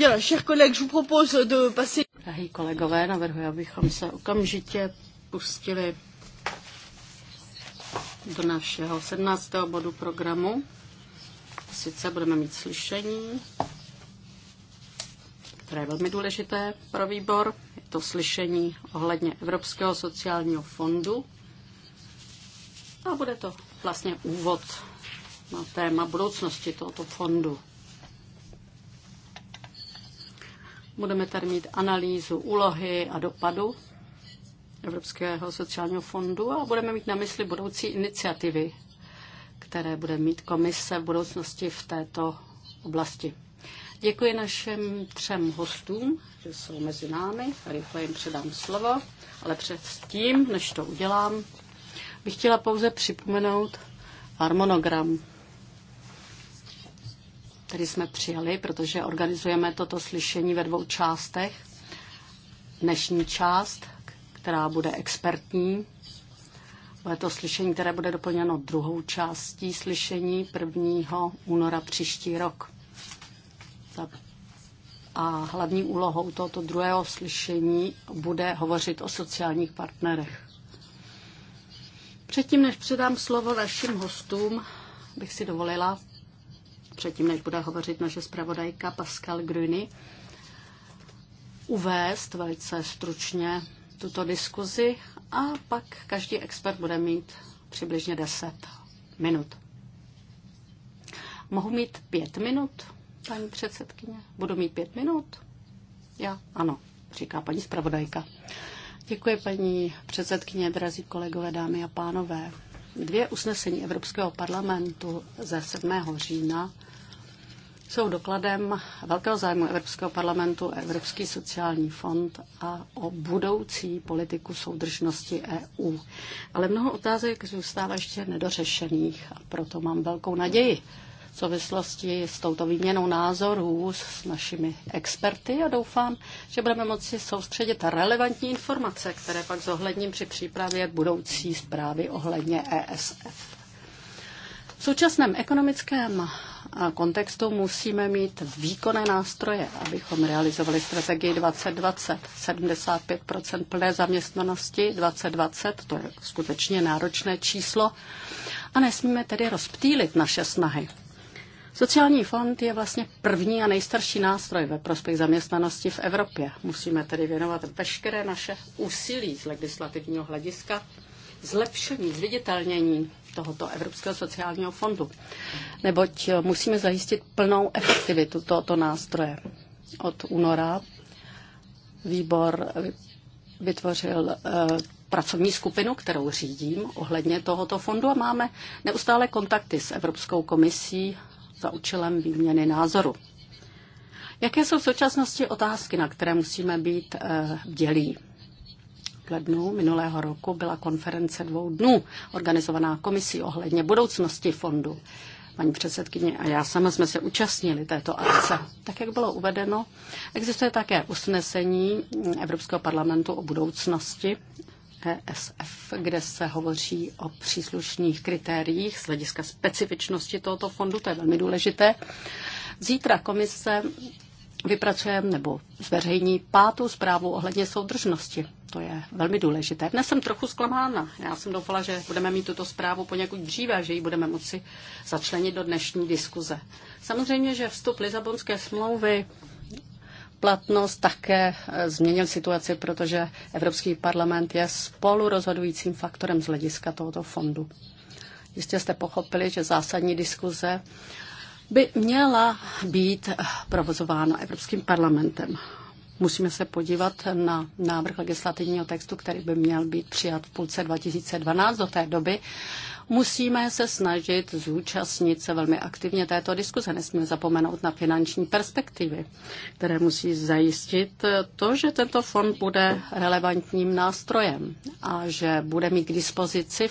Bien, Drahí kolegové, navrhuji, abychom se okamžitě pustili do našeho 17. bodu programu. Sice budeme mít slyšení, které je velmi důležité pro výbor. Je to slyšení ohledně Evropského sociálního fondu. A bude to vlastně úvod na téma budoucnosti tohoto fondu. Budeme tady mít analýzu úlohy a dopadu Evropského sociálního fondu a budeme mít na mysli budoucí iniciativy, které bude mít komise v budoucnosti v této oblasti. Děkuji našem třem hostům, že jsou mezi námi. Rychle jim předám slovo, ale předtím, než to udělám, bych chtěla pouze připomenout harmonogram který jsme přijali, protože organizujeme toto slyšení ve dvou částech. Dnešní část, která bude expertní, bude to slyšení, které bude doplněno druhou částí slyšení 1. února příští rok. A hlavní úlohou tohoto druhého slyšení bude hovořit o sociálních partnerech. Předtím, než předám slovo našim hostům, bych si dovolila předtím, než bude hovořit naše zpravodajka Pascal Gruny, uvést velice stručně tuto diskuzi a pak každý expert bude mít přibližně 10 minut. Mohu mít pět minut, paní předsedkyně? Budu mít pět minut? Já? Ano, říká paní zpravodajka. Děkuji, paní předsedkyně, drazí kolegové, dámy a pánové. Dvě usnesení Evropského parlamentu ze 7. října jsou dokladem velkého zájmu Evropského parlamentu, Evropský sociální fond a o budoucí politiku soudržnosti EU. Ale mnoho otázek zůstává ještě nedořešených a proto mám velkou naději v souvislosti s touto výměnou názorů s našimi experty a doufám, že budeme moci soustředit relevantní informace, které pak zohledním při přípravě budoucí zprávy ohledně ESF. V současném ekonomickém kontextu musíme mít výkonné nástroje, abychom realizovali strategii 2020. 75 plné zaměstnanosti 2020, to je skutečně náročné číslo. A nesmíme tedy rozptýlit naše snahy. Sociální fond je vlastně první a nejstarší nástroj ve prospěch zaměstnanosti v Evropě. Musíme tedy věnovat veškeré naše úsilí z legislativního hlediska zlepšení, zviditelnění tohoto Evropského sociálního fondu, neboť eh, musíme zajistit plnou efektivitu tohoto nástroje. Od února výbor vytvořil eh, pracovní skupinu, kterou řídím ohledně tohoto fondu a máme neustále kontakty s Evropskou komisí za účelem výměny názoru. Jaké jsou v současnosti otázky, na které musíme být bdělí? Eh, lednu minulého roku byla konference dvou dnů organizovaná komisí ohledně budoucnosti fondu. Paní předsedkyně a já sama jsme se účastnili této akce. Tak, jak bylo uvedeno, existuje také usnesení Evropského parlamentu o budoucnosti ESF, kde se hovoří o příslušných kritériích z hlediska specifičnosti tohoto fondu, to je velmi důležité. Zítra komise vypracujeme nebo zveřejní pátou zprávu ohledně soudržnosti. To je velmi důležité. Dnes jsem trochu zklamána. Já jsem doufala, že budeme mít tuto zprávu poněkud dříve, že ji budeme moci začlenit do dnešní diskuze. Samozřejmě, že vstup lizabonské smlouvy platnost také eh, změnil situaci, protože Evropský parlament je spolu rozhodujícím faktorem z hlediska tohoto fondu. Jistě jste pochopili, že zásadní diskuze by měla být provozována Evropským parlamentem musíme se podívat na návrh legislativního textu, který by měl být přijat v půlce 2012 do té doby. Musíme se snažit zúčastnit se velmi aktivně této diskuze. Nesmíme zapomenout na finanční perspektivy, které musí zajistit to, že tento fond bude relevantním nástrojem a že bude mít k dispozici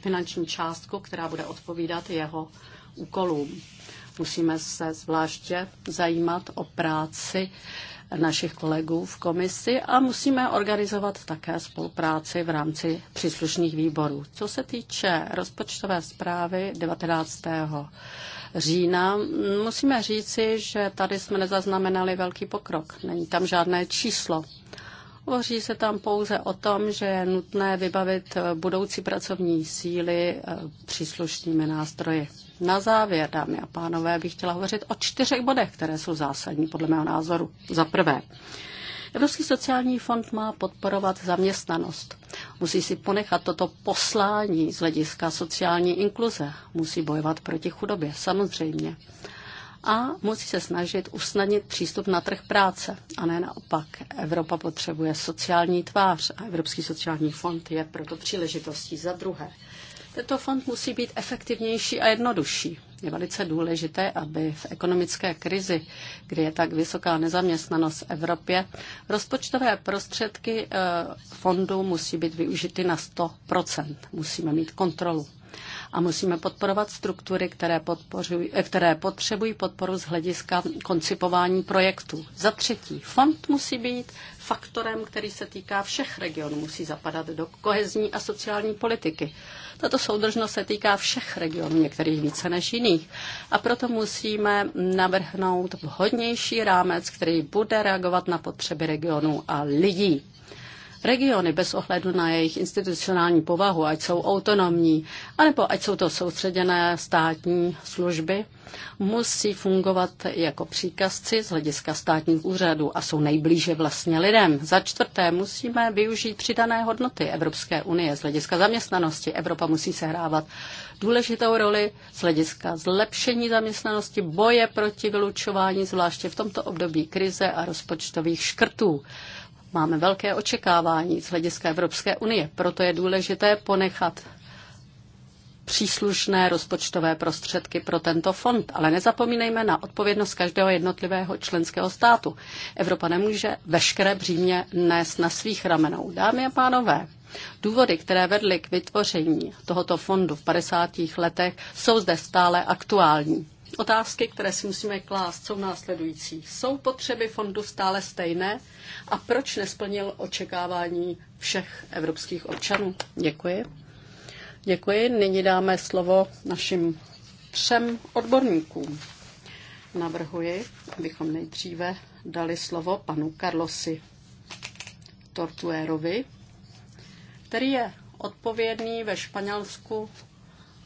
finanční částku, která bude odpovídat jeho úkolům. Musíme se zvláště zajímat o práci našich kolegů v komisi a musíme organizovat také spolupráci v rámci příslušných výborů. Co se týče rozpočtové zprávy 19. října, musíme říci, že tady jsme nezaznamenali velký pokrok. Není tam žádné číslo. Hovoří se tam pouze o tom, že je nutné vybavit eh, budoucí pracovní síly eh, příslušnými nástroji. Na závěr, dámy a pánové, bych chtěla hovořit o čtyřech bodech, které jsou zásadní podle mého názoru. Za prvé, Evropský sociální fond má podporovat zaměstnanost. Musí si ponechat toto poslání z hlediska sociální inkluze. Musí bojovat proti chudobě, samozřejmě a musí se snažit usnadnit přístup na trh práce. A ne naopak. Evropa potřebuje sociální tvář a Evropský sociální fond je proto příležitostí za druhé. Tento fond musí být efektivnější a jednodušší. Je velice důležité, aby v ekonomické krizi, kdy je tak vysoká nezaměstnanost v Evropě, rozpočtové prostředky eh, fondu musí být využity na 100%. Musíme mít kontrolu a musíme podporovat struktury, které, eh, které potřebují podporu z hlediska koncipování projektů. Za třetí, fond musí být faktorem, který se týká všech regionů, musí zapadat do kohezní a sociální politiky. Tato soudržnost se týká všech regionů, některých více než jiných. A proto musíme navrhnout vhodnější rámec, který bude reagovat na potřeby regionů a lidí. Regiony bez ohledu na jejich institucionální povahu, ať jsou autonomní, anebo ať jsou to soustředěné státní služby, musí fungovat jako příkazci z hlediska státních úřadů a jsou nejblíže vlastně lidem. Za čtvrté musíme využít přidané hodnoty Evropské unie z hlediska zaměstnanosti. Evropa musí sehrávat důležitou roli z hlediska zlepšení zaměstnanosti, boje proti vylučování, zvláště v tomto období krize a rozpočtových škrtů. Máme velké očekávání z hlediska Evropské unie, proto je důležité ponechat příslušné rozpočtové prostředky pro tento fond. Ale nezapomínejme na odpovědnost každého jednotlivého členského státu. Evropa nemůže veškeré břímě nést na svých ramenou. Dámy a pánové, důvody, které vedly k vytvoření tohoto fondu v 50. letech, jsou zde stále aktuální. Otázky, které si musíme klást, jsou následující. Jsou potřeby fondu stále stejné a proč nesplnil očekávání všech evropských občanů? Děkuji. Děkuji. Nyní dáme slovo našim třem odborníkům. Navrhuji, abychom nejdříve dali slovo panu Carlosi Tortuérovi, který je odpovědný ve Španělsku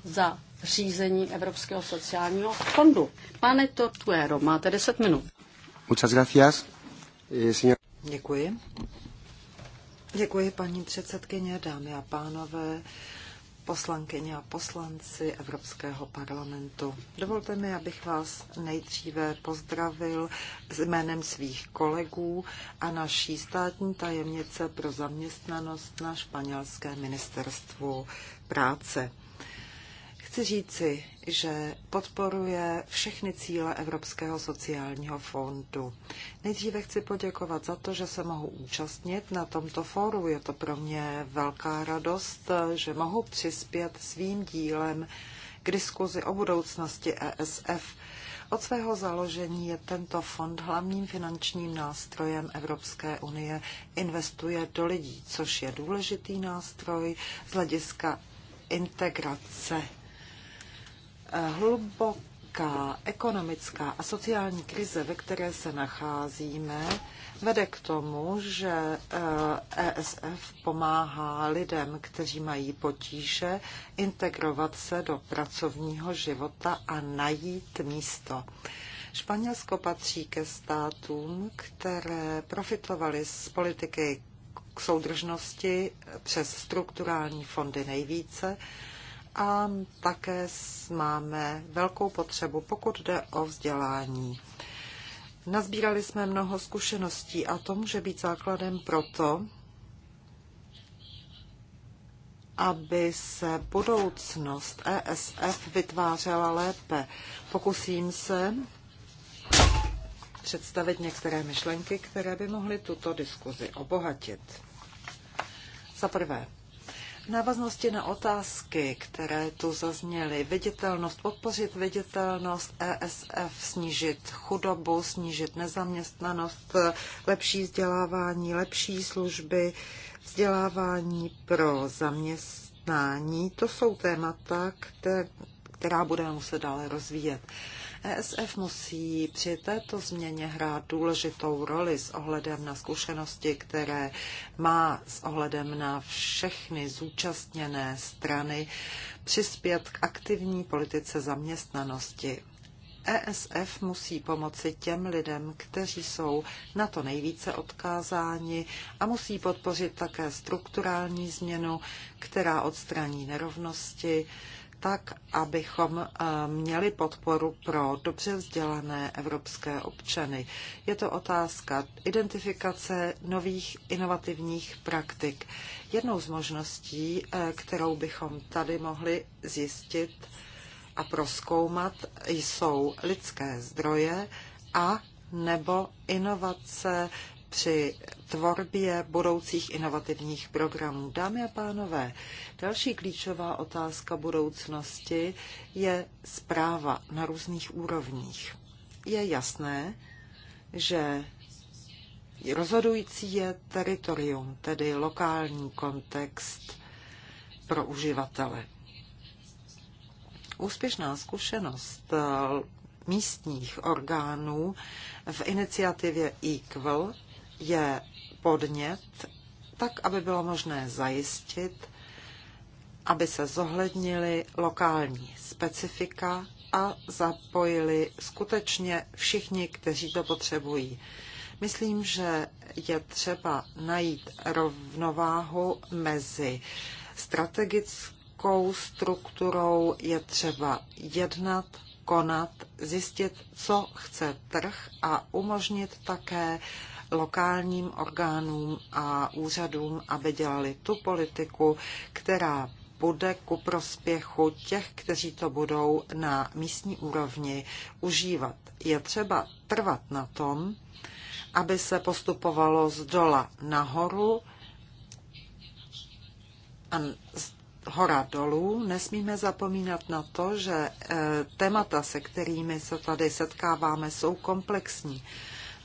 za řízení Evropského sociálního fondu. Pane Tortuero, máte 10 minut. Muchas gracias, eh, Děkuji. Děkuji, paní předsedkyně, dámy a pánové, poslankyně a poslanci Evropského parlamentu. Dovolte mi, abych vás nejdříve pozdravil s jménem svých kolegů a naší státní tajemnice pro zaměstnanost na španělské ministerstvu práce chci říci, že podporuje všechny cíle Evropského sociálního fondu. Nejdříve chci poděkovat za to, že se mohu účastnit na tomto fóru. Je to pro mě velká radost, že mohu přispět svým dílem k diskuzi o budoucnosti ESF. Od svého založení je tento fond hlavním finančním nástrojem Evropské unie. Investuje do lidí, což je důležitý nástroj z hlediska integrace Hluboká ekonomická a sociální krize, ve které se nacházíme, vede k tomu, že ESF eh, e pomáhá lidem, kteří mají potíže, integrovat se do pracovního života a najít místo. Španělsko patří ke státům, které profitovaly z politiky k soudržnosti přes strukturální fondy nejvíce a také máme velkou potřebu, pokud jde o vzdělání. Nazbírali jsme mnoho zkušeností a to může být základem pro to, aby se budoucnost ESF vytvářela lépe. Pokusím se představit některé myšlenky, které by mohly tuto diskuzi obohatit. Za prvé, návaznosti na otázky, které tu zazněly, viditelnost, podpořit viditelnost ESF, snížit chudobu, snížit nezaměstnanost, lepší vzdělávání, lepší služby, vzdělávání pro zaměstnání, to jsou témata, které, která budeme muset dále rozvíjet. ESF musí při této změně hrát důležitou roli s ohledem na zkušenosti, které má s ohledem na všechny zúčastněné strany přispět k aktivní politice zaměstnanosti. ESF musí pomoci těm lidem, kteří jsou na to nejvíce odkázáni a musí podpořit také strukturální změnu, která odstraní nerovnosti, tak, abychom eh, měli podporu pro dobře vzdělané evropské občany. Je to otázka identifikace nových inovativních praktik. Jednou z možností, eh, kterou bychom tady mohli zjistit a proskoumat, jsou lidské zdroje a nebo inovace při tvorbě budoucích inovativních programů. Dámy a pánové, další klíčová otázka budoucnosti je zpráva na různých úrovních. Je jasné, že rozhodující je teritorium, tedy lokální kontext pro uživatele. Úspěšná zkušenost eh, místních orgánů v iniciativě Equal je podnět, tak aby bylo možné zajistit, aby se zohlednili lokální specifika a zapojili skutečně všichni, kteří to potřebují. Myslím, že je třeba najít rovnováhu mezi strategickou strukturou, je třeba jednat, konat, zjistit, co chce trh a umožnit také lokálním orgánům a úřadům, aby dělali tu politiku, která bude ku prospěchu těch, kteří to budou na místní úrovni užívat. Je třeba trvat na tom, aby se postupovalo z dola nahoru a z hora dolů. Nesmíme zapomínat na to, že eh, témata, se kterými se tady setkáváme, jsou komplexní.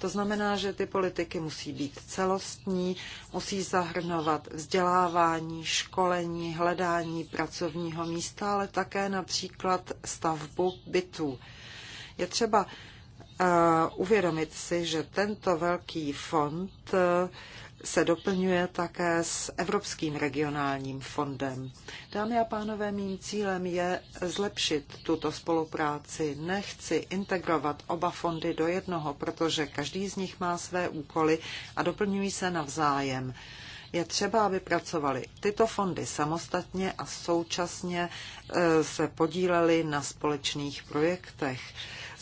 To znamená, že ty politiky musí být celostní, musí zahrnovat vzdělávání, školení, hledání pracovního místa, ale také například stavbu bytů. Je třeba eh, uvědomit si, že tento velký fond eh, se doplňuje také s Evropským regionálním fondem. Dámy a pánové, mým cílem je zlepšit tuto spolupráci. Nechci integrovat oba fondy do jednoho, protože každý z nich má své úkoly a doplňují se navzájem. Je třeba, aby pracovali tyto fondy samostatně a současně eh, se podíleli na společných projektech.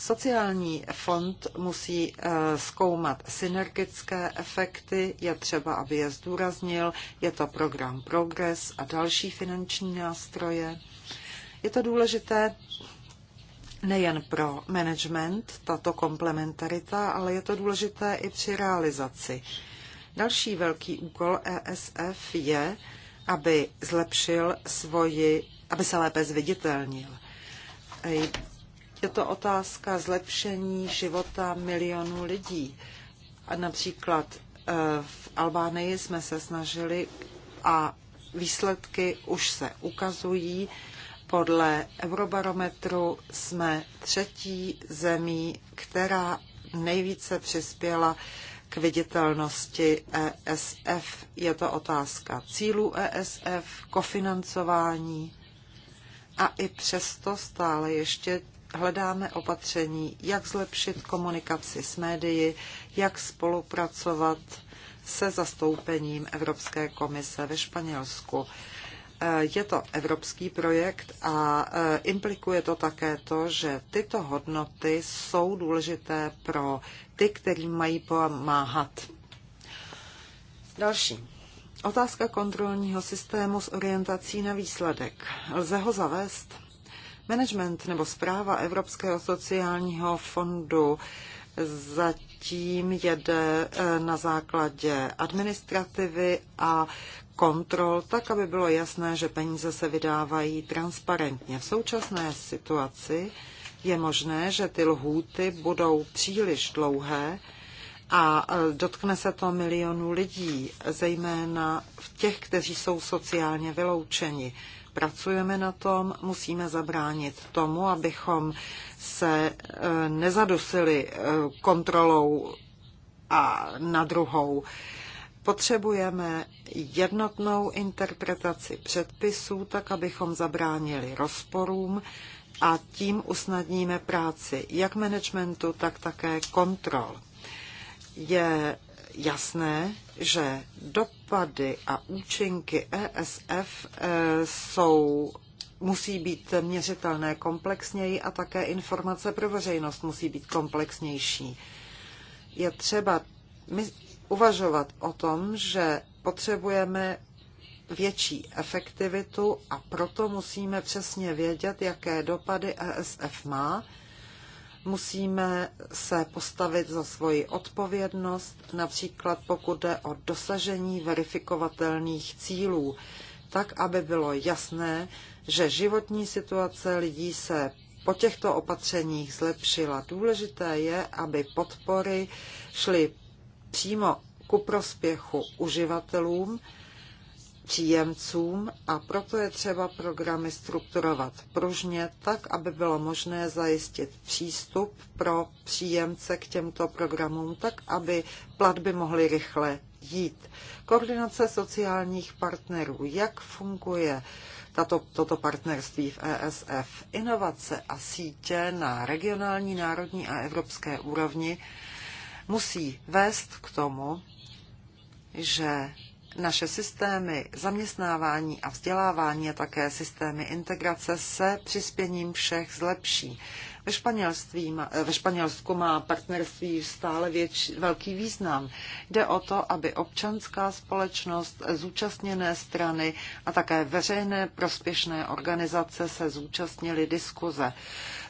Sociální fond musí eh, zkoumat synergické efekty, je třeba, aby je zdůraznil, je to program Progress a další finanční nástroje. Je to důležité nejen pro management, tato komplementarita, ale je to důležité i při realizaci. Další velký úkol ESF je, aby zlepšil svoji, aby se lépe zviditelnil. Je to otázka zlepšení života milionů lidí. A například eh, v Albánii jsme se snažili a výsledky už se ukazují. Podle Eurobarometru jsme třetí zemí, která nejvíce přispěla k viditelnosti ESF. Je to otázka cílů ESF, kofinancování a i přesto stále ještě hledáme opatření, jak zlepšit komunikaci s médii, jak spolupracovat se zastoupením Evropské komise ve Španělsku. Eh, je to evropský projekt a eh, implikuje to také to, že tyto hodnoty jsou důležité pro ty, kteří mají pomáhat. Další. Otázka kontrolního systému s orientací na výsledek. Lze ho zavést? Management nebo zpráva Evropského sociálního fondu zatím jede e, na základě administrativy a kontrol, tak aby bylo jasné, že peníze se vydávají transparentně. V současné situaci je možné, že ty lhůty budou příliš dlouhé a e, dotkne se to milionů lidí, zejména v těch, kteří jsou sociálně vyloučeni pracujeme na tom, musíme zabránit tomu, abychom se e, nezadusili e, kontrolou a na druhou. Potřebujeme jednotnou interpretaci předpisů, tak abychom zabránili rozporům a tím usnadníme práci jak managementu, tak také kontrol. Je jasné, že dopady a účinky ESF eh, jsou musí být měřitelné komplexněji a také informace pro veřejnost musí být komplexnější. Je třeba uvažovat o tom, že potřebujeme větší efektivitu a proto musíme přesně vědět, jaké dopady ESF má Musíme se postavit za svoji odpovědnost, například pokud jde o dosažení verifikovatelných cílů, tak aby bylo jasné, že životní situace lidí se po těchto opatřeních zlepšila. Důležité je, aby podpory šly přímo ku prospěchu uživatelům, příjemcům a proto je třeba programy strukturovat pružně tak, aby bylo možné zajistit přístup pro příjemce k těmto programům tak, aby platby mohly rychle jít. Koordinace sociálních partnerů, jak funguje tato, toto partnerství v ESF, inovace a sítě na regionální, národní a evropské úrovni musí vést k tomu, že naše systémy zaměstnávání a vzdělávání a také systémy integrace se přispěním všech zlepší. Ve, Španělství, eh, ve Španělsku má partnerství stále věč, velký význam. Jde o to, aby občanská společnost, eh, zúčastněné strany a také veřejné prospěšné organizace se zúčastnily diskuze.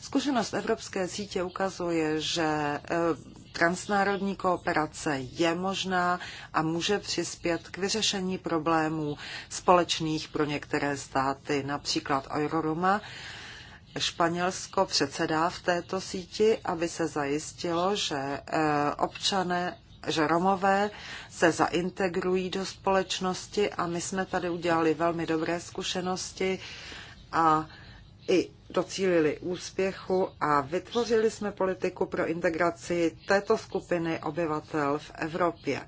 Zkušenost Evropské sítě ukazuje, že eh, transnárodní kooperace je možná a může přispět k vyřešení problémů společných pro některé státy, například Euroroma. Španělsko předsedá v této síti, aby se zajistilo, že eh, občané že Romové se zaintegrují do společnosti a my jsme tady udělali velmi dobré zkušenosti a i docílili úspěchu a vytvořili jsme politiku pro integraci této skupiny obyvatel v Evropě.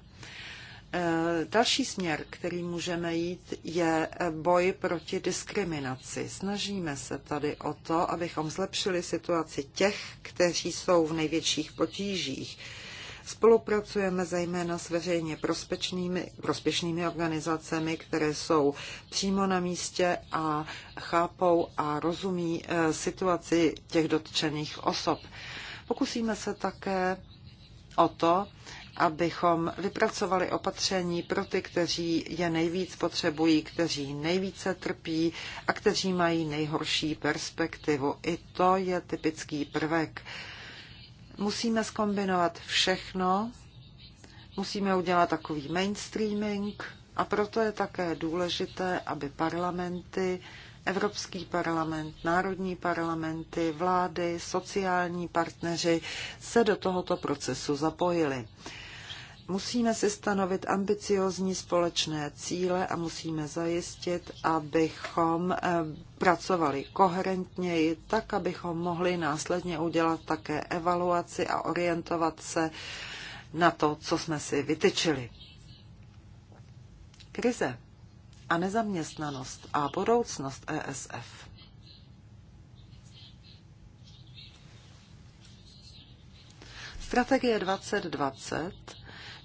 E, další směr, který můžeme jít, je boj proti diskriminaci. Snažíme se tady o to, abychom zlepšili situaci těch, kteří jsou v největších potížích Spolupracujeme zejména s veřejně prospěšnými, prospěšnými organizacemi, které jsou přímo na místě a chápou a rozumí eh, situaci těch dotčených osob. Pokusíme se také o to, abychom vypracovali opatření pro ty, kteří je nejvíc potřebují, kteří nejvíce trpí a kteří mají nejhorší perspektivu. I to je typický prvek Musíme skombinovat všechno, musíme udělat takový mainstreaming a proto je také důležité, aby parlamenty, Evropský parlament, národní parlamenty, vlády, sociální partneři se do tohoto procesu zapojili. Musíme si stanovit ambiciozní společné cíle a musíme zajistit, abychom eh, pracovali koherentněji, tak abychom mohli následně udělat také evaluaci a orientovat se na to, co jsme si vytyčili. Krize a nezaměstnanost a budoucnost ESF. Strategie 2020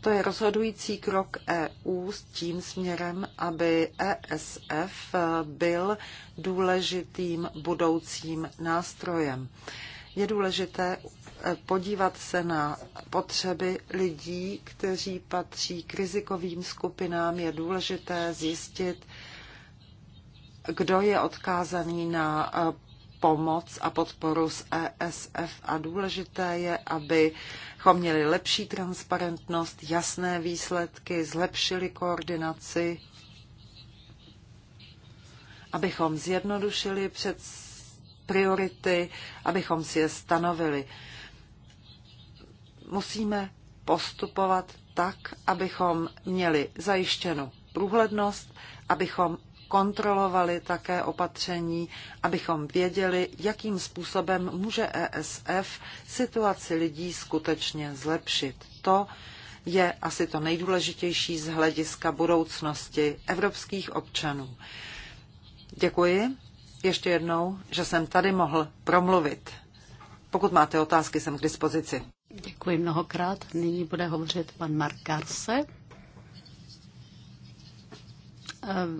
to je rozhodující krok EU s tím směrem, aby ESF eh, byl důležitým budoucím nástrojem. Je důležité eh, podívat se na potřeby lidí, kteří patří k rizikovým skupinám. Je důležité zjistit, kdo je odkázaný na eh, pomoc a podporu z ESF a důležité je, aby abychom měli lepší transparentnost, jasné výsledky, zlepšili koordinaci, abychom zjednodušili před priority, abychom si je stanovili. Musíme postupovat tak, abychom měli zajištěnu průhlednost, abychom kontrolovali také opatření, abychom věděli, jakým způsobem může ESF situaci lidí skutečně zlepšit. To je asi to nejdůležitější z hlediska budoucnosti evropských občanů. Děkuji ještě jednou, že jsem tady mohl promluvit. Pokud máte otázky, jsem k dispozici. Děkuji mnohokrát. Nyní bude hovořit pan Mark Garse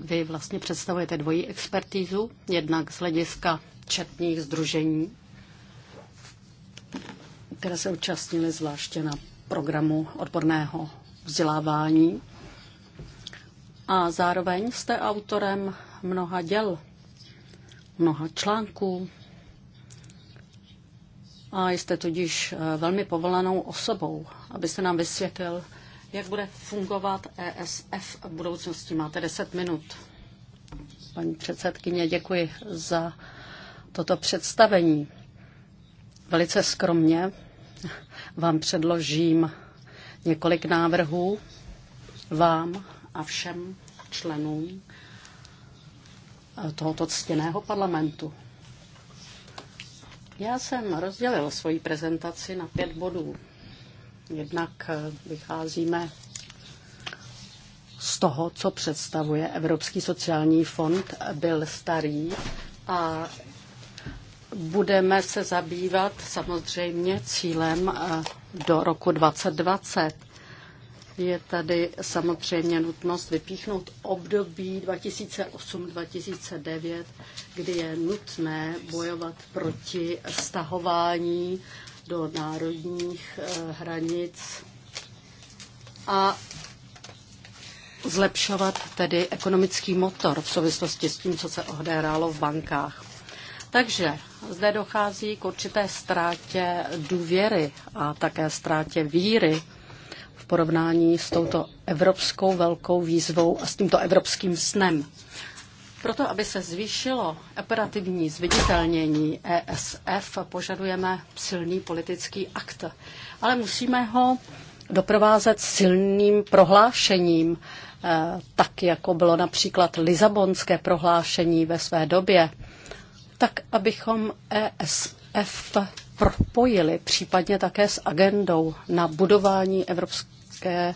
vy vlastně představujete dvojí expertízu, jednak z hlediska četných združení, které se účastnily zvláště na programu odborného vzdělávání. A zároveň jste autorem mnoha děl, mnoha článků, a jste tudíž eh, velmi povolanou osobou, abyste nám vysvětlil, jak bude fungovat ESF v budoucnosti. Máte 10 minut. Paní předsedkyně, děkuji za toto představení. Velice skromně vám předložím několik návrhů vám a všem členům tohoto ctěného parlamentu. Já jsem rozdělil svoji prezentaci na pět bodů. Jednak eh, vycházíme z toho, co představuje Evropský sociální fond, byl starý a budeme se zabývat samozřejmě cílem eh, do roku 2020. Je tady samozřejmě nutnost vypíchnout období 2008-2009, kdy je nutné bojovat proti stahování do národních eh, hranic a zlepšovat tedy ekonomický motor v souvislosti s tím, co se odehrálo v bankách. Takže zde dochází k určité ztrátě důvěry a také ztrátě víry v porovnání s touto evropskou velkou výzvou a s tímto evropským snem. Proto, aby se zvýšilo operativní zviditelnění ESF, požadujeme silný politický akt. Ale musíme ho doprovázet silným prohlášením, eh, tak jako bylo například Lizabonské prohlášení ve své době, tak abychom ESF propojili případně také s agendou na budování evropské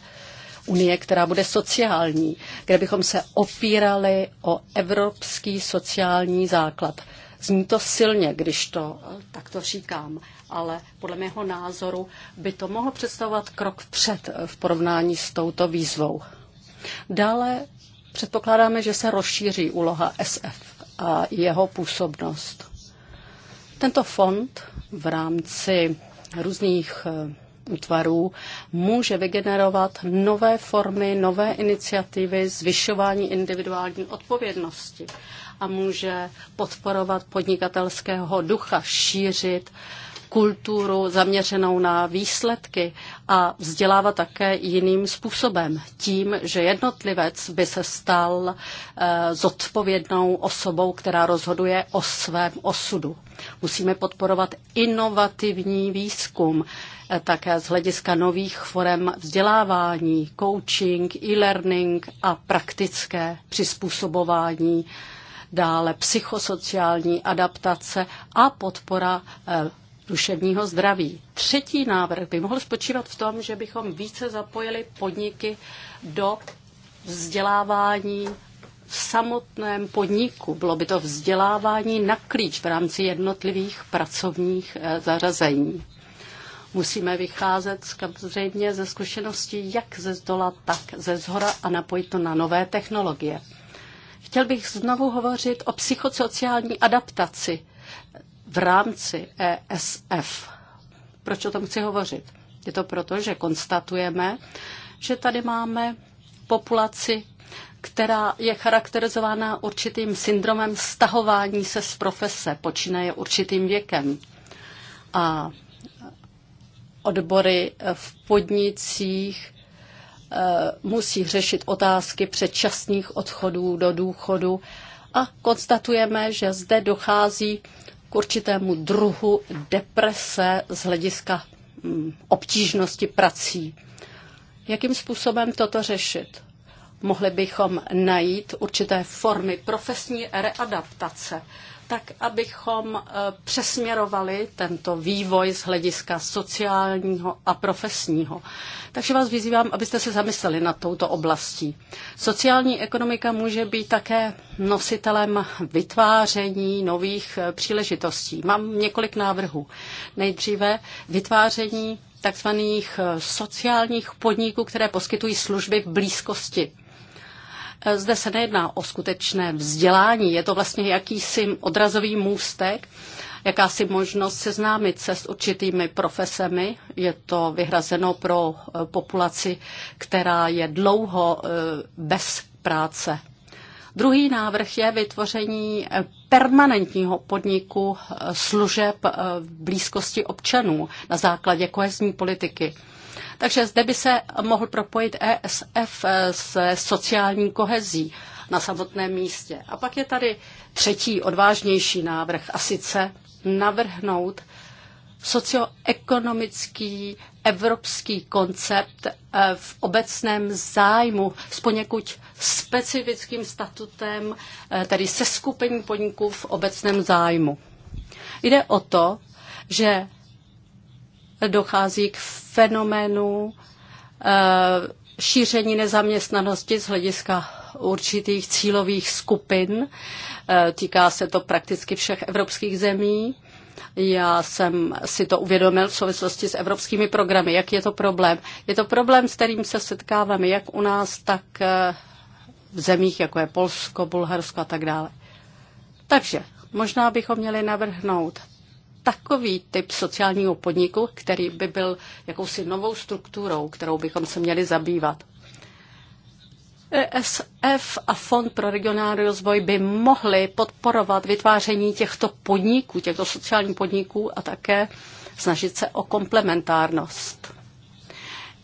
unie, která bude sociální, kde bychom se opírali o evropský sociální základ. Zní to silně, když to eh, takto říkám, ale podle mého názoru by to mohlo představovat krok vpřed eh, v porovnání s touto výzvou. Dále předpokládáme, že se rozšíří úloha SF a jeho působnost. Tento fond v rámci různých eh, útvarů může vygenerovat nové formy, nové iniciativy, zvyšování individuální odpovědnosti a může podporovat podnikatelského ducha, šířit uh, kulturu zaměřenou na výsledky a vzdělávat také jiným způsobem. Tím, že jednotlivec by se stal eh, zodpovědnou osobou, která rozhoduje o svém osudu. Musíme podporovat inovativní výzkum, eh, také z hlediska nových forem vzdělávání, coaching, e-learning a praktické přizpůsobování dále psychosociální adaptace a podpora eh, duševního zdraví. Třetí návrh by mohl spočívat v tom, že bychom více zapojili podniky do vzdělávání v samotném podniku. Bylo by to vzdělávání na klíč v rámci jednotlivých pracovních eh, zařazení. Musíme vycházet zřejmě ze zkušeností jak ze zdola, tak ze zhora a napojit to na nové technologie. Chtěl bych znovu hovořit o psychosociální adaptaci v rámci ESF. Proč o tom chci hovořit? Je to proto, že konstatujeme, že tady máme populaci, která je charakterizována určitým syndromem stahování se z profese, počínaje určitým věkem. A odbory v podnicích eh, musí řešit otázky předčasných odchodů do důchodu a konstatujeme, že zde dochází k určitému druhu deprese z hlediska mm, obtížnosti prací. Jakým způsobem toto řešit? Mohli bychom najít určité formy profesní readaptace tak abychom eh, přesměrovali tento vývoj z hlediska sociálního a profesního. Takže vás vyzývám, abyste se zamysleli nad touto oblastí. Sociální ekonomika může být také nositelem vytváření nových eh, příležitostí. Mám několik návrhů. Nejdříve vytváření takzvaných eh, sociálních podniků, které poskytují služby v blízkosti Eh, zde se nejedná o skutečné vzdělání, je to vlastně jakýsi odrazový můstek, jakási možnost seznámit se s určitými profesemi. Je to vyhrazeno pro eh, populaci, která je dlouho eh, bez práce. Druhý návrh je vytvoření permanentního podniku služeb v blízkosti občanů na základě kohezní politiky. Takže zde by se mohl propojit ESF eh, s sociální kohezí na samotném místě. A pak je tady třetí odvážnější návrh a sice navrhnout socioekonomický evropský koncept eh, v obecném zájmu s poněkud specifickým statutem, eh, tedy se skupení podniků v obecném zájmu. Jde o to, že dochází k fenoménu eh, šíření nezaměstnanosti z hlediska určitých cílových skupin. Eh, týká se to prakticky všech evropských zemí. Já jsem si to uvědomil v souvislosti s evropskými programy. Jak je to problém? Je to problém, s kterým se setkáváme jak u nás, tak eh, v zemích, jako je Polsko, Bulharsko a tak dále. Takže možná bychom měli navrhnout takový typ sociálního podniku, který by byl jakousi novou strukturou, kterou bychom se měli zabývat. ESF a Fond pro regionální rozvoj by mohly podporovat vytváření těchto podniků, těchto sociálních podniků a také snažit se o komplementárnost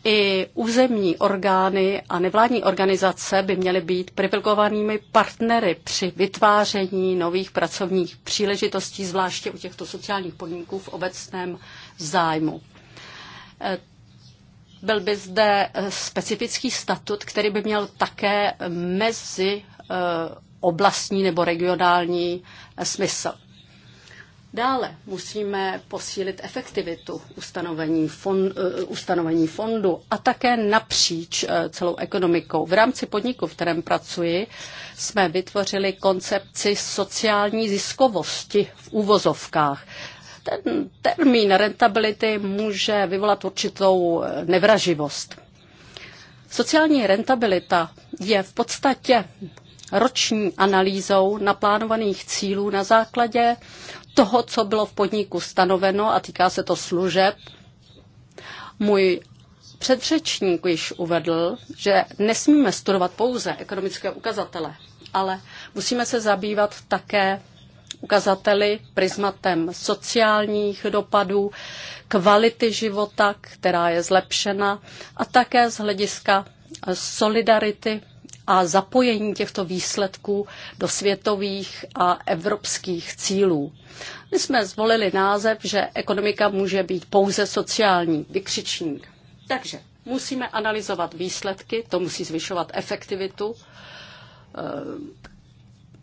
i územní orgány a nevládní organizace by měly být privilegovanými partnery při vytváření nových pracovních příležitostí, zvláště u těchto sociálních podniků v obecném zájmu. Eh, byl by zde eh, specifický statut, který by měl také mezi eh, oblastní nebo regionální smysl. Dále musíme posílit efektivitu ustanovení, fond, eh, ustanovení fondu a také napříč eh, celou ekonomikou. V rámci podniku, v kterém pracuji, jsme vytvořili koncepci sociální ziskovosti v úvozovkách. Ten termín rentability může vyvolat určitou eh, nevraživost. Sociální rentabilita je v podstatě roční analýzou naplánovaných cílů na základě toho, co bylo v podniku stanoveno a týká se to služeb. Můj předřečník již uvedl, že nesmíme studovat pouze ekonomické ukazatele, ale musíme se zabývat také ukazateli prismatem sociálních dopadů, kvality života, která je zlepšena a také z hlediska solidarity a zapojení těchto výsledků do světových a evropských cílů. My jsme zvolili název, že ekonomika může být pouze sociální, vykřičník. Takže musíme analyzovat výsledky, to musí zvyšovat efektivitu eh,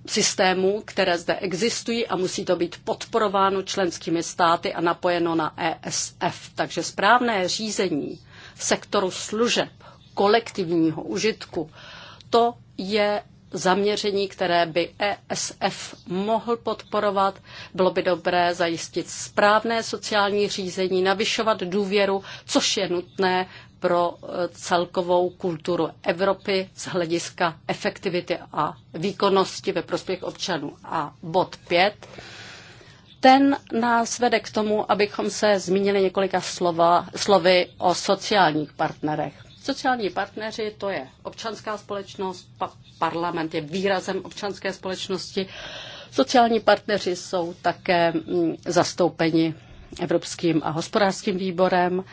systémů, které zde existují a musí to být podporováno členskými státy a napojeno na ESF. Takže správné řízení sektoru služeb kolektivního užitku to je zaměření, které by ESF mohl podporovat. Bylo by dobré zajistit správné sociální řízení, navyšovat důvěru, což je nutné pro e, celkovou kulturu Evropy z hlediska efektivity a výkonnosti ve prospěch občanů. A bod 5. Ten nás vede k tomu, abychom se zmínili několika slova, slovy o sociálních partnerech. Sociální partneři, to je občanská společnost, pa parlament je výrazem občanské společnosti. Sociální partneři jsou také mm, zastoupeni Evropským a hospodářským výborem.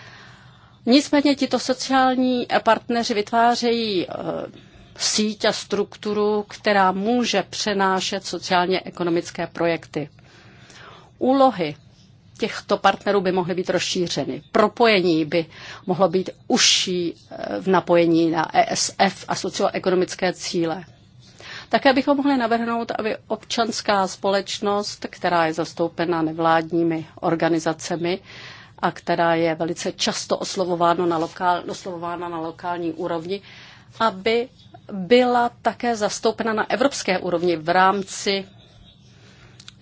Nicméně tito sociální partneři vytvářejí e, síť a strukturu, která může přenášet sociálně ekonomické projekty. Úlohy těchto partnerů by mohly být rozšířeny. Propojení by mohlo být užší eh, v napojení na ESF a socioekonomické cíle. Také bychom mohli navrhnout, aby občanská společnost, která je zastoupena nevládními organizacemi a která je velice často oslovována na, lokál, oslovována na lokální úrovni, aby byla také zastoupena na evropské úrovni v rámci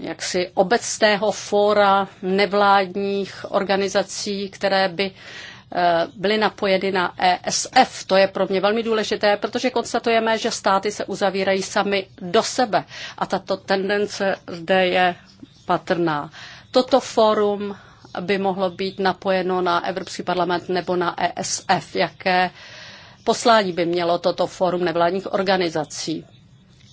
jaksi obecného fóra nevládních organizací, které by eh, byly napojeny na ESF. To je pro mě velmi důležité, protože konstatujeme, že státy se uzavírají sami do sebe a tato tendence zde je patrná. Toto fórum by mohlo být napojeno na Evropský parlament nebo na ESF. Jaké poslání by mělo toto fórum nevládních organizací?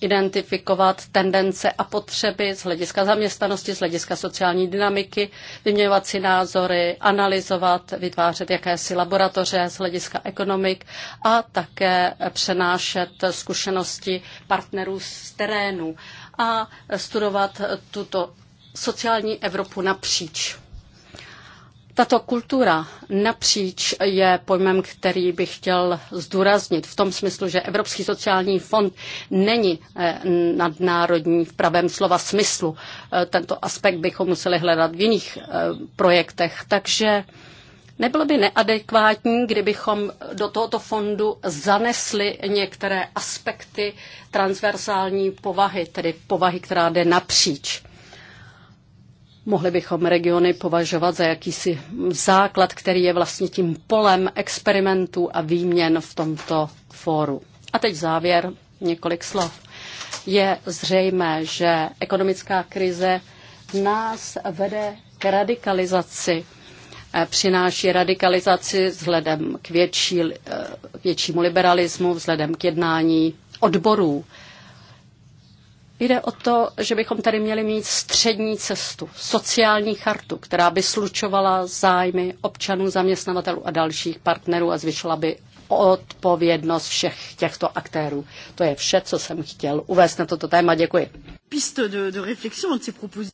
identifikovat tendence a potřeby z hlediska zaměstnanosti, z hlediska sociální dynamiky, vyměňovat si názory, analyzovat, vytvářet jakési laboratoře z hlediska ekonomik a také přenášet zkušenosti partnerů z terénu a studovat tuto sociální Evropu napříč. Tato kultura napříč je pojmem, který bych chtěl zdůraznit v tom smyslu, že Evropský sociální fond není eh, nadnárodní v pravém slova smyslu. Eh, tento aspekt bychom museli hledat v jiných eh, projektech, takže Nebylo by neadekvátní, kdybychom do tohoto fondu zanesli některé aspekty transversální povahy, tedy povahy, která jde napříč. Mohli bychom regiony považovat za jakýsi základ, který je vlastně tím polem experimentů a výměn v tomto fóru. A teď závěr, několik slov. Je zřejmé, že ekonomická krize nás vede k radikalizaci eh, přináší radikalizaci vzhledem k větší, eh, většímu liberalismu, vzhledem k jednání odborů. Jde o to, že bychom tady měli mít střední cestu, sociální chartu, která by slučovala zájmy občanů, zaměstnavatelů a dalších partnerů a zvyšila by odpovědnost všech těchto aktérů. To je vše, co jsem chtěl uvést na toto téma. Děkuji.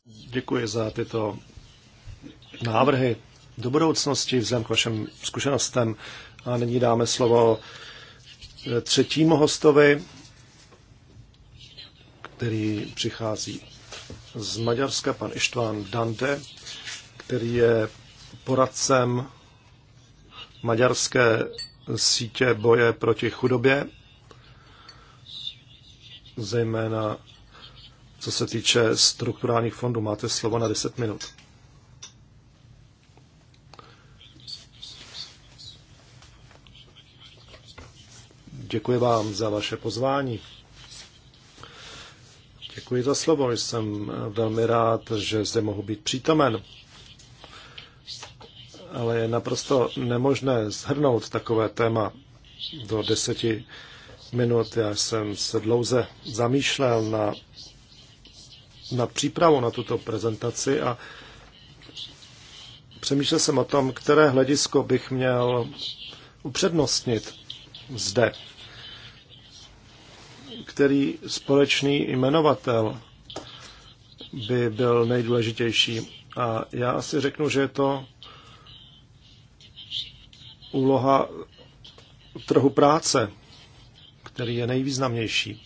Děkuji za tyto návrhy do budoucnosti vzhledem k vašim zkušenostem. A nyní dáme slovo eh, třetímu hostovi, který přichází z Maďarska, pan Ištván Dante, který je poradcem maďarské sítě boje proti chudobě, zejména co se týče strukturálních fondů. Máte slovo na 10 minut. Děkuji vám za vaše pozvání. Děkuji za slovo. Jsem velmi rád, že zde mohu být přítomen. Ale je naprosto nemožné zhrnout takové téma do deseti minut. Já jsem se dlouze zamýšlel na, na přípravu na tuto prezentaci a přemýšlel jsem o tom, které hledisko bych měl upřednostnit zde který společný jmenovatel by byl nejdůležitější. A já si řeknu, že je to úloha trhu práce, který je nejvýznamnější.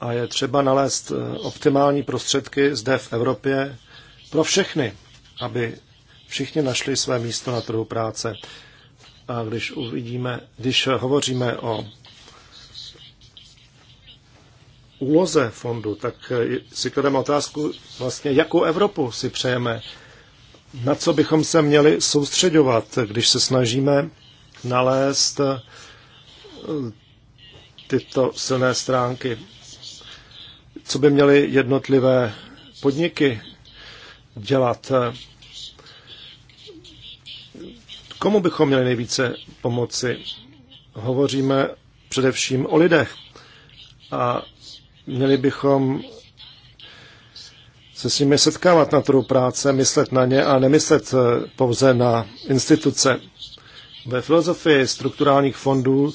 A je třeba nalézt eh, optimální prostředky zde v Evropě pro všechny, aby všichni našli své místo na trhu práce. A když uvidíme, když hovoříme o úloze fondu, tak eh, si klademe otázku, vlastně, jakou Evropu si přejeme, na co bychom se měli soustředovat, když se snažíme nalézt eh, tyto silné stránky. Co by měly jednotlivé podniky dělat? Komu bychom měli nejvíce pomoci? Hovoříme především o lidech. A Měli bychom se s nimi setkávat na trhu práce, myslet na ně a nemyslet eh, pouze na instituce. Ve filozofii strukturálních fondů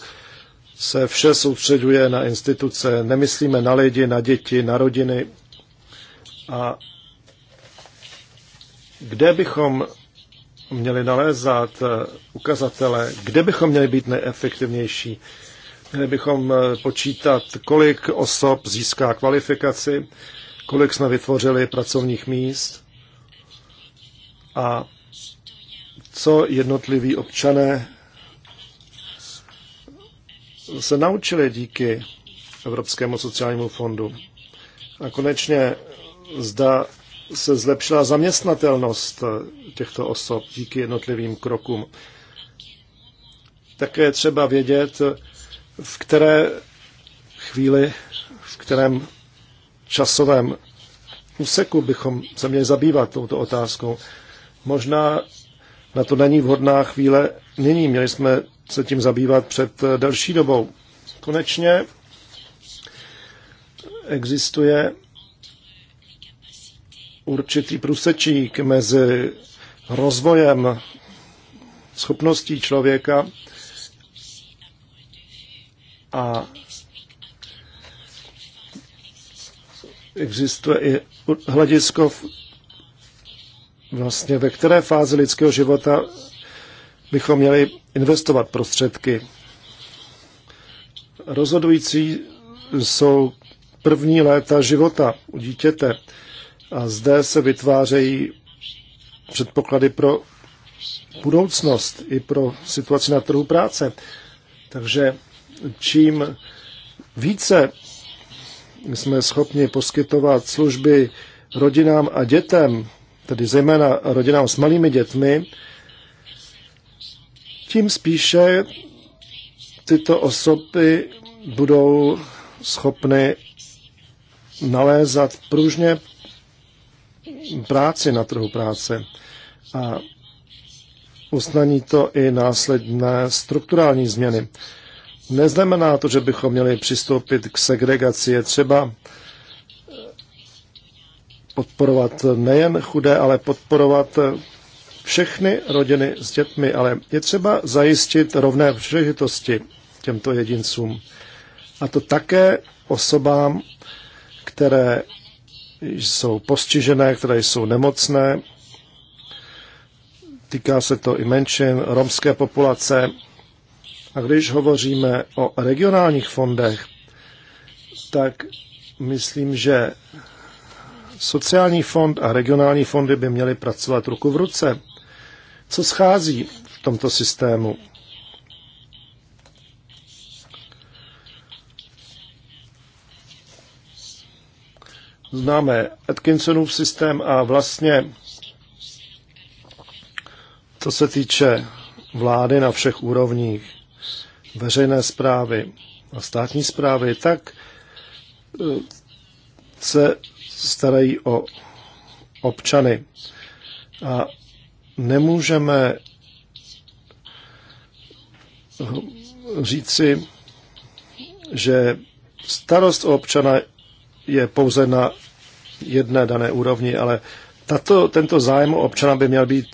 se vše soustředuje na instituce. Nemyslíme na lidi, na děti, na rodiny. A kde bychom měli nalézat eh, ukazatele, kde bychom měli být neefektivnější, Měli bychom eh, počítat, kolik osob získá kvalifikaci, kolik jsme vytvořili pracovních míst a co jednotliví občané se naučili díky Evropskému sociálnímu fondu. A konečně zda se zlepšila zaměstnatelnost eh, těchto osob díky jednotlivým krokům. Také je třeba vědět, v které chvíli, v kterém časovém úseku bychom se měli zabývat touto otázkou. Možná na to není vhodná chvíle nyní. Měli jsme se tím zabývat před delší dobou. Konečně existuje určitý průsečík mezi rozvojem schopností člověka a existuje i hledisko, vlastně ve které fázi lidského života bychom měli investovat prostředky. Rozhodující jsou první léta života u dítěte a zde se vytvářejí předpoklady pro budoucnost i pro situaci na trhu práce. Takže čím více jsme schopni poskytovat služby rodinám a dětem, tedy zejména rodinám s malými dětmi, tím spíše tyto osoby budou schopny nalézat pružně práci na trhu práce. A usnaní to i následné strukturální změny neznamená to, že bychom měli přistoupit k segregaci. Je třeba podporovat nejen chudé, ale podporovat všechny rodiny s dětmi, ale je třeba zajistit rovné příležitosti těmto jedincům. A to také osobám, které jsou postižené, které jsou nemocné. Týká se to i menšin, romské populace, a když hovoříme o regionálních fondech, tak myslím, že sociální fond a regionální fondy by měly pracovat ruku v ruce. Co schází v tomto systému? Známe Atkinsonův systém a vlastně, co se týče vlády na všech úrovních, veřejné zprávy a státní zprávy, tak e, se starají o občany. A nemůžeme říci, že starost o občana je pouze na jedné dané úrovni, ale tato, tento zájem o občana by měl být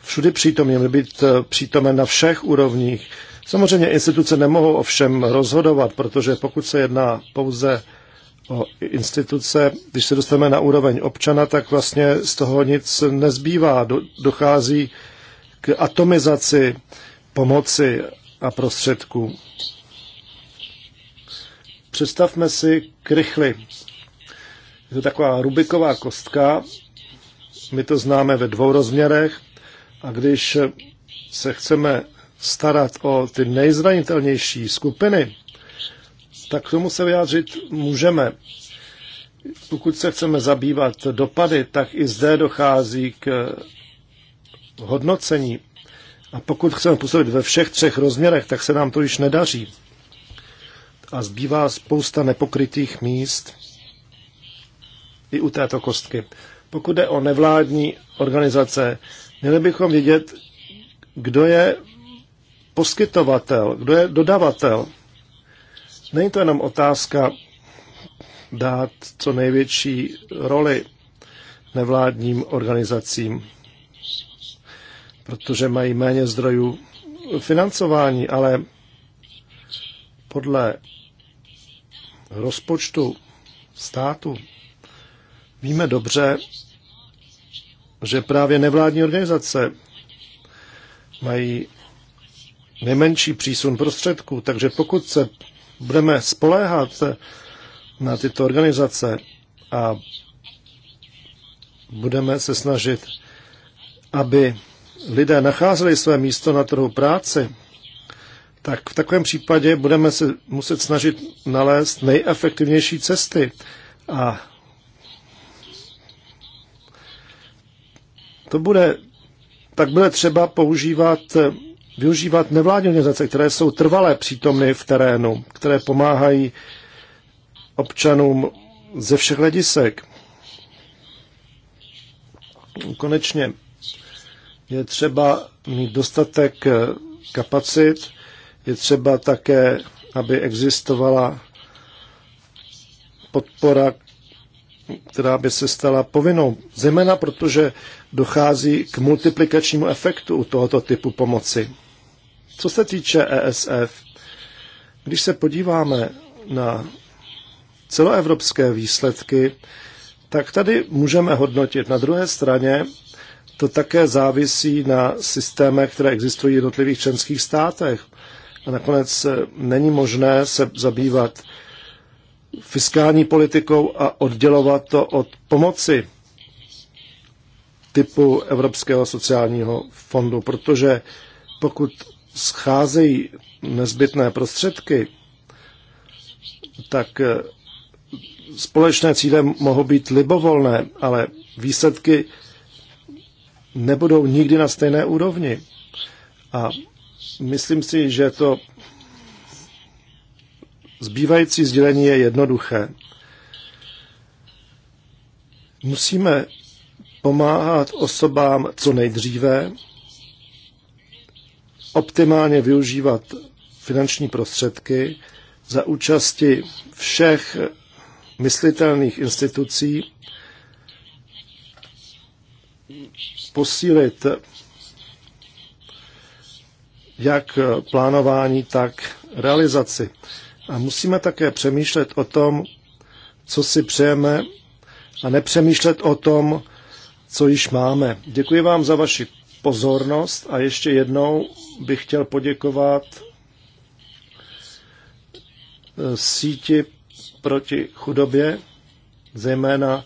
všudy přítomný, měl být e, přítomen na všech úrovních, Samozřejmě instituce nemohou ovšem rozhodovat, protože pokud se jedná pouze o instituce, když se dostaneme na úroveň občana, tak vlastně z toho nic nezbývá. dochází k atomizaci pomoci a prostředků. Představme si krychly. Je to taková rubiková kostka, my to známe ve dvou rozměrech a když se chceme starat o ty nejzranitelnější skupiny, tak k tomu se vyjádřit můžeme. Pokud se chceme zabývat dopady, tak i zde dochází k hodnocení. A pokud chceme působit ve všech třech rozměrech, tak se nám to již nedaří. A zbývá spousta nepokrytých míst i u této kostky. Pokud jde o nevládní organizace, měli bychom vědět, kdo je poskytovatel, kdo je dodavatel. Není to jenom otázka dát co největší roli nevládním organizacím, protože mají méně zdrojů financování, ale podle rozpočtu státu víme dobře, že právě nevládní organizace mají nejmenší přísun prostředků. Takže pokud se budeme spoléhat na tyto organizace a budeme se snažit, aby lidé nacházeli své místo na trhu práce, tak v takovém případě budeme se muset snažit nalézt nejefektivnější cesty. A to bude, tak bude třeba používat využívat nevládní organizace, které jsou trvalé přítomny v terénu, které pomáhají občanům ze všech hledisek. Konečně je třeba mít dostatek eh, kapacit, je třeba také, aby existovala podpora, která by se stala povinnou. Zejména protože dochází k multiplikačnímu efektu u tohoto typu pomoci. Co se týče ESF, když se podíváme na celoevropské výsledky, tak tady můžeme hodnotit. Na druhé straně to také závisí na systémech, které existují v jednotlivých členských státech. A nakonec eh, není možné se zabývat fiskální politikou a oddělovat to od pomoci typu Evropského sociálního fondu, protože pokud scházejí nezbytné prostředky, tak eh, společné cíle mohou být libovolné, ale výsledky nebudou nikdy na stejné úrovni. A myslím si, že to zbývající sdělení je jednoduché. Musíme pomáhat osobám co nejdříve, optimálně využívat finanční prostředky za účasti všech myslitelných institucí, posílit jak plánování, tak realizaci. A musíme také přemýšlet o tom, co si přejeme a nepřemýšlet o tom, co již máme. Děkuji vám za vaši pozornost a ještě jednou bych chtěl poděkovat eh, síti proti chudobě, zejména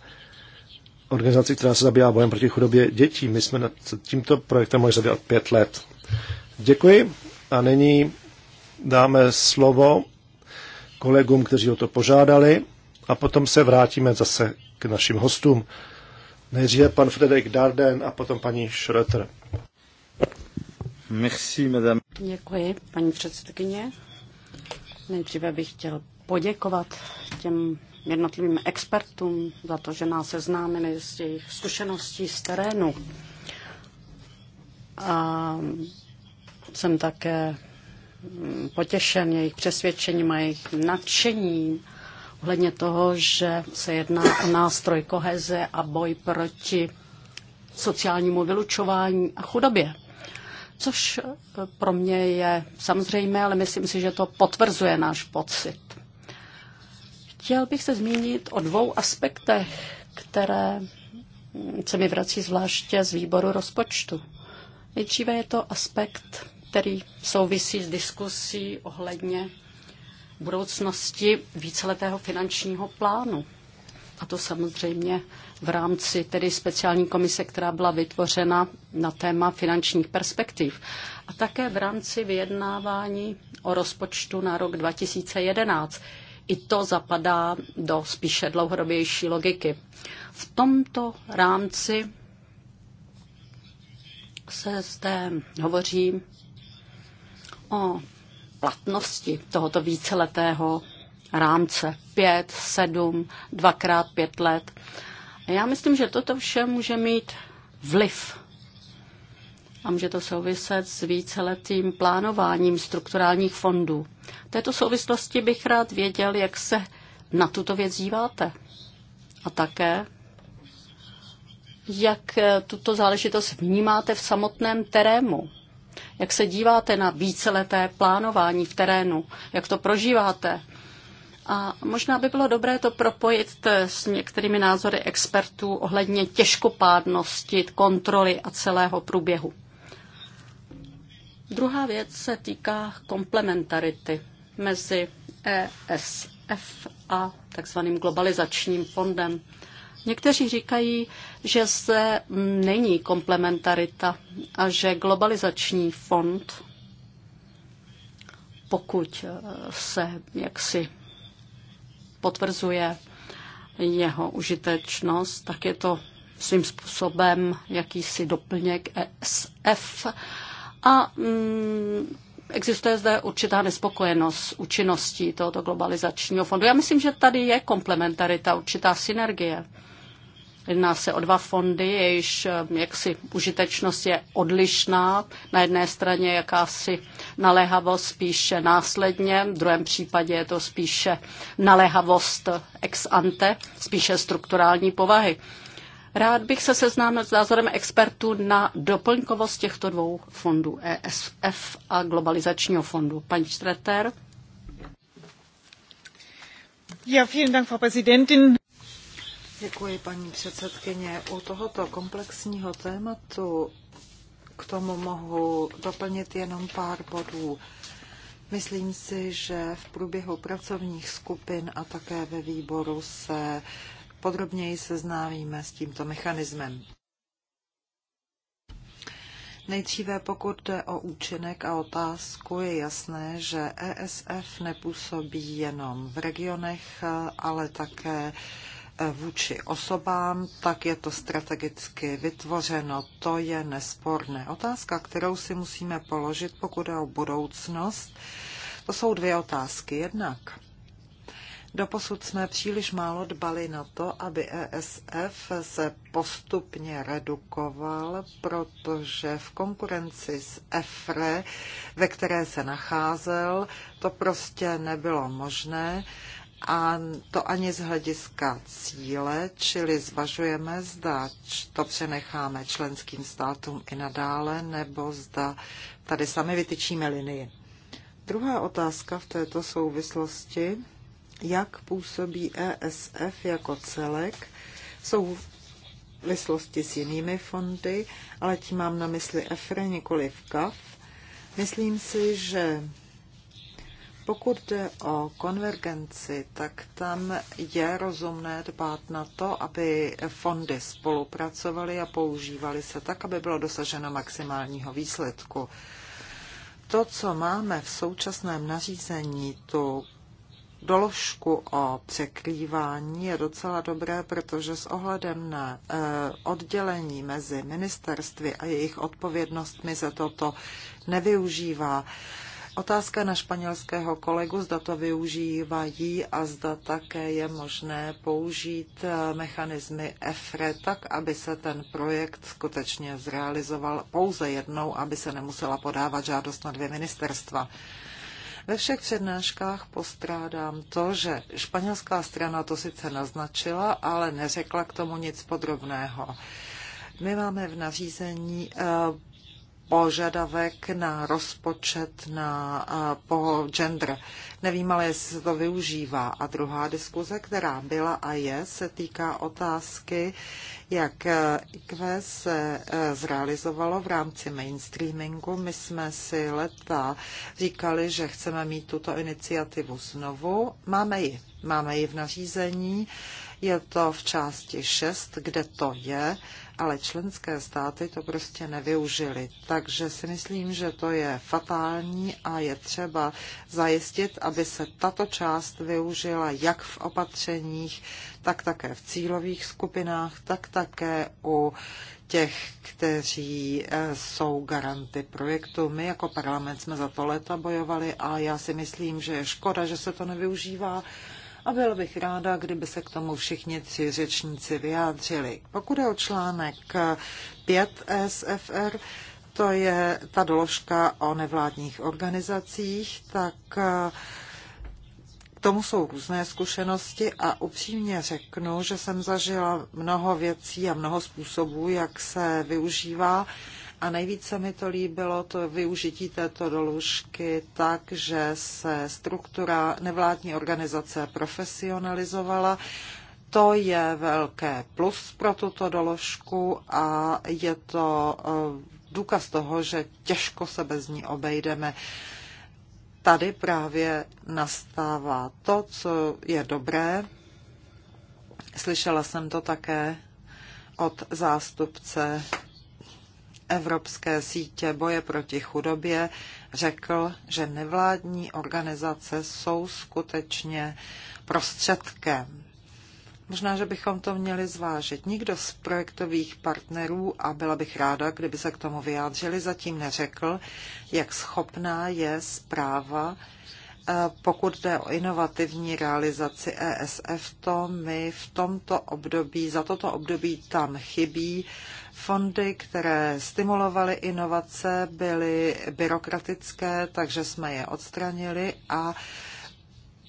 organizaci, která se zabývá bojem proti chudobě dětí. My jsme nad tímto projektem mohli zabývat pět let. Děkuji a nyní dáme slovo kolegům, kteří o to požádali a potom se vrátíme zase k našim hostům. Nejdříve pan Frederik Darden a potom paní Schröter. Merci, madame. Děkuji, paní předsedkyně. Nejdříve bych chtěl poděkovat těm jednotlivým expertům za to, že nás seznámili s jejich zkušeností z terénu. A jsem také mm, potěšen jejich přesvědčením a jejich nadšením ohledně toho, že se jedná o nástroj koheze a boj proti sociálnímu vylučování a chudobě což eh, pro mě je samozřejmé, ale myslím si, že to potvrzuje náš pocit. Chtěl bych se zmínit o dvou aspektech, které mm, se mi vrací zvláště z výboru rozpočtu. Nejdříve je to aspekt, který souvisí s diskusí ohledně budoucnosti víceletého finančního plánu. A to samozřejmě v rámci tedy speciální komise, která byla vytvořena na téma finančních perspektiv a také v rámci vyjednávání o rozpočtu na rok 2011. I to zapadá do spíše dlouhodobější logiky. V tomto rámci se zde hovoří o platnosti tohoto víceletého rámce 5, 7, dvakrát 5 let. A já myslím, že toto vše může mít vliv a může to souviset s víceletým plánováním strukturálních fondů. V této souvislosti bych rád věděl, jak se na tuto věc díváte. A také, jak tuto záležitost vnímáte v samotném terénu. Jak se díváte na víceleté plánování v terénu, jak to prožíváte, a možná by bylo dobré to propojit s některými názory expertů ohledně těžkopádnosti, kontroly a celého průběhu. Druhá věc se týká komplementarity mezi ESF a takzvaným globalizačním fondem. Někteří říkají, že se není komplementarita a že globalizační fond, pokud eh, se jaksi potvrzuje jeho užitečnost, tak je to svým způsobem jakýsi doplněk e SF. A mm, existuje zde určitá nespokojenost s účinností tohoto globalizačního fondu. Já myslím, že tady je komplementarita, určitá synergie. Jedná se o dva fondy, jejichž eh, jaksi užitečnost je odlišná. Na jedné straně jakási naléhavost spíše následně, v druhém případě je to spíše naléhavost ex ante, spíše strukturální povahy. Rád bych se seznámil s názorem expertů na doplňkovost těchto dvou fondů, ESF a Globalizačního fondu. Paní Štreter. Ja, vielen Dank, Frau Präsidentin. Děkuji, paní předsedkyně. U tohoto komplexního tématu k tomu mohu doplnit jenom pár bodů. Myslím si, že v průběhu pracovních skupin a také ve výboru se podrobněji seznámíme s tímto mechanismem. Nejdříve, pokud jde o účinek a otázku, je jasné, že ESF nepůsobí jenom v regionech, ale také vůči osobám, tak je to strategicky vytvořeno. To je nesporné. Otázka, kterou si musíme položit, pokud je o budoucnost, to jsou dvě otázky. Jednak Doposud jsme příliš málo dbali na to, aby ESF se postupně redukoval, protože v konkurenci s EFRE, ve které se nacházel, to prostě nebylo možné a to ani z hlediska cíle, čili zvažujeme, zda to přenecháme členským státům i nadále, nebo zda tady sami vytyčíme linii. Druhá otázka v této souvislosti, jak působí ESF jako celek, jsou souvislosti s jinými fondy, ale tím mám na mysli EFRE, nikoli v CAF. Myslím si, že pokud jde o konvergenci, tak tam je rozumné dbát na to, aby fondy spolupracovaly a používaly se tak, aby bylo dosaženo maximálního výsledku. To, co máme v současném nařízení, tu doložku o překrývání je docela dobré, protože s ohledem na eh, oddělení mezi ministerstvy a jejich odpovědnostmi se toto nevyužívá. Otázka na španělského kolegu, zda to využívají a zda také je možné použít eh, mechanismy EFRE tak, aby se ten projekt skutečně zrealizoval pouze jednou, aby se nemusela podávat žádost na dvě ministerstva. Ve všech přednáškách postrádám to, že španělská strana to sice naznačila, ale neřekla k tomu nic podrobného. My máme v nařízení eh, požadavek na rozpočet na, po gender. Nevím, ale jestli se to využívá. A druhá diskuze, která byla a je, se týká otázky, jak e, IQ se e, zrealizovalo v rámci mainstreamingu. My jsme si leta říkali, že chceme mít tuto iniciativu znovu. Máme ji. Máme ji v nařízení. Je to v části 6, kde to je ale členské státy to prostě nevyužily. Takže si myslím, že to je fatální a je třeba zajistit, aby se tato část využila jak v opatřeních, tak také v cílových skupinách, tak také u těch, kteří eh, jsou garanty projektu. My jako parlament jsme za to léta bojovali a já si myslím, že je škoda, že se to nevyužívá a byl bych ráda, kdyby se k tomu všichni tři řečníci vyjádřili. Pokud je o článek 5 SFR, to je ta doložka o nevládních organizacích, tak eh, k tomu jsou různé zkušenosti a upřímně řeknu, že jsem zažila mnoho věcí a mnoho způsobů, jak se využívá a nejvíce mi to líbilo, to využití této doložky tak, že se struktura nevládní organizace profesionalizovala. To je velké plus pro tuto doložku a je to eh, důkaz toho, že těžko se bez ní obejdeme. Tady právě nastává to, co je dobré. Slyšela jsem to také od zástupce Evropské sítě boje proti chudobě řekl, že nevládní organizace jsou skutečně prostředkem. Možná, že bychom to měli zvážit. Nikdo z projektových partnerů, a byla bych ráda, kdyby se k tomu vyjádřili, zatím neřekl, jak schopná je zpráva Eh, pokud jde o inovativní realizaci ESF, to mi v tomto období, za toto období tam chybí. Fondy, které stimulovaly inovace, byly byrokratické, takže jsme je odstranili a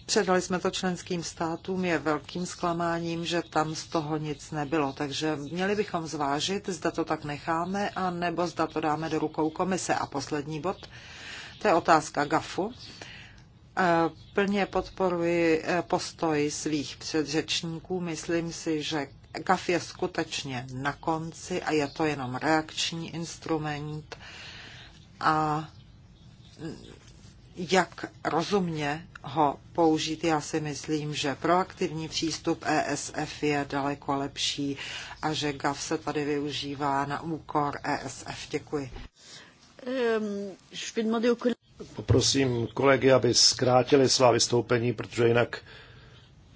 Předali jsme to členským státům, je velkým zklamáním, že tam z toho nic nebylo. Takže měli bychom zvážit, zda to tak necháme, a nebo zda to dáme do rukou komise. A poslední bod, to je otázka GAFu. E, plně podporuji e, postoj svých předřečníků. Myslím si, že GAF je skutečně na konci a je to jenom reakční instrument. A jak rozumně ho použít, já si myslím, že proaktivní přístup ESF je daleko lepší a že GAF se tady využívá na úkor ESF. Děkuji. Um, poprosím kolegy, aby zkrátili svá vystoupení, protože jinak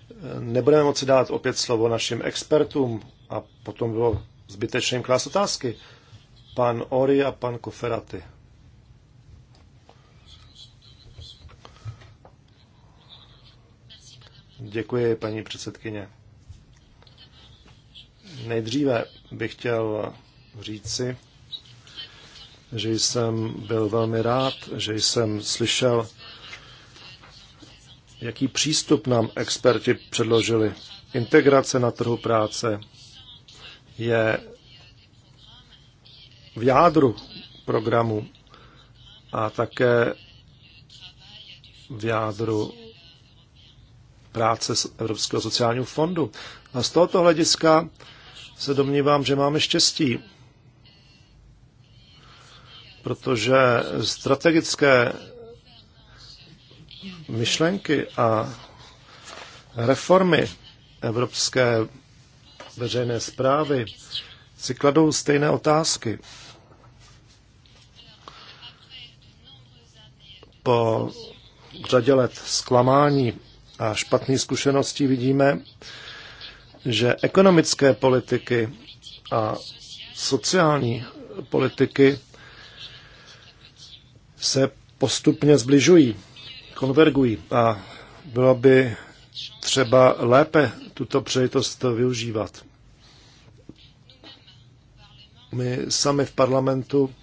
eh, nebudeme moci dát opět slovo našim expertům a potom bylo jim klást otázky. Pan Ori a pan Koferaty. Děkuji, paní předsedkyně. Nejdříve bych chtěl říci, že jsem byl velmi rád, že jsem slyšel, jaký přístup nám experti předložili. Integrace na trhu práce je v jádru programu a také v jádru práce z Evropského sociálního fondu. A z tohoto hlediska se domnívám, že máme štěstí, protože strategické myšlenky a reformy evropské veřejné zprávy si kladou stejné otázky. Po řadě let zklamání a špatných zkušeností vidíme, že ekonomické politiky a sociální politiky se postupně zbližují, konvergují a bylo by třeba lépe tuto přejitost využívat. My sami v parlamentu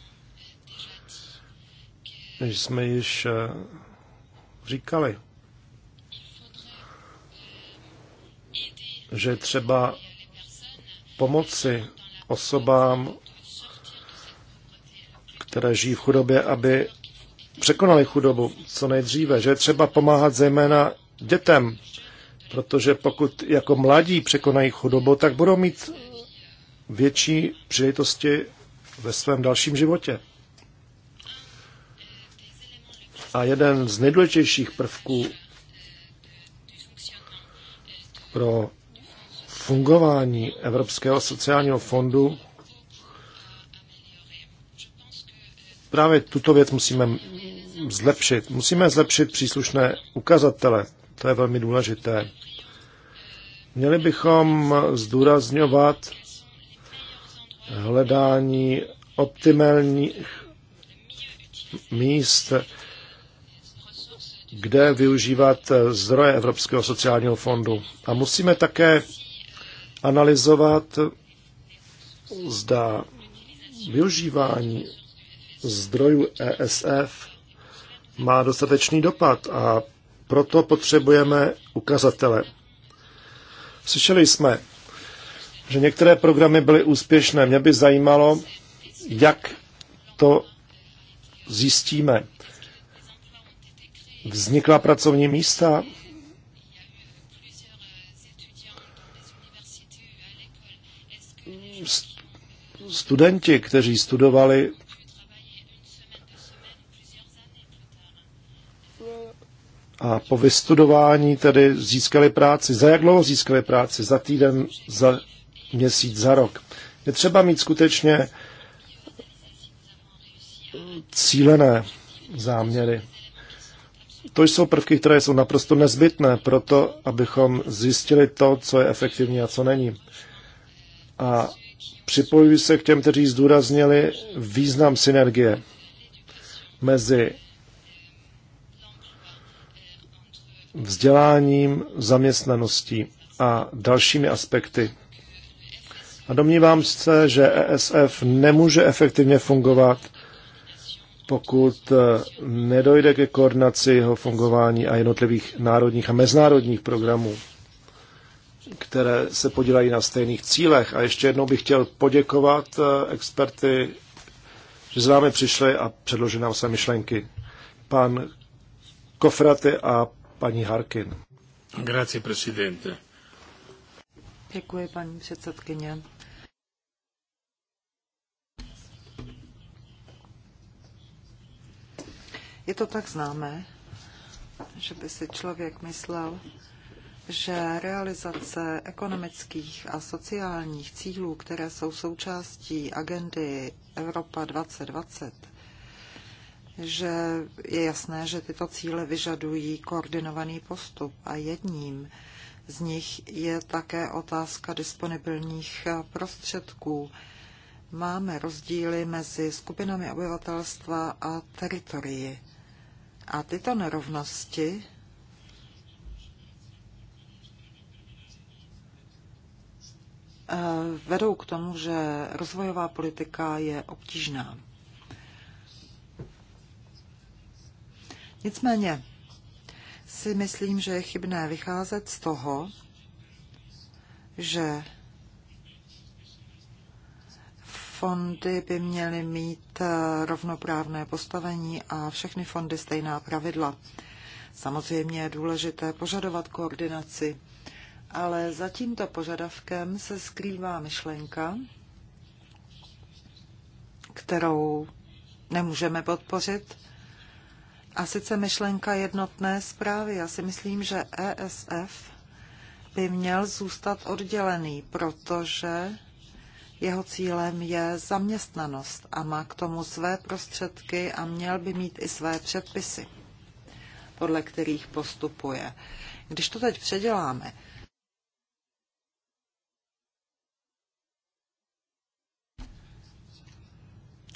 jsme již eh, říkali, že třeba pomoci osobám, které žijí v chudobě, aby překonali chudobu co nejdříve, že je třeba pomáhat zejména dětem, protože pokud jako mladí překonají chudobu, tak budou mít větší příležitosti ve svém dalším životě. A jeden z nejdůležitějších prvků pro fungování Evropského sociálního fondu právě tuto věc musíme zlepšit. Musíme zlepšit příslušné ukazatele. To je velmi důležité. Měli bychom zdůrazňovat hledání optimálních míst, kde využívat zdroje Evropského sociálního fondu. A musíme také analyzovat, zda využívání zdrojů ESF má dostatečný dopad a proto potřebujeme ukazatele. Slyšeli jsme, že některé programy byly úspěšné. Mě by zajímalo, jak to zjistíme. Vznikla pracovní místa? Studenti, kteří studovali a po vystudování tedy získali práci. Za jak dlouho získali práci? Za týden, za měsíc, za rok. Je třeba mít skutečně cílené záměry. To jsou prvky, které jsou naprosto nezbytné pro to, abychom zjistili to, co je efektivní a co není. A připojuji se k těm, kteří zdůraznili význam synergie mezi vzděláním, zaměstnaností a dalšími aspekty. A domnívám se, že ESF nemůže efektivně fungovat, pokud eh, nedojde ke koordinaci jeho fungování a jednotlivých národních a mezinárodních programů, které se podílají na stejných cílech. A ještě jednou bych chtěl poděkovat eh, experty, že s námi přišli a předložili nám své myšlenky. Pan Kofraty a paní Harkin. Grazie, presidente. Děkuji, paní předsedkyně. Je to tak známé, že by si člověk myslel, že realizace ekonomických a sociálních cílů, které jsou součástí agendy Evropa 2020, že je jasné, že tyto cíle vyžadují koordinovaný postup a jedním z nich je také otázka disponibilních prostředků. Máme rozdíly mezi skupinami obyvatelstva a teritorii. A tyto nerovnosti eh, vedou k tomu, že rozvojová politika je obtížná. Nicméně si myslím, že je chybné vycházet z toho, že fondy by měly mít eh, rovnoprávné postavení a všechny fondy stejná pravidla. Samozřejmě je důležité požadovat koordinaci, ale za tímto požadavkem se skrývá myšlenka, kterou nemůžeme podpořit, a sice myšlenka jednotné zprávy. Já si myslím, že ESF by měl zůstat oddělený, protože jeho cílem je zaměstnanost a má k tomu své prostředky a měl by mít i své předpisy, podle kterých postupuje. Když to teď předěláme,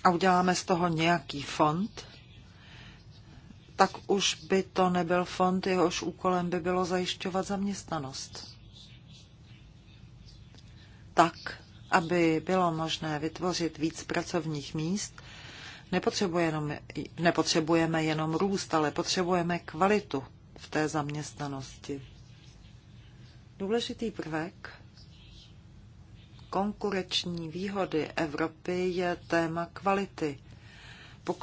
a uděláme z toho nějaký fond, tak už by to nebyl fond, jehož úkolem by bylo zajišťovat zaměstnanost. Tak, aby bylo možné vytvořit víc pracovních míst, nepotřebuje jenom, nepotřebujeme jenom růst, ale potřebujeme kvalitu v té zaměstnanosti. Důležitý prvek konkurenční výhody Evropy je téma kvality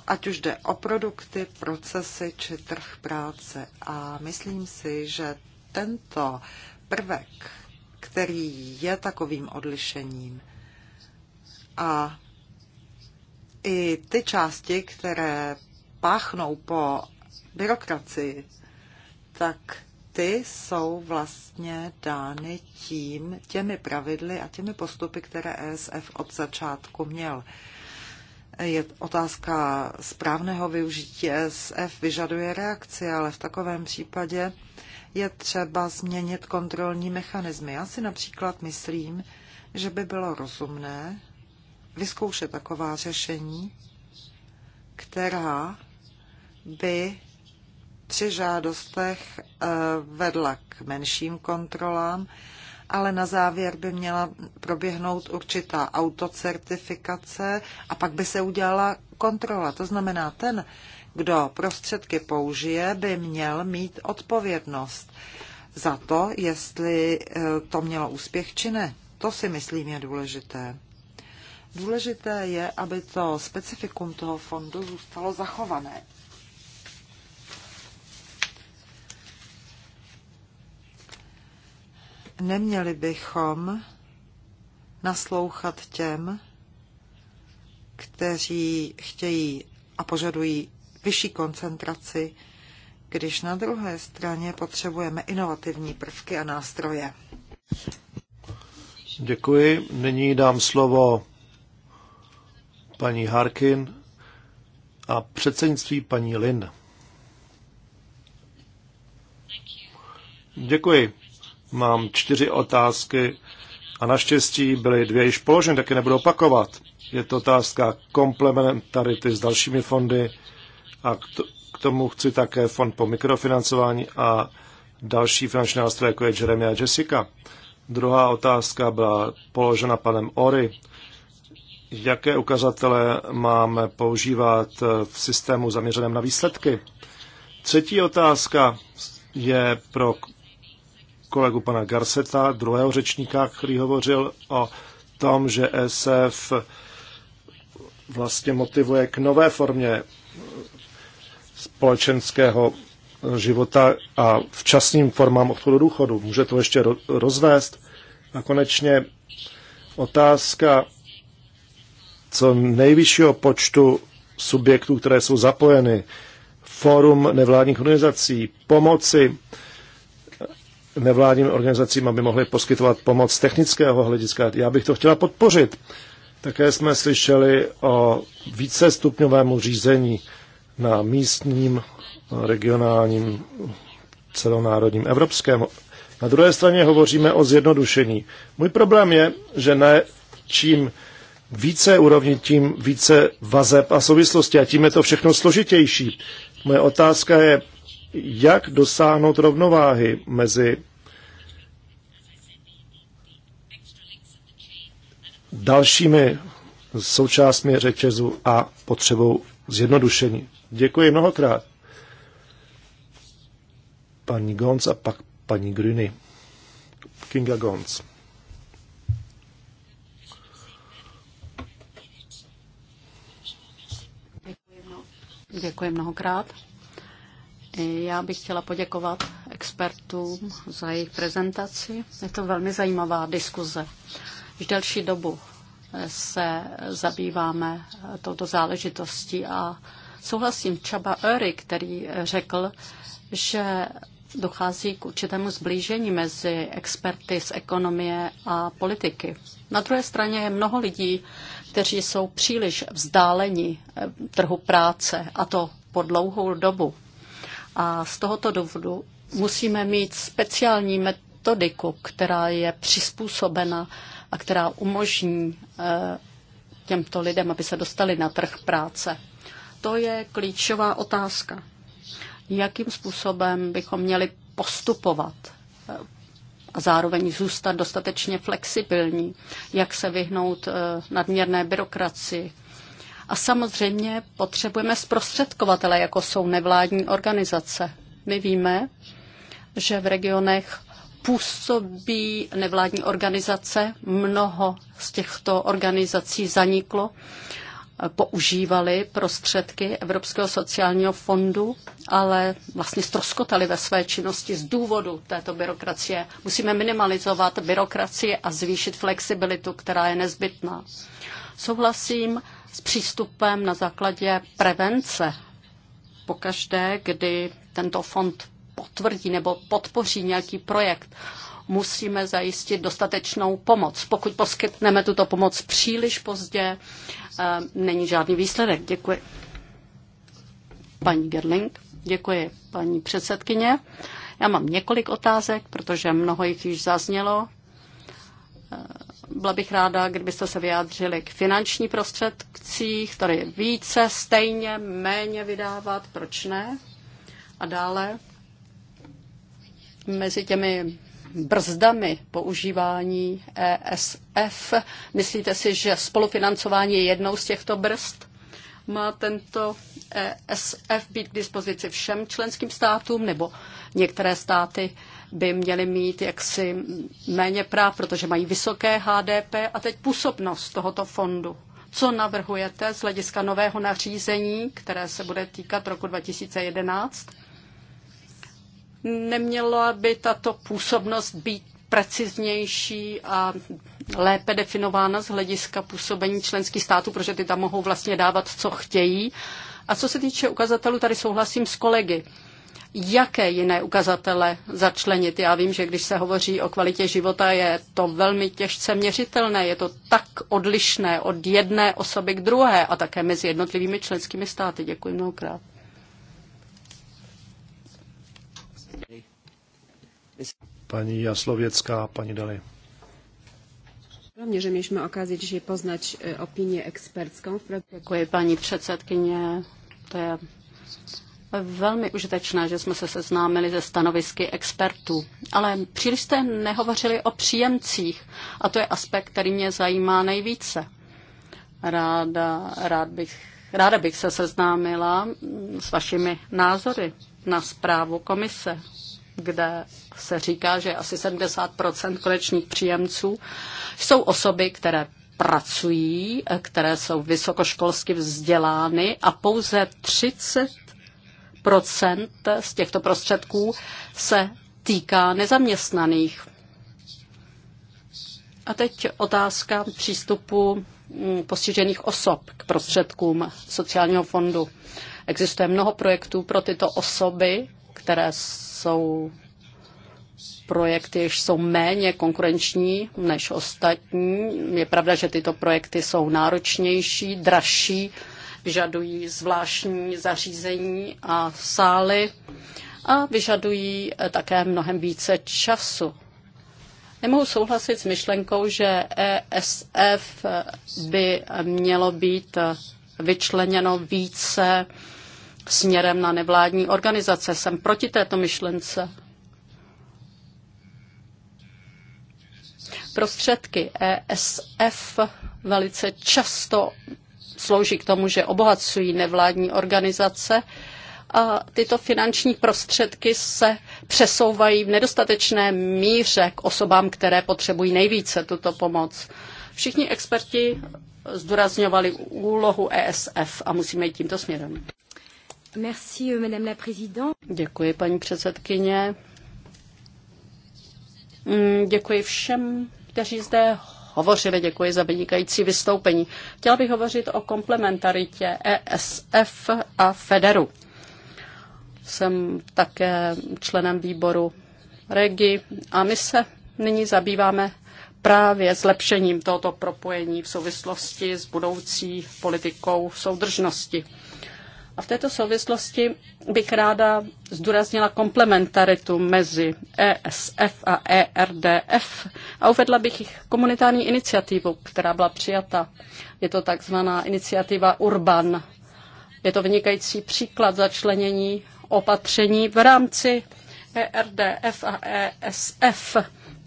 ať už jde o produkty, procesy či trh práce. A myslím si, že tento prvek, který je takovým odlišením a i ty části, které páchnou po byrokracii, tak ty jsou vlastně dány tím, těmi pravidly a těmi postupy, které ESF od začátku měl je otázka správného využití SF vyžaduje reakci, ale v takovém případě je třeba změnit kontrolní mechanismy. Já si například myslím, že by bylo rozumné vyzkoušet taková řešení, která by při žádostech eh, vedla k menším kontrolám, ale na závěr by měla proběhnout určitá autocertifikace a pak by se udělala kontrola. To znamená, ten, kdo prostředky použije, by měl mít odpovědnost za to, jestli eh, to mělo úspěch či ne. To si myslím je důležité. Důležité je, aby to specifikum toho fondu zůstalo zachované. Neměli bychom naslouchat těm, kteří chtějí a požadují vyšší koncentraci, když na druhé straně potřebujeme inovativní prvky a nástroje. Děkuji. Nyní dám slovo paní Harkin a předsednictví paní Lin. Děkuji. Mám čtyři otázky a naštěstí byly dvě již položeny, je nebudu opakovat. Je to otázka komplementarity s dalšími fondy a k tomu chci také fond po mikrofinancování a další finanční nástroje, jako je Jeremy a Jessica. Druhá otázka byla položena panem Ory. Jaké ukazatele máme používat v systému zaměřeném na výsledky? Třetí otázka je pro kolegu pana Garceta, druhého řečníka, který hovořil o tom, že SF vlastně motivuje k nové formě společenského života a včasným formám odchodu důchodu. Může to ještě rozvést. A konečně otázka co nejvyššího počtu subjektů, které jsou zapojeny, fórum nevládních organizací, pomoci nevládním organizacím, aby mohly poskytovat pomoc technického hlediska. Já bych to chtěla podpořit. Také jsme slyšeli o vícestupňovému řízení na místním, regionálním, celonárodním, evropském. Na druhé straně hovoříme o zjednodušení. Můj problém je, že ne čím více úrovní, tím více vazeb a souvislosti a tím je to všechno složitější. Moje otázka je, jak dosáhnout rovnováhy mezi dalšími součástmi řetězu a potřebou zjednodušení. Děkuji mnohokrát. Paní Gons a pak paní Gruny. Kinga Gons. Děkuji mnohokrát. Já bych chtěla poděkovat expertům za jejich prezentaci. Je to velmi zajímavá diskuze. Už delší dobu eh, se zabýváme eh, touto záležitostí a souhlasím Čaba Öry, který eh, řekl, že dochází k určitému zblížení mezi experty z ekonomie a politiky. Na druhé straně je mnoho lidí, kteří jsou příliš vzdáleni trhu práce a to po dlouhou dobu. A z tohoto důvodu musíme mít speciální metodiku, která je přizpůsobena a která umožní eh, těmto lidem, aby se dostali na trh práce. To je klíčová otázka. Jakým způsobem bychom měli postupovat eh, a zároveň zůstat dostatečně flexibilní, jak se vyhnout eh, nadměrné byrokracii, a samozřejmě potřebujeme zprostředkovatele, jako jsou nevládní organizace. My víme, že v regionech působí nevládní organizace, mnoho z těchto organizací zaniklo, používali prostředky Evropského sociálního fondu, ale vlastně stroskotali ve své činnosti z důvodu této byrokracie. Musíme minimalizovat byrokracii a zvýšit flexibilitu, která je nezbytná. Souhlasím s přístupem na základě prevence. Pokaždé, kdy tento fond potvrdí nebo podpoří nějaký projekt, musíme zajistit dostatečnou pomoc. Pokud poskytneme tuto pomoc příliš pozdě, eh, není žádný výsledek. Děkuji. Paní Gerling, děkuji paní předsedkyně. Já mám několik otázek, protože mnoho jich již zaznělo. Eh, byla bych ráda, kdybyste se vyjádřili k finanční prostředcích, tady více, stejně, méně vydávat, proč ne? A dále mezi těmi brzdami používání ESF. Myslíte si, že spolufinancování je jednou z těchto brzd? Má tento ESF být k dispozici všem členským státům nebo některé státy by měly mít jaksi méně práv, protože mají vysoké HDP a teď působnost tohoto fondu. Co navrhujete z hlediska nového nařízení, které se bude týkat roku 2011? Neměla by tato působnost být preciznější a lépe definována z hlediska působení členských států, protože ty tam mohou vlastně dávat, co chtějí. A co se týče ukazatelů, tady souhlasím s kolegy jaké jiné ukazatele začlenit. Já vím, že když se hovoří o kvalitě života, je to velmi těžce měřitelné, je to tak odlišné od jedné osoby k druhé a také mezi jednotlivými členskými státy. Děkuji mnohokrát. Paní Jaslověcká, paní Dali. Hlavně, že měliśmy okazję dzisiaj poznać eh, opinię ekspercką. Děkuji, paní předsedkyně. To je velmi užitečné, že jsme se seznámili ze stanovisky expertů, ale příliš jste nehovořili o příjemcích a to je aspekt, který mě zajímá nejvíce. Ráda, rád bych, ráda bych se seznámila s vašimi názory na zprávu komise, kde se říká, že asi 70 konečných příjemců jsou osoby, které pracují, které jsou vysokoškolsky vzdělány a pouze 30 procent z těchto prostředků se týká nezaměstnaných. A teď otázka přístupu mm, postižených osob k prostředkům sociálního fondu. Existuje mnoho projektů pro tyto osoby, které jsou projekty, jež jsou méně konkurenční než ostatní. Je pravda, že tyto projekty jsou náročnější, dražší vyžadují zvláštní zařízení a sály a vyžadují eh, také mnohem více času. Nemohu souhlasit s myšlenkou, že ESF eh, by mělo být eh, vyčleněno více směrem na nevládní organizace. Jsem proti této myšlence. Prostředky ESF velice často slouží k tomu, že obohacují nevládní organizace a tyto finanční prostředky se přesouvají v nedostatečné míře k osobám, které potřebují nejvíce tuto pomoc. Všichni experti zdůrazňovali úlohu ESF a musíme jít tímto směrem. Merci, madame la Děkuji, paní předsedkyně. Mm, děkuji všem, kteří zde hovořili. Děkuji za vynikající vystoupení. Chtěla bych hovořit o komplementaritě ESF a Federu. Jsem také členem výboru REGI a my se nyní zabýváme právě zlepšením tohoto propojení v souvislosti s budoucí politikou soudržnosti. A v této souvislosti bych ráda zdůraznila komplementaritu mezi ESF a ERDF a uvedla bych komunitární iniciativu, která byla přijata. Je to takzvaná iniciativa Urban. Je to vynikající příklad začlenění opatření v rámci ERDF a ESF.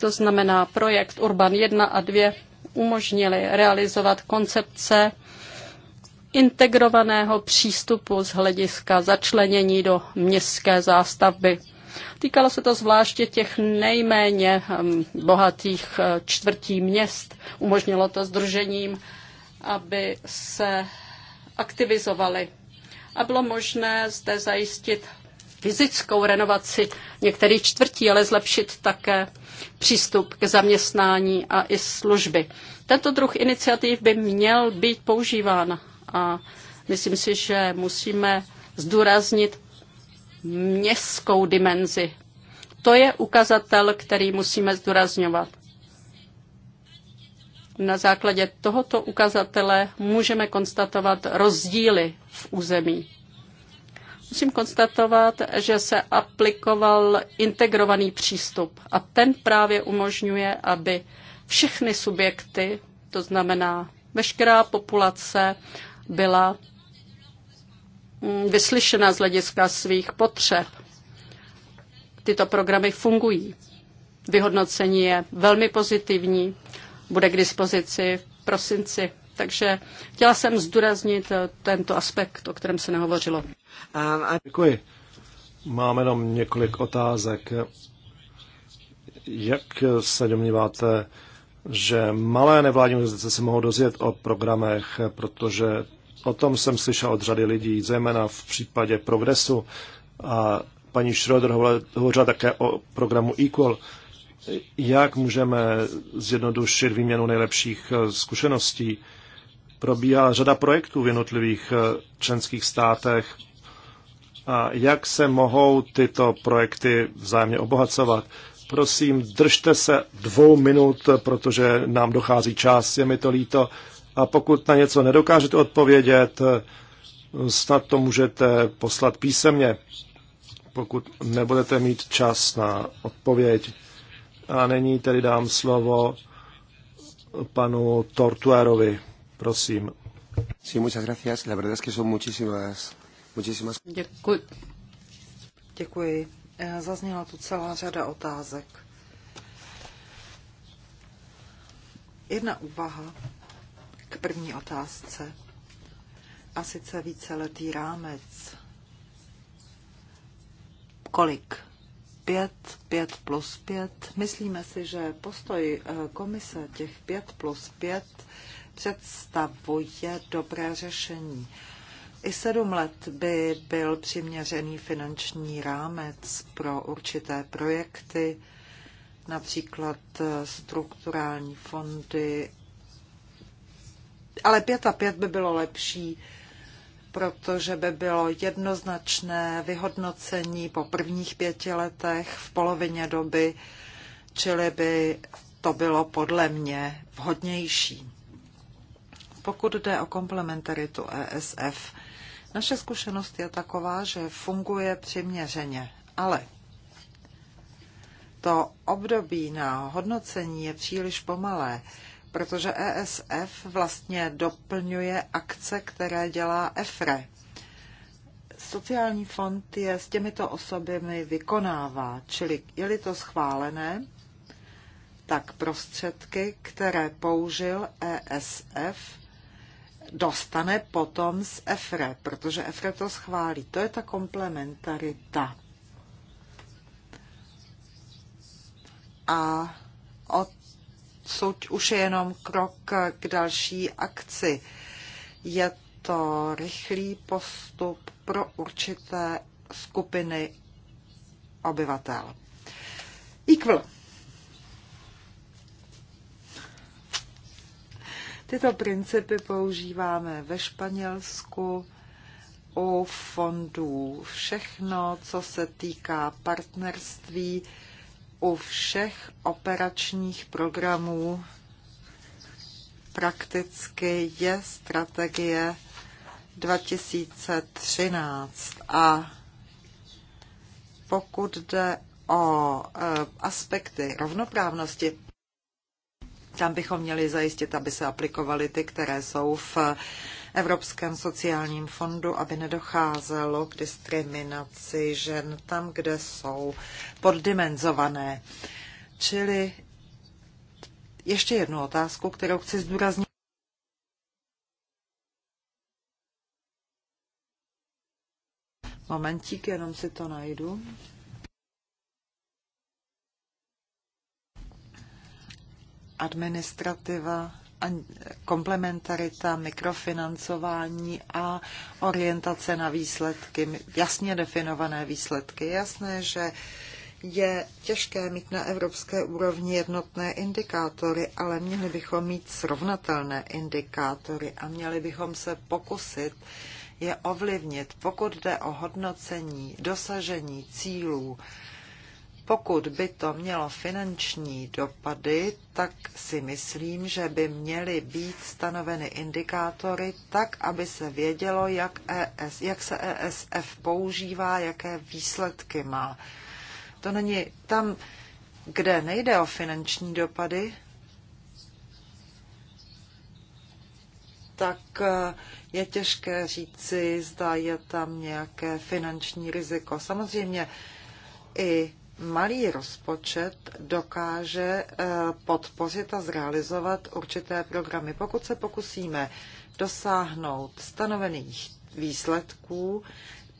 To znamená, projekt Urban 1 a 2 umožnili realizovat koncepce integrovaného přístupu z hlediska začlenění do městské zástavby. Týkalo se to zvláště těch nejméně hm, bohatých eh, čtvrtí měst. Umožnilo to združením, aby se aktivizovali a bylo možné zde zajistit fyzickou renovaci některých čtvrtí, ale zlepšit také přístup k zaměstnání a i služby. Tento druh iniciativ by měl být používán a myslím si, že musíme zdůraznit městskou dimenzi. To je ukazatel, který musíme zdůrazňovat. Na základě tohoto ukazatele můžeme konstatovat rozdíly v území. Musím konstatovat, že se aplikoval integrovaný přístup a ten právě umožňuje, aby všechny subjekty, to znamená veškerá populace, byla mm, vyslyšena z hlediska svých potřeb. Tyto programy fungují. Vyhodnocení je velmi pozitivní, bude k dispozici v prosinci. Takže chtěla jsem zdůraznit eh, tento aspekt, o kterém se nehovořilo. Um, Děkuji. Máme jenom několik otázek. Jak se domníváte, že malé nevládní organizace se mohou dozvědět o programech, protože O tom jsem slyšel od řady lidí, zejména v případě progresu. A paní Schroeder hovořila také o programu Equal. Jak můžeme zjednodušit výměnu nejlepších eh, zkušeností? Probíhá řada projektů v jednotlivých eh, členských státech. A jak se mohou tyto projekty vzájemně obohacovat? Prosím, držte se dvou minut, eh, protože nám dochází čas, je mi to líto a pokud na něco nedokážete odpovědět, snad to můžete poslat písemně, pokud nebudete mít čas na odpověď. A nyní tedy dám slovo panu Tortuerovi. Prosím. Sí, muchas gracias. La verdad es que son muchísimas, muchísimas... Děkuji. Děkuji. Eh, zazněla tu celá řada otázek. Jedna úvaha k první otázce. A sice víceletý rámec. Kolik? Pět, pět plus pět. Myslíme si, že postoj eh, komise těch pět plus pět představuje dobré řešení. I sedm let by byl přiměřený finanční rámec pro určité projekty, například eh, strukturální fondy ale pět a pět by bylo lepší, protože by bylo jednoznačné vyhodnocení po prvních pěti letech v polovině doby, čili by to bylo podle mě vhodnější. Pokud jde o komplementaritu ESF, naše zkušenost je taková, že funguje přiměřeně, ale to období na hodnocení je příliš pomalé protože ESF vlastně doplňuje akce, které dělá EFRE. Sociální fond je s těmito osobami vykonává, čili je-li to schválené, tak prostředky, které použil ESF, dostane potom z EFRE, protože EFRE to schválí. To je ta komplementarita. A od odsud už je jenom krok k další akci. Je to rychlý postup pro určité skupiny obyvatel. Equal. Tyto principy používáme ve Španělsku u fondů. Všechno, co se týká partnerství, u všech operačních programů prakticky je strategie 2013 a pokud jde o e, aspekty rovnoprávnosti, tam bychom měli zajistit, aby se aplikovaly ty, které jsou v Evropském sociálním fondu, aby nedocházelo k diskriminaci žen tam, kde jsou poddimenzované. Čili ještě jednu otázku, kterou chci zdůraznit. Momentík, jenom si to najdu. Administrativa komplementarita, mikrofinancování a orientace na výsledky, jasně definované výsledky. Jasné, že je těžké mít na evropské úrovni jednotné indikátory, ale měli bychom mít srovnatelné indikátory a měli bychom se pokusit je ovlivnit, pokud jde o hodnocení, dosažení cílů, pokud by to mělo finanční dopady, tak si myslím, že by měly být stanoveny indikátory tak, aby se vědělo, jak, ES, jak se ESF používá, jaké výsledky má. To není tam, kde nejde o finanční dopady, tak eh, je těžké říci, zda je tam nějaké finanční riziko. Samozřejmě i malý rozpočet dokáže eh, podpořit a zrealizovat určité programy. Pokud se pokusíme dosáhnout stanovených výsledků,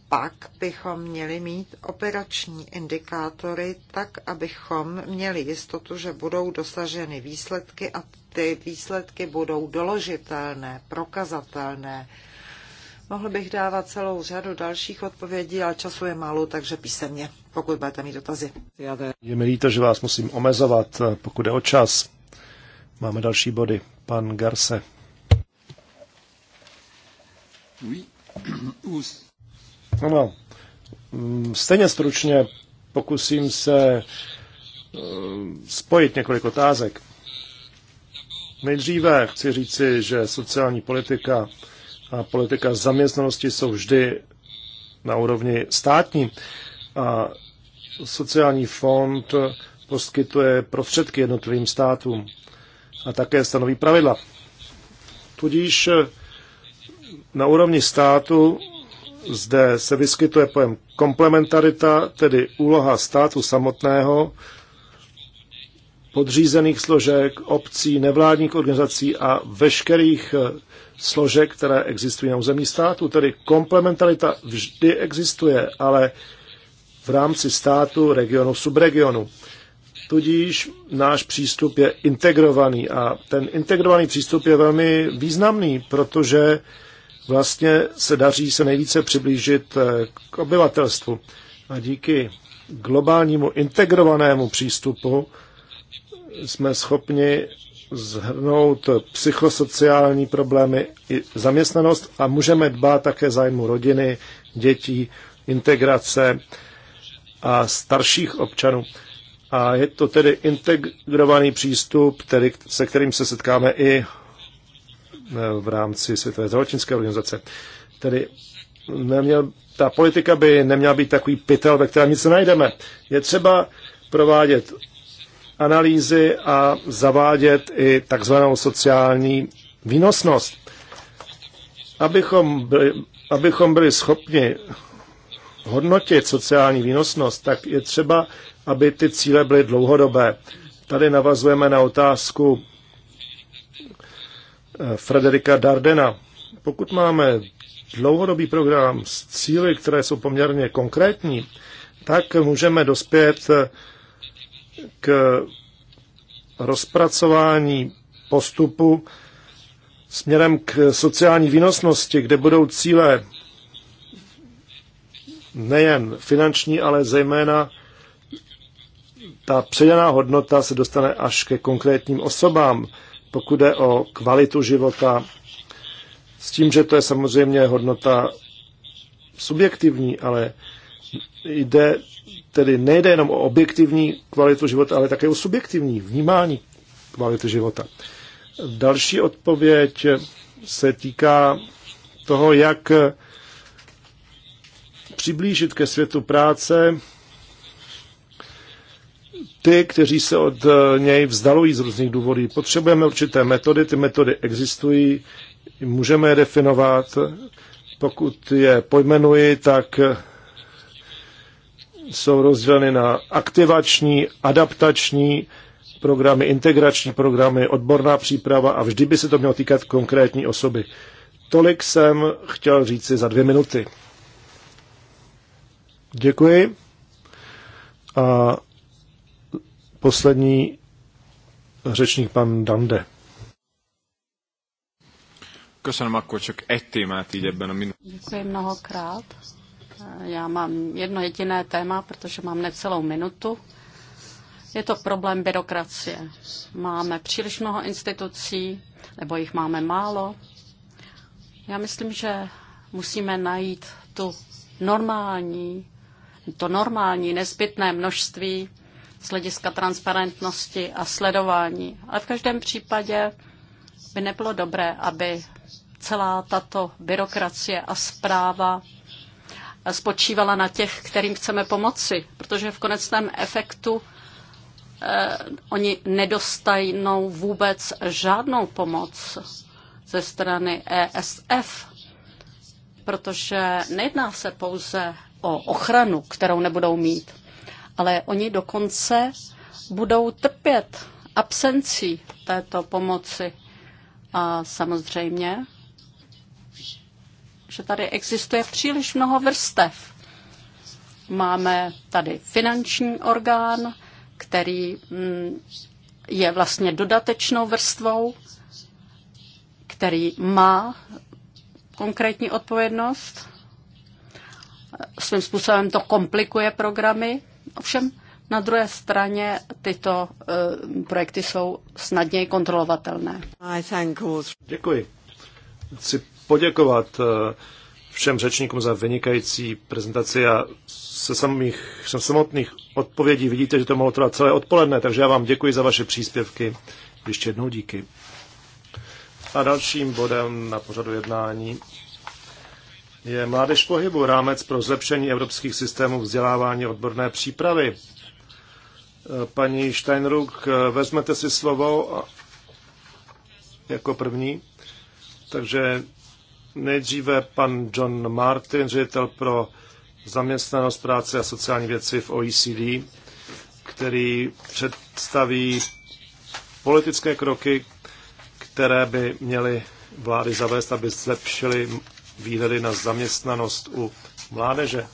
pak bychom měli mít operační indikátory tak, abychom měli jistotu, že budou dosaženy výsledky a ty výsledky budou doložitelné, prokazatelné. Mohl bych dávat celou řadu dalších odpovědí, ale času je málo, takže písemně, pokud budete mít dotazy. Je mi líto, že vás musím omezovat, pokud je o čas. Máme další body. Pan Garse. No, no. Stejně stručně pokusím se eh, spojit několik otázek. Nejdříve chci říci, že sociální politika a politika zaměstnanosti jsou vždy na úrovni státní. A sociální fond poskytuje prostředky jednotlivým státům a také stanoví pravidla. Tudíž na úrovni státu zde se vyskytuje pojem komplementarita, tedy úloha státu samotného, podřízených složek, obcí, nevládních organizací a veškerých složek, které existují na území státu. Tedy komplementarita vždy existuje, ale v rámci státu, regionu, subregionu. Tudíž náš přístup je integrovaný a ten integrovaný přístup je velmi významný, protože vlastně se daří se nejvíce přiblížit eh, k obyvatelstvu. A díky globálnímu integrovanému přístupu jsme schopni zhrnout psychosociální problémy i zaměstnanost a můžeme dbát také zájmu rodiny, dětí, integrace a starších občanů. A je to tedy integrovaný přístup, který, se kterým se setkáme i e, v rámci Světové zdravotnické organizace. Tedy neměl, ta politika by neměla být takový pytel, ve kterém nic nenajdeme. Je třeba provádět analýzy a zavádět i takzvanou sociální výnosnost. Abychom byli, abychom byli schopni hodnotit sociální výnosnost, tak je třeba, aby ty cíle byly dlouhodobé. Tady navazujeme na otázku eh, Frederika Dardena. Pokud máme dlouhodobý program s cíly, které jsou poměrně konkrétní, tak můžeme dospět eh, k rozpracování postupu směrem k sociální výnosnosti, kde budou cíle nejen finanční, ale zejména ta přidaná hodnota se dostane až ke konkrétním osobám, pokud jde o kvalitu života, s tím, že to je samozřejmě hodnota subjektivní, ale jde Tedy nejde jenom o objektivní kvalitu života, ale také o subjektivní vnímání kvality života. Další odpověď se týká toho, jak přiblížit ke světu práce ty, kteří se od něj vzdalují z různých důvodů. Potřebujeme určité metody, ty metody existují, můžeme je definovat. Pokud je pojmenuji, tak jsou rozděleny na aktivační, adaptační programy, integrační programy, odborná příprava a vždy by se to mělo týkat konkrétní osoby. Tolik jsem chtěl říci za dvě minuty. Děkuji. A poslední řečník pan Dande. Köszönöm, akkor csak egy témát így ebben a minutában. Děkuji mnohokrát. Já mám jedno jediné téma, protože mám necelou minutu. Je to problém byrokracie. Máme příliš mnoho institucí, nebo jich máme málo. Já myslím, že musíme najít tu normální, to normální nezbytné množství z hlediska transparentnosti a sledování. Ale v každém případě by nebylo dobré, aby celá tato byrokracie a zpráva spočívala na těch, kterým chceme pomoci, protože v konečném efektu eh, oni nedostajnou vůbec žádnou pomoc ze strany ESF, protože nejedná se pouze o ochranu, kterou nebudou mít, ale oni dokonce budou trpět absencí této pomoci. A samozřejmě že tady existuje příliš mnoho vrstev. Máme tady finanční orgán, který mm, je vlastně dodatečnou vrstvou, který má konkrétní odpovědnost. Svým způsobem to komplikuje programy. Ovšem, na druhé straně tyto eh, projekty jsou snadněji kontrolovatelné. Děkuji. Chci poděkovat eh, všem řečníkům za vynikající prezentaci a se samých, se samotných odpovědí vidíte, že to mohlo trvat celé odpoledne, takže já vám děkuji za vaše příspěvky. Ještě jednou díky. A dalším bodem na pořadu jednání je Mládež pohybu, rámec pro zlepšení evropských systémů vzdělávání odborné přípravy. Eh, paní Steinruck, eh, vezmete si slovo jako první. Takže Nejdříve pan John Martin, ředitel pro zaměstnanost práce a sociální věci v OECD, který představí politické kroky, které by měly vlády zavést, aby zlepšily výhledy na zaměstnanost u mládeže.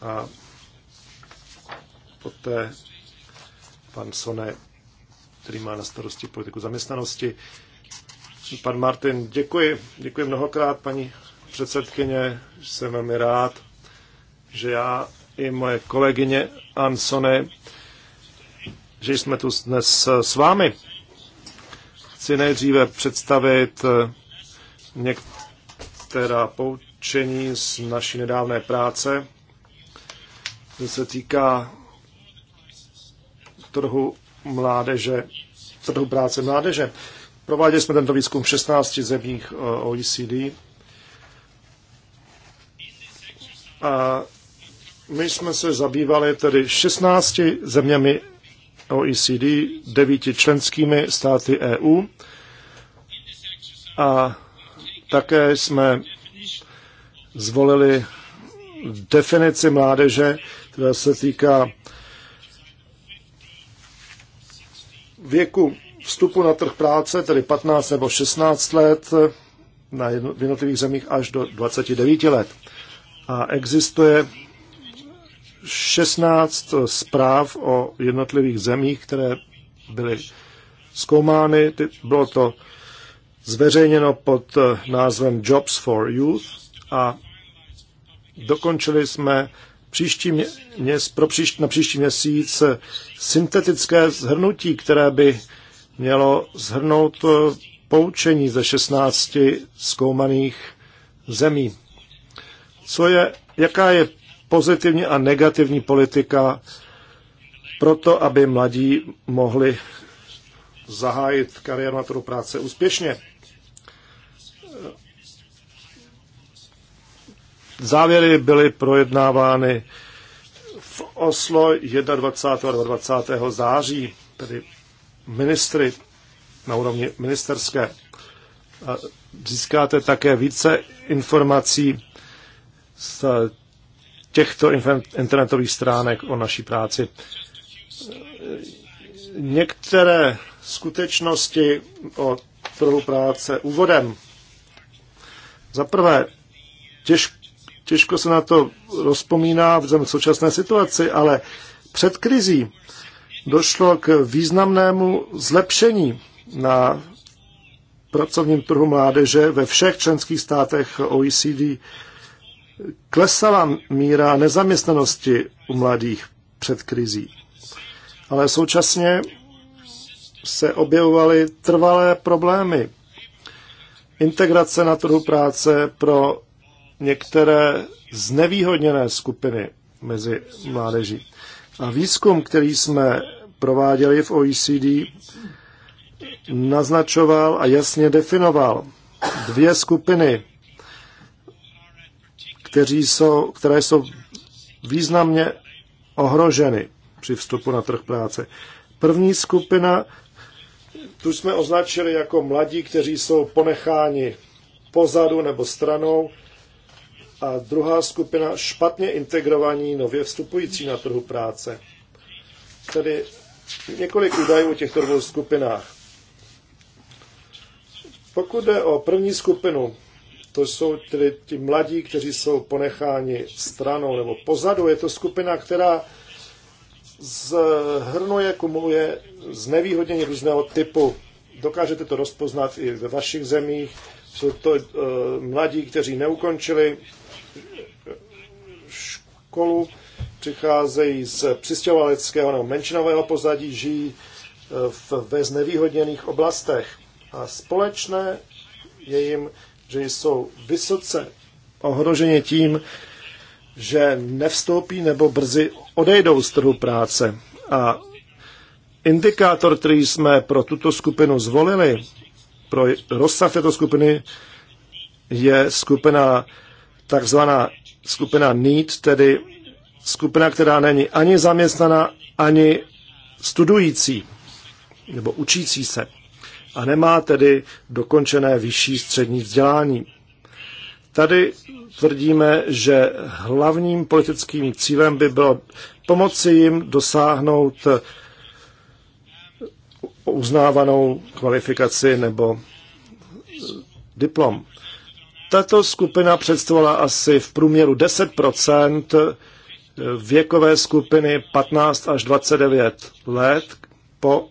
A poté pan Sone, který má na starosti politiku zaměstnanosti, Pan Martin, děkuji. Děkuji mnohokrát, paní předsedkyně. Jsem velmi rád, že já i moje kolegyně Ansony, že jsme tu dnes s vámi. Chci nejdříve představit eh, některá poučení z naší nedávné práce, co se týká trhu mládeže, trhu práce mládeže. Prováděli jsme tento výzkum v 16 zemích eh, OECD. A my jsme se zabývali tedy 16 zeměmi OECD, 9 členskými státy EU a také jsme zvolili definici mládeže, která se týká věku vstupu na trh práce, tedy 15 nebo 16 let na jedno, v jednotlivých zemích až do 29 let. A existuje 16 zpráv o jednotlivých zemích, které byly zkoumány. Bylo to zveřejněno pod názvem Jobs for Youth a dokončili jsme příští mě, pro příští, na příští měsíc syntetické zhrnutí, které by mělo zhrnout eh, poučení ze 16 zkoumaných zemí. Co je, jaká je pozitivní a negativní politika pro to, aby mladí mohli zahájit kariéru na trhu práce úspěšně. Závěry byly projednávány v Oslo 21. a 22. září, tedy ministry na úrovni ministerské. získáte také více informací z těchto internetových stránek o naší práci. Některé skutečnosti o trhu práce úvodem. Za prvé, těž, těžko se na to rozpomíná v současné situaci, ale před krizí došlo k významnému zlepšení na pracovním trhu mládeže ve všech členských státech OECD. Klesala míra nezaměstnanosti u mladých před krizí. Ale současně se objevovaly trvalé problémy. Integrace na trhu práce pro některé znevýhodněné skupiny mezi mládeží. A výzkum, který jsme prováděli v OECD, naznačoval a jasně definoval dvě skupiny, kteří jsou, které jsou významně ohroženy při vstupu na trh práce. První skupina, tu jsme označili jako mladí, kteří jsou ponecháni pozadu nebo stranou a druhá skupina špatně integrovaní nově vstupující na trhu práce. Tedy několik údajů o těchto dvou skupinách. Pokud jde o první skupinu, to jsou tedy ti mladí, kteří jsou ponecháni stranou nebo pozadu. Je to skupina, která zhrnuje, kumuluje znevýhodnění různého typu. Dokážete to rozpoznat i ve vašich zemích. Jsou to e, mladí, kteří neukončili kolu, přicházejí z přistěhovaleckého nebo menšinového pozadí, žijí e, v, ve znevýhodněných oblastech. A společné je jim, že jsou vysoce ohroženi tím, že nevstoupí nebo brzy odejdou z trhu práce. A indikátor, který jsme pro tuto skupinu zvolili, pro rozsah této skupiny, je skupina takzvaná skupina NEED, tedy skupina, která není ani zaměstnaná, ani studující nebo učící se a nemá tedy dokončené vyšší střední vzdělání. Tady tvrdíme, že hlavním politickým cílem by bylo pomoci jim dosáhnout uznávanou kvalifikaci nebo diplom. Tato skupina představovala asi v průměru 10 věkové skupiny 15 až 29 let, po,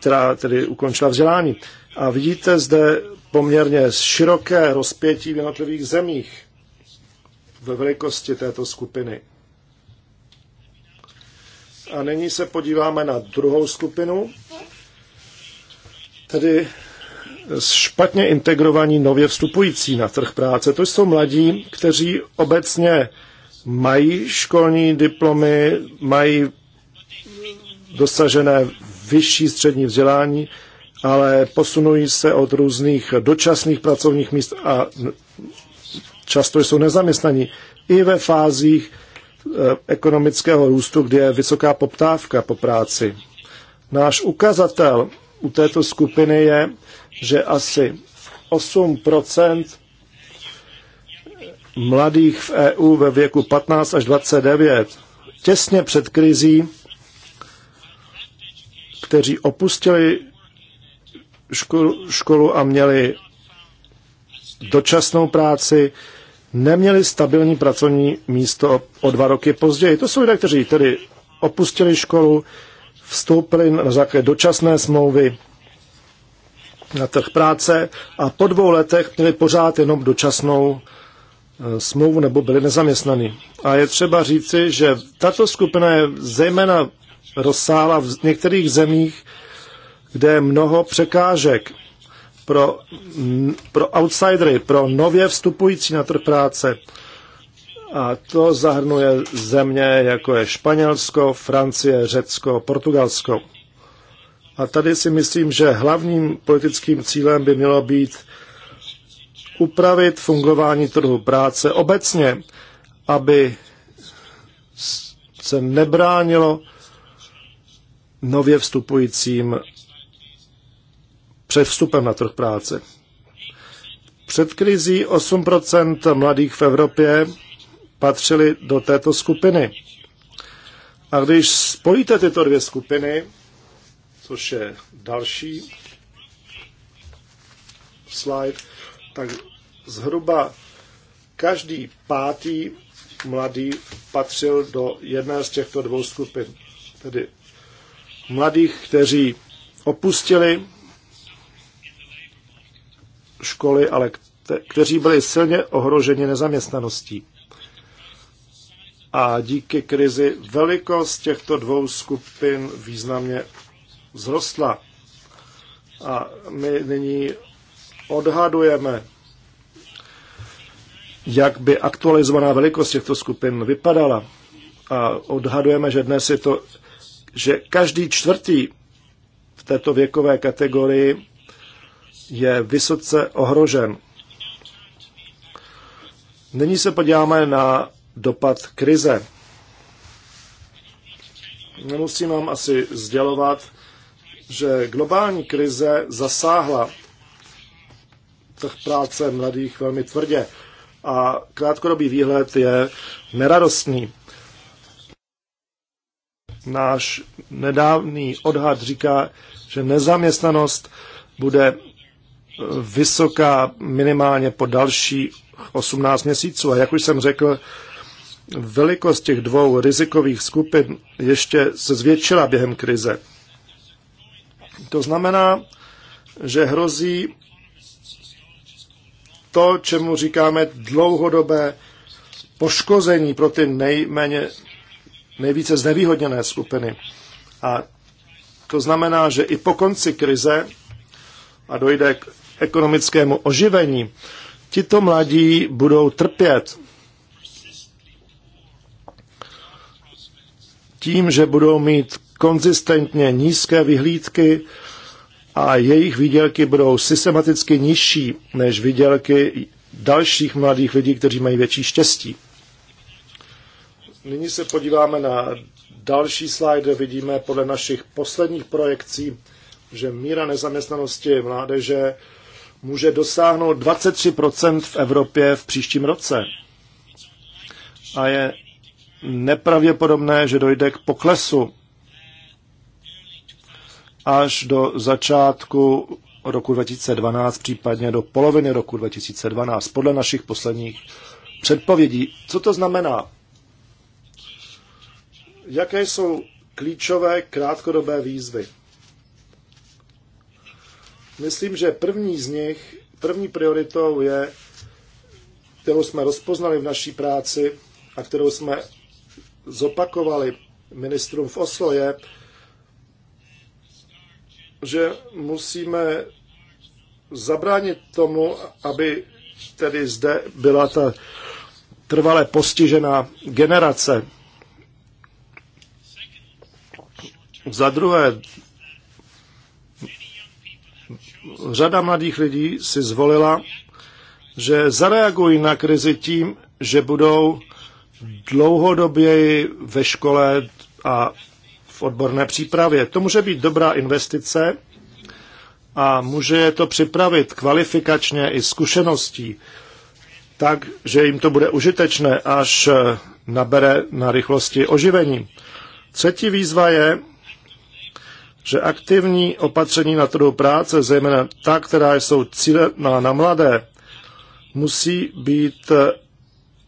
která tedy ukončila vzdělání. A vidíte zde poměrně široké rozpětí v jednotlivých zemích ve velikosti této skupiny. A nyní se podíváme na druhou skupinu, tedy špatně integrovaní nově vstupující na trh práce. To jsou mladí, kteří obecně mají školní diplomy, mají dosažené vyšší střední vzdělání, ale posunují se od různých dočasných pracovních míst a často jsou nezaměstnaní i ve fázích eh, ekonomického růstu, kde je vysoká poptávka po práci. Náš ukazatel u této skupiny je, že asi 8 mladých v EU ve věku 15 až 29 těsně před krizí, kteří opustili školu, školu a měli dočasnou práci, neměli stabilní pracovní místo o dva roky později. To jsou lidé, kteří tedy opustili školu, vstoupili na základě dočasné smlouvy na trh práce a po dvou letech měli pořád jenom dočasnou e, smlouvu nebo byli nezaměstnaní. A je třeba říci, že tato skupina je zejména rozsáhla v některých zemích, kde je mnoho překážek pro, pro outsidery, pro nově vstupující na trh práce. A to zahrnuje země, jako je Španělsko, Francie, Řecko, Portugalsko. A tady si myslím, že hlavním politickým cílem by mělo být upravit fungování trhu práce obecně, aby se nebránilo nově vstupujícím před vstupem na trh práce. Před krizí 8% mladých v Evropě patřili do této skupiny. A když spojíte tyto dvě skupiny, což je další slide, tak zhruba každý pátý mladý patřil do jedné z těchto dvou skupin. Tedy mladých, kteří opustili školy, ale kteří byli silně ohroženi nezaměstnaností. A díky krizi velikost těchto dvou skupin významně vzrostla. A my nyní odhadujeme, jak by aktualizovaná velikost těchto skupin vypadala. A odhadujeme, že dnes je to, že každý čtvrtý v této věkové kategorii je vysoce ohrožen. Nyní se podíváme na dopad krize. Nemusím vám asi sdělovat, že globální krize zasáhla trh práce mladých velmi tvrdě a krátkodobý výhled je neradostný. Náš nedávný odhad říká, že nezaměstnanost bude vysoká minimálně po další 18 měsíců. A jak už jsem řekl, velikost těch dvou rizikových skupin ještě se zvětšila během krize. To znamená, že hrozí to, čemu říkáme dlouhodobé poškození pro ty nejméně, nejvíce znevýhodněné skupiny. A to znamená, že i po konci krize a dojde k ekonomickému oživení, tito mladí budou trpět tím, že budou mít konzistentně nízké vyhlídky a jejich výdělky budou systematicky nižší než výdělky dalších mladých lidí, kteří mají větší štěstí. Nyní se podíváme na další slide. Vidíme podle našich posledních projekcí, že míra nezaměstnanosti mládeže může dosáhnout 23% v Evropě v příštím roce. A je nepravděpodobné, že dojde k poklesu až do začátku roku 2012, případně do poloviny roku 2012, podle našich posledních předpovědí. Co to znamená? Jaké jsou klíčové krátkodobé výzvy? Myslím, že první z nich, první prioritou je, kterou jsme rozpoznali v naší práci a kterou jsme zopakovali ministrům v Oslo, je že musíme zabránit tomu, aby tedy zde byla ta trvale postižená generace. Za druhé, řada mladých lidí si zvolila, že zareagují na krizi tím, že budou dlouhodoběji ve škole a odborné přípravě. To může být dobrá investice a může je to připravit kvalifikačně i zkušeností, tak, že jim to bude užitečné, až nabere na rychlosti oživení. Třetí výzva je, že aktivní opatření na trhu práce, zejména ta, která jsou cílená na mladé, musí být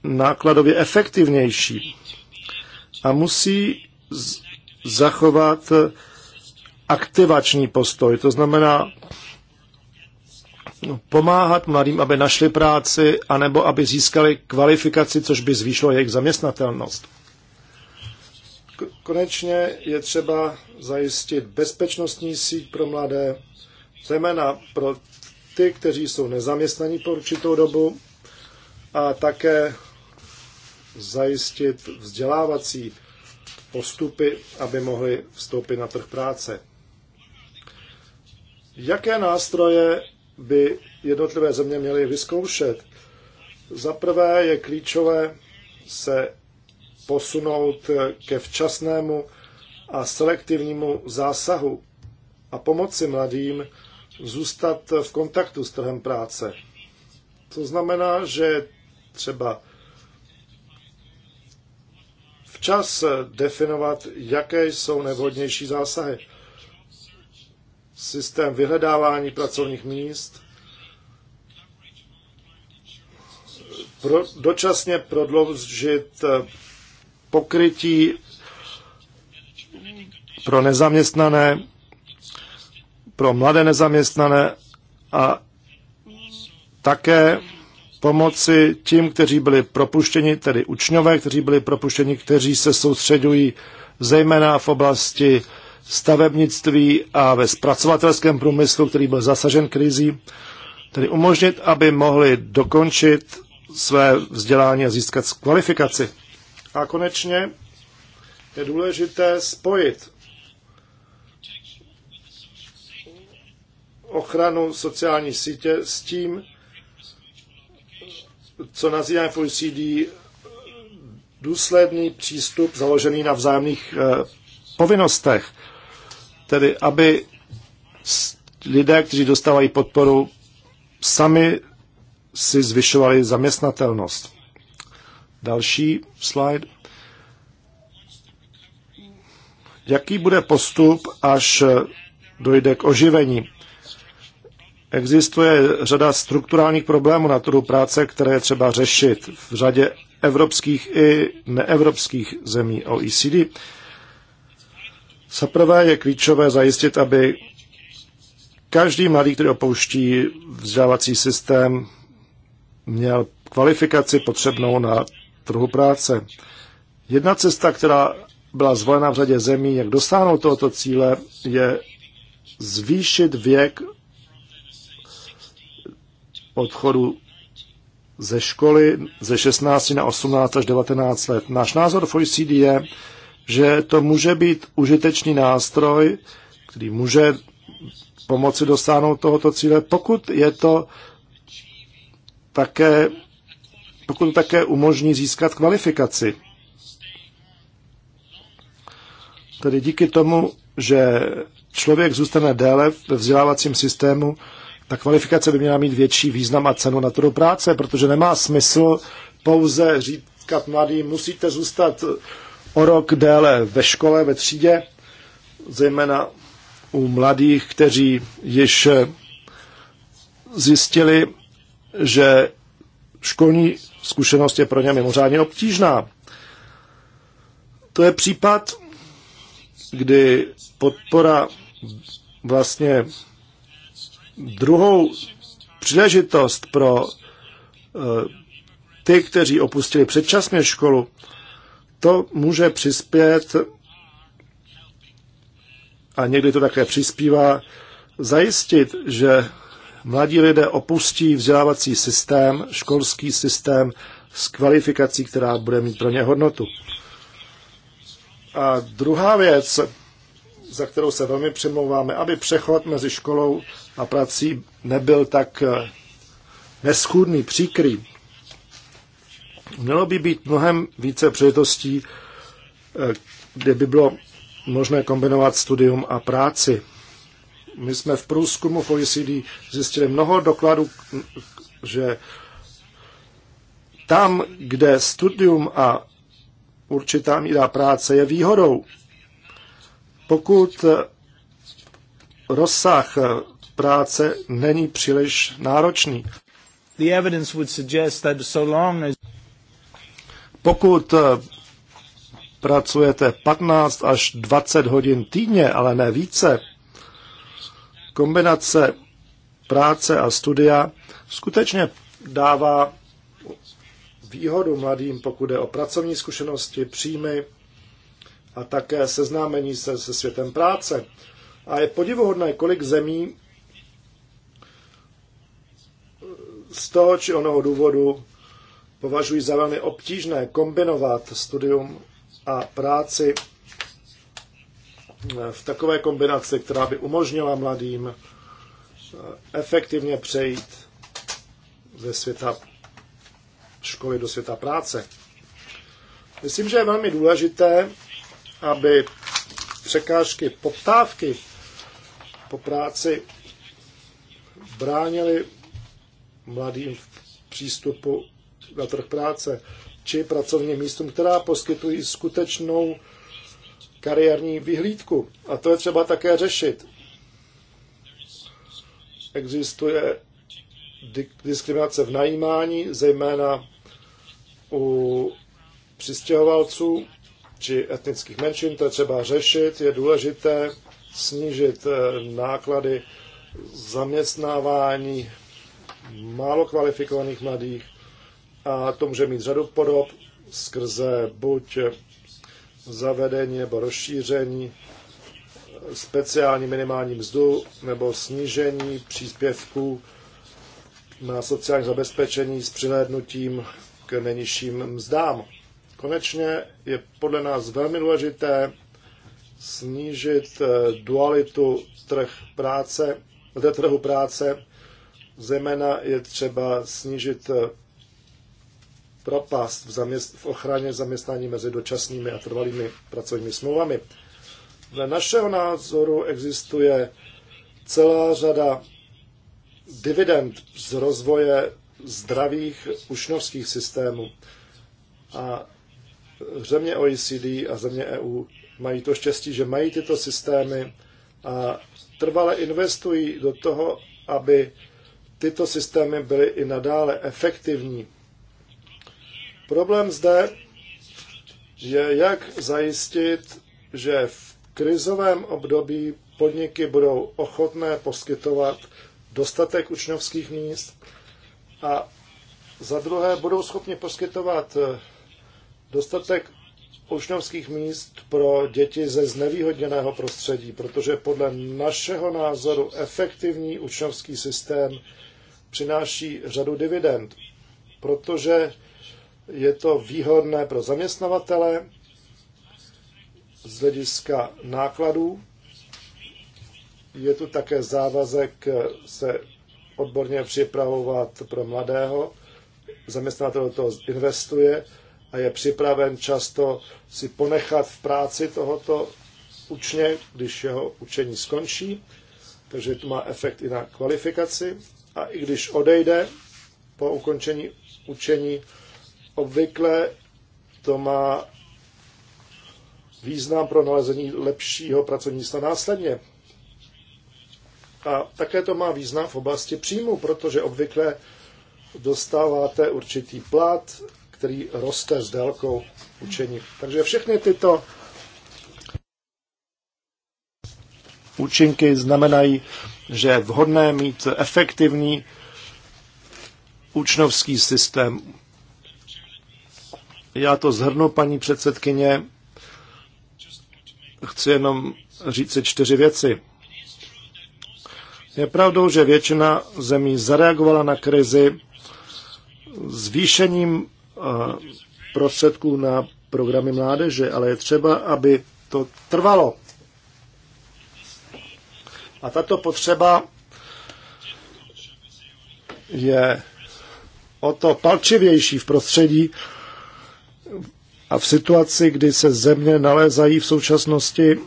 nákladově efektivnější a musí zachovat aktivační postoj, to znamená pomáhat mladým, aby našli práci, anebo aby získali kvalifikaci, což by zvýšilo jejich zaměstnatelnost. Konečně je třeba zajistit bezpečnostní síť pro mladé, zejména pro ty, kteří jsou nezaměstnaní po určitou dobu, a také zajistit vzdělávací postupy, aby mohli vstoupit na trh práce. Jaké nástroje by jednotlivé země měly vyzkoušet? Za prvé je klíčové se posunout ke včasnému a selektivnímu zásahu a pomoci mladým zůstat v kontaktu s trhem práce. To znamená, že třeba včas definovat, jaké jsou nevhodnější zásahy. Systém vyhledávání pracovních míst, pro, dočasně prodloužit eh, pokrytí pro nezaměstnané, pro mladé nezaměstnané a také pomoci tím, kteří byli propuštěni, tedy učňové, kteří byli propuštěni, kteří se soustředují zejména v oblasti stavebnictví a ve zpracovatelském průmyslu, který byl zasažen krizí, tedy umožnit, aby mohli dokončit své vzdělání a získat kvalifikaci. A konečně je důležité spojit ochranu sociální sítě s tím, co nazýváme v OECD důsledný přístup založený na vzájemných eh, povinnostech. Tedy, aby lidé, kteří dostávají podporu, sami si zvyšovali zaměstnatelnost. Další slide. Jaký bude postup, až eh, dojde k oživení? Existuje řada strukturálních problémů na trhu práce, které je třeba řešit v řadě evropských i neevropských zemí OECD. Zaprvé je klíčové zajistit, aby každý mladý, který opouští vzdělávací systém, měl kvalifikaci potřebnou na trhu práce. Jedna cesta, která byla zvolena v řadě zemí, jak dosáhnout tohoto cíle, je zvýšit věk odchodu ze školy ze 16 na 18 až 19 let. Náš názor v OECD je, že to může být užitečný nástroj, který může pomoci dosáhnout tohoto cíle, pokud je to také, pokud také umožní získat kvalifikaci. Tedy díky tomu, že člověk zůstane déle ve vzdělávacím systému, ta kvalifikace by měla mít větší význam a cenu na trhu práce, protože nemá smysl pouze říkat mladým, musíte zůstat o rok déle ve škole, ve třídě, zejména u mladých, kteří již eh, zjistili, že školní zkušenost je pro ně mimořádně obtížná. To je případ, kdy podpora vlastně druhou příležitost pro eh, ty, kteří opustili předčasně školu, to může přispět a někdy to také přispívá zajistit, že mladí lidé opustí vzdělávací systém, školský systém s kvalifikací, která bude mít pro ně hodnotu. A druhá věc, za kterou se velmi přemlouváme, aby přechod mezi školou a prací nebyl tak eh, neschůdný, příkrý. Mělo by být mnohem více příležitostí, eh, kde by bylo možné kombinovat studium a práci. My jsme v průzkumu v OECD zjistili mnoho dokladů, že tam, kde studium a určitá míra práce je výhodou, pokud rozsah práce není příliš náročný, pokud pracujete 15 až 20 hodin týdně, ale ne více, kombinace práce a studia skutečně dává výhodu mladým, pokud jde o pracovní zkušenosti, příjmy a také seznámení se, se světem práce. A je podivuhodné, kolik zemí z toho či onoho důvodu považují za velmi obtížné kombinovat studium a práci eh, v takové kombinaci, která by umožnila mladým eh, efektivně přejít ze světa školy do světa práce. Myslím, že je velmi důležité aby překážky poptávky po práci bránily mladým v přístupu na trh práce či pracovním místům, která poskytují skutečnou kariérní vyhlídku. A to je třeba také řešit. Existuje diskriminace v najímání, zejména u přistěhovalců či etnických menšin, to je třeba řešit, je důležité snížit eh, náklady zaměstnávání málo kvalifikovaných mladých a to může mít řadu podob skrze buď zavedení nebo rozšíření eh, speciální minimální mzdu nebo snížení příspěvků na sociální zabezpečení s přihlédnutím k nejnižším mzdám. Konečně je podle nás velmi důležité snížit eh, dualitu trh práce, eh, trhu práce, zejména je třeba snížit eh, propast v, zaměst, v ochraně zaměstnání mezi dočasnými a trvalými pracovními smlouvami. Dle našeho názoru existuje celá řada dividend z rozvoje zdravých ušnovských systémů. A Země OECD a země EU mají to štěstí, že mají tyto systémy a trvale investují do toho, aby tyto systémy byly i nadále efektivní. Problém zde je, jak zajistit, že v krizovém období podniky budou ochotné poskytovat dostatek učňovských míst a za druhé budou schopni poskytovat dostatek učňovských míst pro děti ze znevýhodněného prostředí, protože podle našeho názoru efektivní učňovský systém přináší řadu dividend, protože je to výhodné pro zaměstnavatele z hlediska nákladů. Je tu také závazek se odborně připravovat pro mladého. Zaměstnavatel to investuje a je připraven často si ponechat v práci tohoto učně, když jeho učení skončí, takže to má efekt i na kvalifikaci. A i když odejde po ukončení učení, obvykle to má význam pro nalezení lepšího pracovní místa následně. A také to má význam v oblasti příjmu, protože obvykle dostáváte určitý plat který roste s délkou učení. Takže všechny tyto účinky znamenají, že je vhodné mít efektivní učňovský systém. Já to zhrnu, paní předsedkyně. Chci jenom si čtyři věci. Je pravdou, že většina zemí zareagovala na krizi zvýšením prostředků na programy mládeže, ale je třeba, aby to trvalo. A tato potřeba je o to palčivější v prostředí a v situaci, kdy se země nalézají v současnosti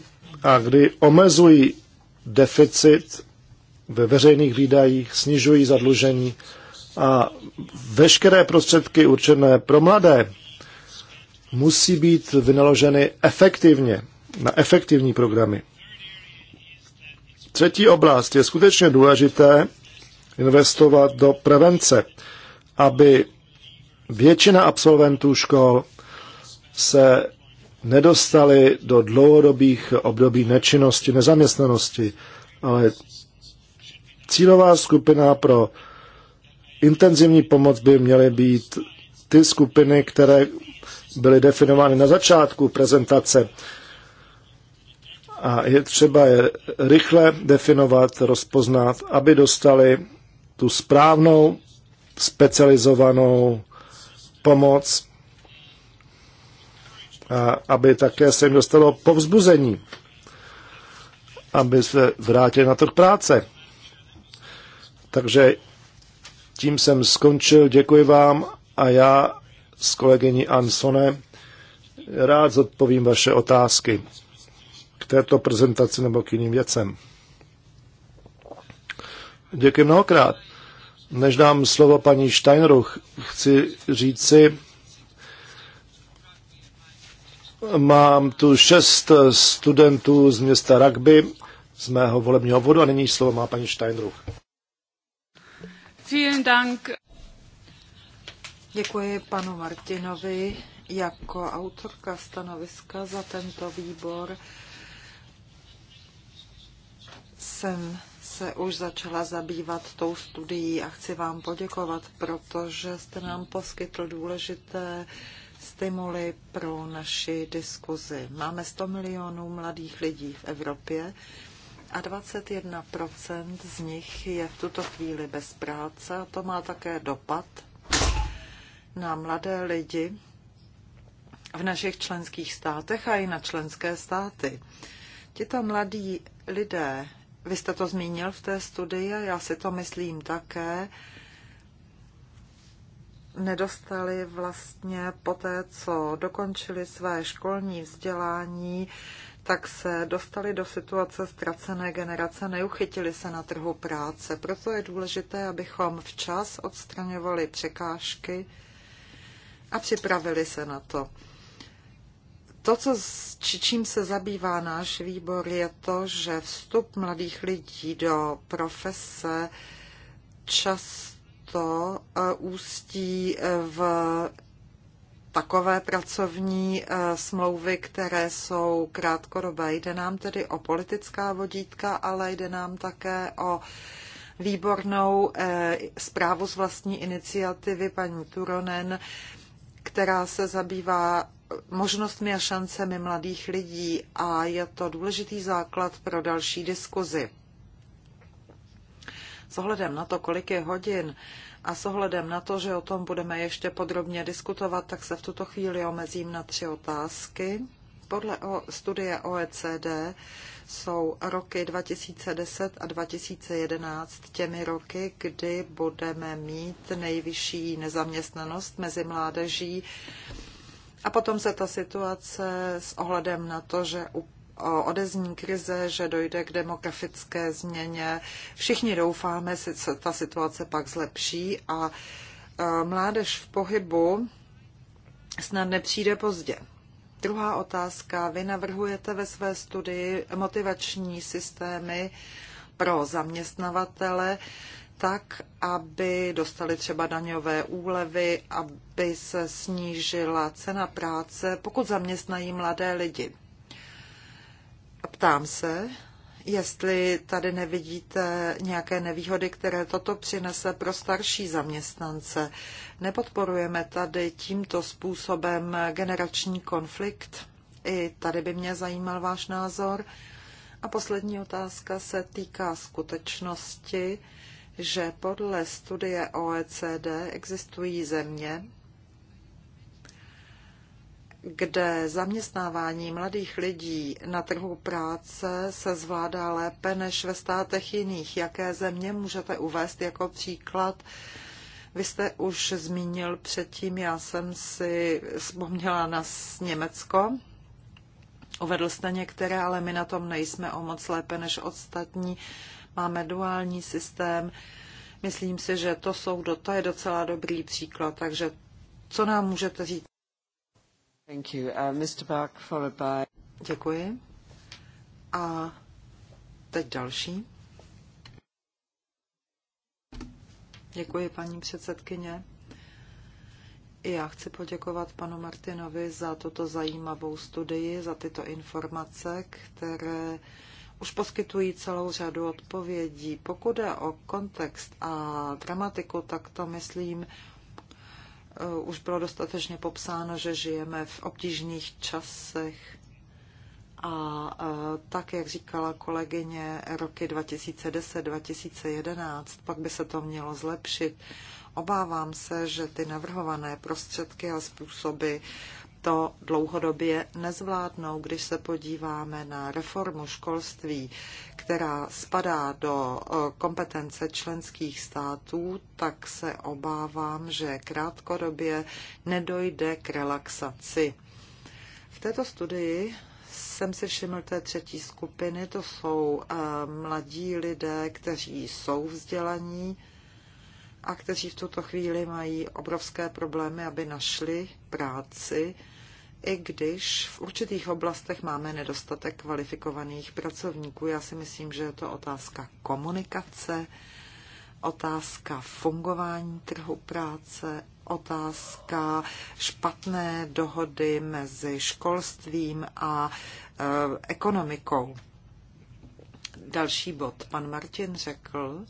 a kdy omezují deficit ve veřejných výdajích, snižují zadlužení a veškeré prostředky určené pro mladé musí být vynaloženy efektivně, na efektivní programy. Třetí oblast je skutečně důležité investovat do prevence, aby většina absolventů škol se nedostali do dlouhodobých období nečinnosti, nezaměstnanosti, ale cílová skupina pro intenzivní pomoc by měly být ty skupiny, které byly definovány na začátku prezentace. A je třeba je rychle definovat, rozpoznat, aby dostali tu správnou specializovanou pomoc a aby také se jim dostalo povzbuzení, aby se vrátili na trh práce. Takže tím jsem skončil, děkuji vám a já s kolegyní Ansone rád zodpovím vaše otázky k této prezentaci nebo k jiným věcem. Děkuji mnohokrát. Než dám slovo paní Steinruch, chci říci, mám tu šest studentů z města Rugby, z mého volebního obvodu a nyní slovo má paní Steinruch. Vielen Dank. Děkuji panu Martinovi jako autorka stanoviska za tento výbor. Jsem se už začala zabývat tou studií a chci vám poděkovat, protože jste nám poskytl důležité stimuly pro naši diskuzi. Máme 100 milionů mladých lidí v Evropě, a 21% z nich je v tuto chvíli bez práce a to má také dopad na mladé lidi v našich členských státech a i na členské státy. Tito mladí lidé, vy jste to zmínil v té studii a já si to myslím také, nedostali vlastně po té, co dokončili své školní vzdělání, tak se dostali do situace ztracené generace, neuchytili se na trhu práce. Proto je důležité, abychom včas odstraňovali překážky a připravili se na to. To, co, čím se zabývá náš výbor, je to, že vstup mladých lidí do profese často eh, ústí v takové pracovní eh, smlouvy, které jsou krátkodobé. Jde nám tedy o politická vodítka, ale jde nám také o výbornou eh, zprávu z vlastní iniciativy paní Turonen, která se zabývá možnostmi a šancemi mladých lidí a je to důležitý základ pro další diskuzi. S ohledem na to, kolik je hodin, a s ohledem na to, že o tom budeme ještě podrobně diskutovat, tak se v tuto chvíli omezím na tři otázky. Podle studie OECD jsou roky 2010 a 2011 těmi roky, kdy budeme mít nejvyšší nezaměstnanost mezi mládeží. A potom se ta situace s ohledem na to, že odezní krize, že dojde k demografické změně. Všichni doufáme, že se ta situace pak zlepší a e, mládež v pohybu snad nepřijde pozdě. Druhá otázka. Vy navrhujete ve své studii motivační systémy pro zaměstnavatele tak, aby dostali třeba daňové úlevy, aby se snížila cena práce, pokud zaměstnají mladé lidi. Ptám se, jestli tady nevidíte nějaké nevýhody, které toto přinese pro starší zaměstnance. Nepodporujeme tady tímto způsobem generační konflikt? I tady by mě zajímal váš názor. A poslední otázka se týká skutečnosti, že podle studie OECD existují země, kde zaměstnávání mladých lidí na trhu práce se zvládá lépe než ve státech jiných. Jaké země můžete uvést jako příklad? Vy jste už zmínil předtím, já jsem si vzpomněla na Německo. Uvedl jste některé, ale my na tom nejsme o moc lépe než ostatní. Máme duální systém. Myslím si, že to, jsou, to je docela dobrý příklad. Takže co nám můžete říct? Thank you. Uh, Mr. Bach, followed by... Děkuji. A teď další. Děkuji, paní předsedkyně. I já chci poděkovat panu Martinovi za tuto zajímavou studii, za tyto informace, které už poskytují celou řadu odpovědí. Pokud je o kontext a dramatiku, tak to, myslím, už bylo dostatečně popsáno, že žijeme v obtížných časech. A e, tak, jak říkala kolegyně, roky 2010-2011, pak by se to mělo zlepšit. Obávám se, že ty navrhované prostředky a způsoby to dlouhodobě nezvládnou, když se podíváme na reformu školství, která spadá do eh, kompetence členských států, tak se obávám, že krátkodobě nedojde k relaxaci. V této studii jsem si všiml té třetí skupiny, to jsou eh, mladí lidé, kteří jsou vzdělaní, a kteří v tuto chvíli mají obrovské problémy, aby našli práci, i když v určitých oblastech máme nedostatek kvalifikovaných pracovníků. Já si myslím, že je to otázka komunikace, otázka fungování trhu práce, otázka špatné dohody mezi školstvím a e, ekonomikou. Další bod. Pan Martin řekl,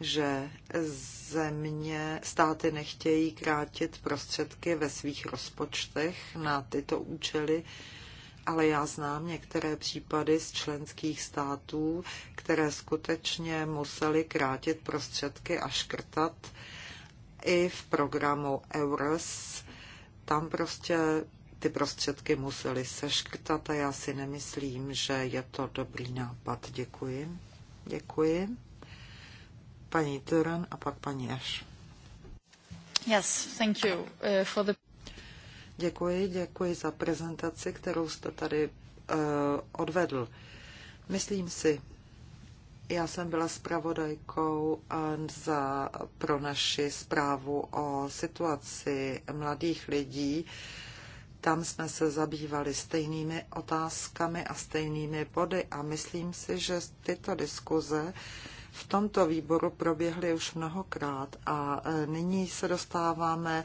že země, státy nechtějí krátit prostředky ve svých rozpočtech na tyto účely, ale já znám některé případy z členských států, které skutečně museli krátit prostředky a škrtat i v programu EURES. Tam prostě ty prostředky museli seškrtat a já si nemyslím, že je to dobrý nápad. Děkuji. Děkuji paní Turan a pak paní Yes, thank you uh, for the... Děkuji, děkuji za prezentaci, kterou jste tady uh, odvedl. Myslím si, já jsem byla zpravodajkou za, pro naši zprávu o situaci mladých lidí. Tam jsme se zabývali stejnými otázkami a stejnými body a myslím si, že tyto diskuze uh, v tomto výboru proběhly už mnohokrát a e, nyní se dostáváme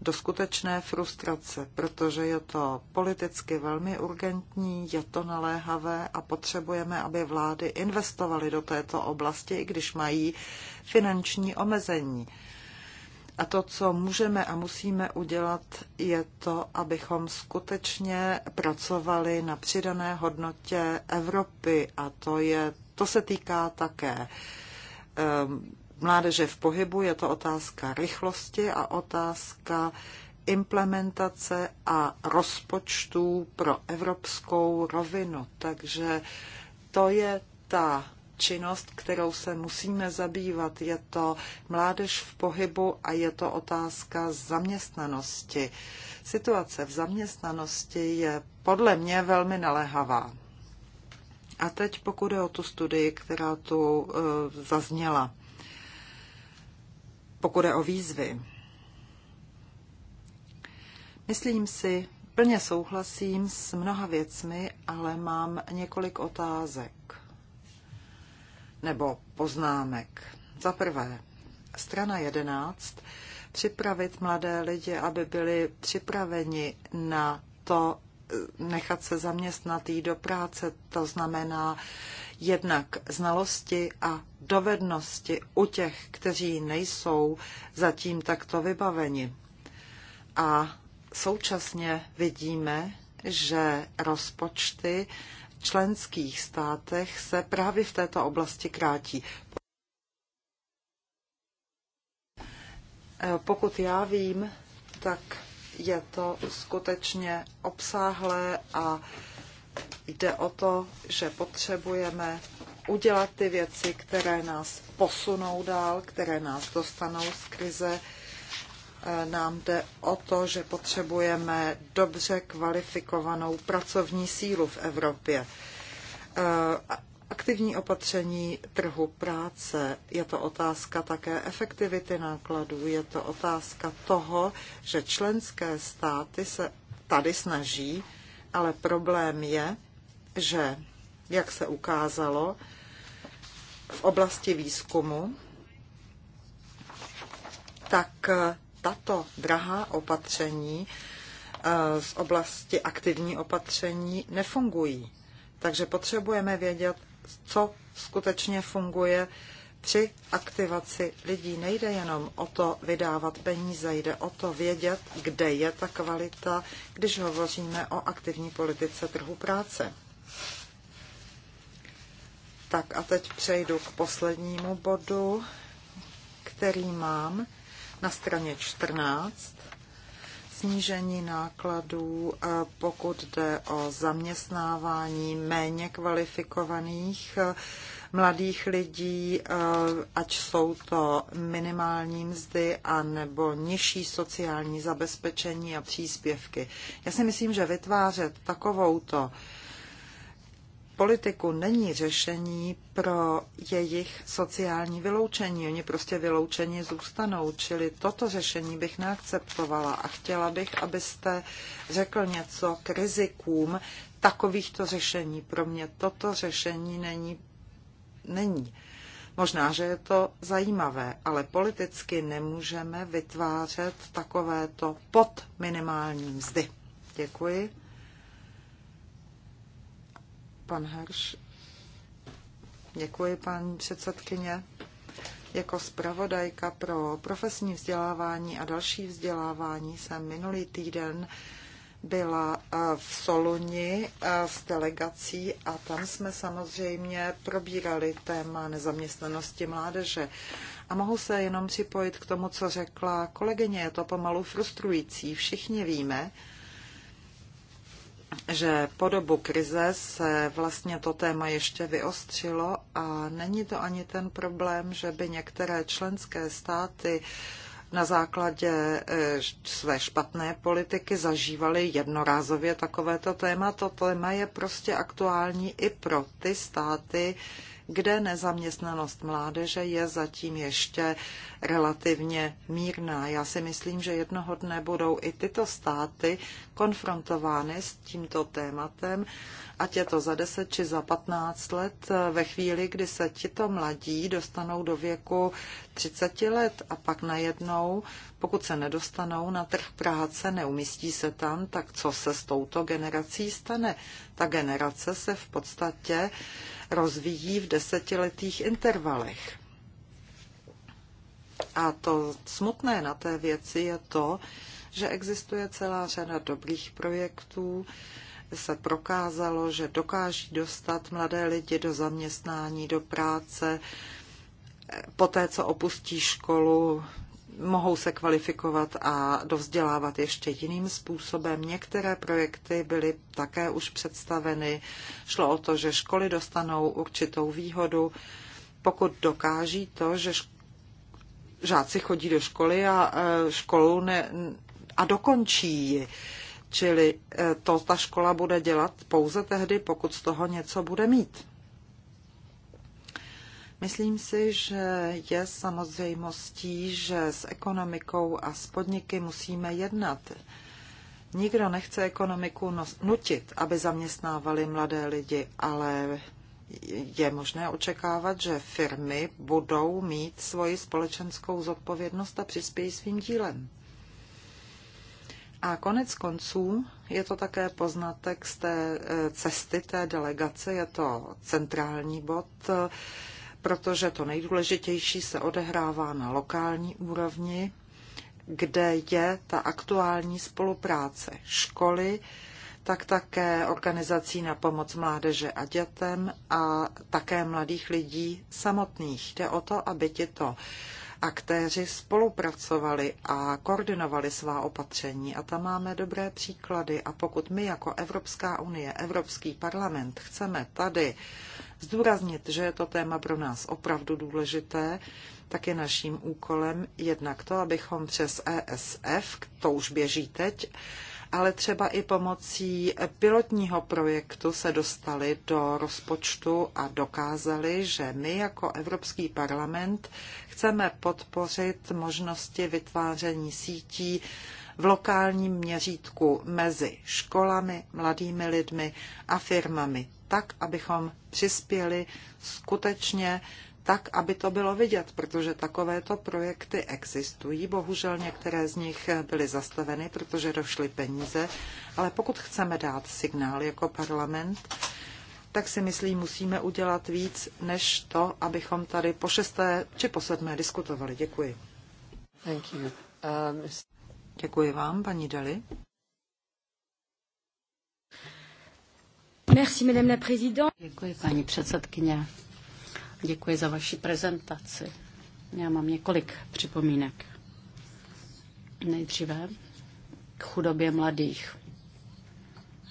do skutečné frustrace, protože je to politicky velmi urgentní, je to naléhavé a potřebujeme, aby vlády investovaly do této oblasti, i když mají finanční omezení. A to, co můžeme a musíme udělat, je to, abychom skutečně pracovali na přidané hodnotě Evropy. A to je to se týká také ehm, mládeže v pohybu, je to otázka rychlosti a otázka implementace a rozpočtů pro evropskou rovinu. Takže to je ta činnost, kterou se musíme zabývat. Je to mládež v pohybu a je to otázka zaměstnanosti. Situace v zaměstnanosti je podle mě velmi naléhavá. A teď pokud je o tu studii, která tu e, zazněla, pokud je o výzvy, myslím si, plně souhlasím s mnoha věcmi, ale mám několik otázek nebo poznámek. Za prvé, strana 11, připravit mladé lidi, aby byli připraveni na to, nechat se zaměstnat, jít do práce. To znamená jednak znalosti a dovednosti u těch, kteří nejsou zatím takto vybaveni. A současně vidíme, že rozpočty členských státech se právě v této oblasti krátí. Pokud já vím, tak je to skutečně obsáhlé a jde o to, že potřebujeme udělat ty věci, které nás posunou dál, které nás dostanou z krize. Eh, nám jde o to, že potřebujeme dobře kvalifikovanou pracovní sílu v Evropě eh, Aktivní opatření trhu práce, je to otázka také efektivity nákladů, je to otázka toho, že členské státy se tady snaží, ale problém je, že, jak se ukázalo, v oblasti výzkumu, tak eh, tato drahá opatření eh, z oblasti aktivní opatření nefungují. Takže potřebujeme vědět, co skutečně funguje při aktivaci lidí. Nejde jenom o to vydávat peníze, jde o to vědět, kde je ta kvalita, když hovoříme o aktivní politice trhu práce. Tak a teď přejdu k poslednímu bodu, který mám na straně 14 snížení nákladů, eh, pokud jde o zaměstnávání méně kvalifikovaných eh, mladých lidí, eh, ať jsou to minimální mzdy a nebo nižší sociální zabezpečení a příspěvky. Já si myslím, že vytvářet takovouto politiku není řešení pro jejich sociální vyloučení. Oni prostě vyloučeni zůstanou, čili toto řešení bych neakceptovala a chtěla bych, abyste řekl něco k rizikům takovýchto řešení. Pro mě toto řešení není. není. Možná, že je to zajímavé, ale politicky nemůžeme vytvářet takovéto pod minimální mzdy. Děkuji. Pan Herš. Děkuji, paní předsedkyně. Jako zpravodajka pro profesní vzdělávání a další vzdělávání jsem minulý týden byla eh, v Soluni eh, s delegací a tam jsme samozřejmě probírali téma nezaměstnanosti mládeže. A mohu se jenom připojit k tomu, co řekla kolegyně. Je to pomalu frustrující. Všichni víme, že po dobu krize se vlastně to téma ještě vyostřilo a není to ani ten problém, že by některé členské státy na základě eh, své špatné politiky zažívali jednorázově takovéto téma. To téma je prostě aktuální i pro ty státy, kde nezaměstnanost mládeže je zatím ještě relativně mírná. Já si myslím, že jednoho dne budou i tyto státy konfrontovány s tímto tématem ať je to za 10 či za 15 let, ve chvíli, kdy se tito mladí dostanou do věku 30 let a pak najednou, pokud se nedostanou na trh práce, neumístí se tam, tak co se s touto generací stane? Ta generace se v podstatě rozvíjí v desetiletých intervalech. A to smutné na té věci je to, že existuje celá řada dobrých projektů, se prokázalo, že dokáží dostat mladé lidi do zaměstnání, do práce, poté, co opustí školu, mohou se kvalifikovat a dovzdělávat ještě jiným způsobem. Některé projekty byly také už představeny. Šlo o to, že školy dostanou určitou výhodu, pokud dokáží to, že žáci chodí do školy a e, školu ne, a dokončí ji. Čili eh, to ta škola bude dělat pouze tehdy, pokud z toho něco bude mít. Myslím si, že je samozřejmostí, že s ekonomikou a s podniky musíme jednat. Nikdo nechce ekonomiku nutit, aby zaměstnávali mladé lidi, ale je možné očekávat, že firmy budou mít svoji společenskou zodpovědnost a přispějí svým dílem. A konec konců je to také poznatek z té e, cesty té delegace, je to centrální bod, e, protože to nejdůležitější se odehrává na lokální úrovni, kde je ta aktuální spolupráce školy, tak také organizací na pomoc mládeže a dětem a také mladých lidí samotných. Jde o to, aby tito aktéři spolupracovali a koordinovali svá opatření a tam máme dobré příklady a pokud my jako Evropská unie, Evropský parlament chceme tady zdůraznit, že je to téma pro nás opravdu důležité, tak je naším úkolem jednak to, abychom přes ESF, to už běží teď, ale třeba i pomocí pilotního projektu se dostali do rozpočtu a dokázali, že my jako Evropský parlament chceme podpořit možnosti vytváření sítí v lokálním měřítku mezi školami, mladými lidmi a firmami, tak, abychom přispěli skutečně tak, aby to bylo vidět, protože takovéto projekty existují. Bohužel některé z nich byly zastaveny, protože došly peníze, ale pokud chceme dát signál jako parlament, tak si myslím, musíme udělat víc, než to, abychom tady po šesté či po sedmé diskutovali. Děkuji. Thank you. Um... Děkuji vám, paní Dali. Merci, madame la présidente. Děkuji, paní předsedkyně. Děkuji za vaši prezentaci. Já mám několik připomínek. Nejdříve k chudobě mladých.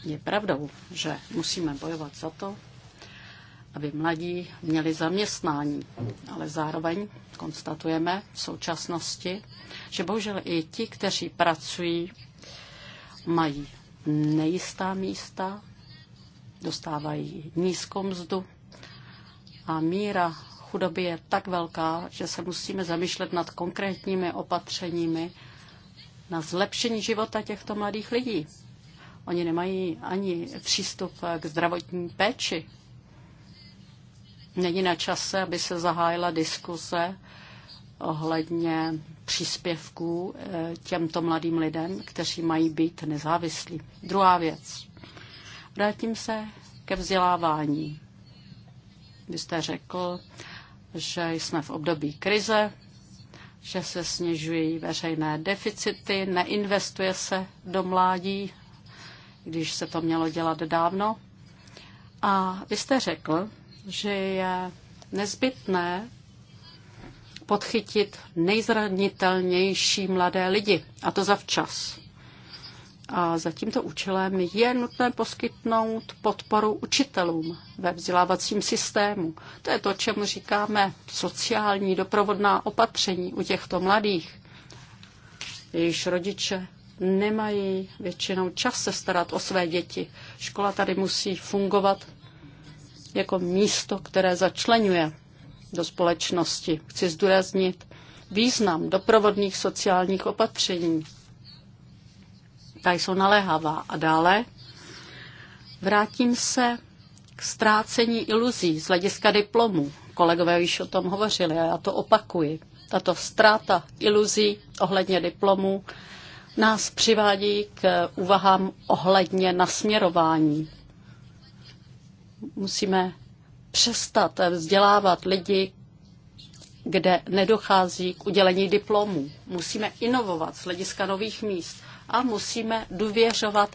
Je pravdou, že musíme bojovat za to, aby mladí měli zaměstnání, ale zároveň konstatujeme v současnosti, že bohužel i ti, kteří pracují, mají nejistá místa, dostávají nízkou mzdu a míra chudoby je tak velká, že se musíme zamýšlet nad konkrétními opatřeními na zlepšení života těchto mladých lidí. Oni nemají ani přístup k zdravotní péči. Není na čase, aby se zahájila diskuse ohledně příspěvků eh, těmto mladým lidem, kteří mají být nezávislí. Druhá věc. Vrátím se ke vzdělávání. Vy jste řekl, že jsme v období krize, že se snižují veřejné deficity, neinvestuje se do mládí když se to mělo dělat dávno. A vy jste řekl, že je nezbytné podchytit nejzranitelnější mladé lidi, a to zavčas. A za tímto účelem je nutné poskytnout podporu učitelům ve vzdělávacím systému. To je to, čemu říkáme sociální doprovodná opatření u těchto mladých. Jejíž rodiče nemají většinou čas se starat o své děti. Škola tady musí fungovat jako místo, které začlenuje do společnosti. Chci zdůraznit význam doprovodných sociálních opatření. Ta jsou naléhavá. A dále vrátím se k ztrácení iluzí z hlediska diplomů. Kolegové již o tom hovořili a já to opakuji. Tato ztráta iluzí ohledně diplomů nás přivádí k úvahám ohledně nasměrování. Musíme přestat vzdělávat lidi, kde nedochází k udělení diplomů. Musíme inovovat z hlediska nových míst a musíme důvěřovat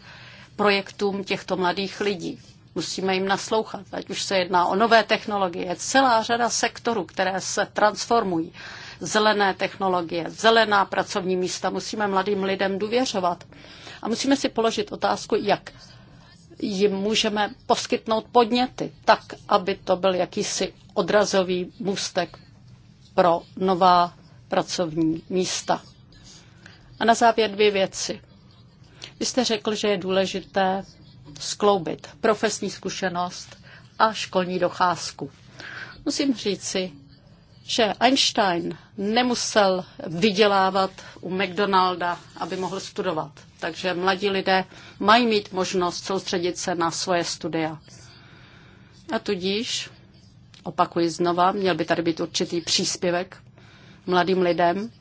projektům těchto mladých lidí. Musíme jim naslouchat, ať už se jedná o nové technologie, celá řada sektorů, které se transformují zelené technologie, zelená pracovní místa. Musíme mladým lidem důvěřovat. A musíme si položit otázku, jak jim můžeme poskytnout podněty, tak, aby to byl jakýsi odrazový můstek pro nová pracovní místa. A na závěr dvě věci. Vy jste řekl, že je důležité skloubit profesní zkušenost a školní docházku. Musím říci, že Einstein nemusel vydělávat u McDonalda, aby mohl studovat. Takže mladí lidé mají mít možnost soustředit se na svoje studia. A tudíž, opakuji znova, měl by tady být určitý příspěvek mladým lidem.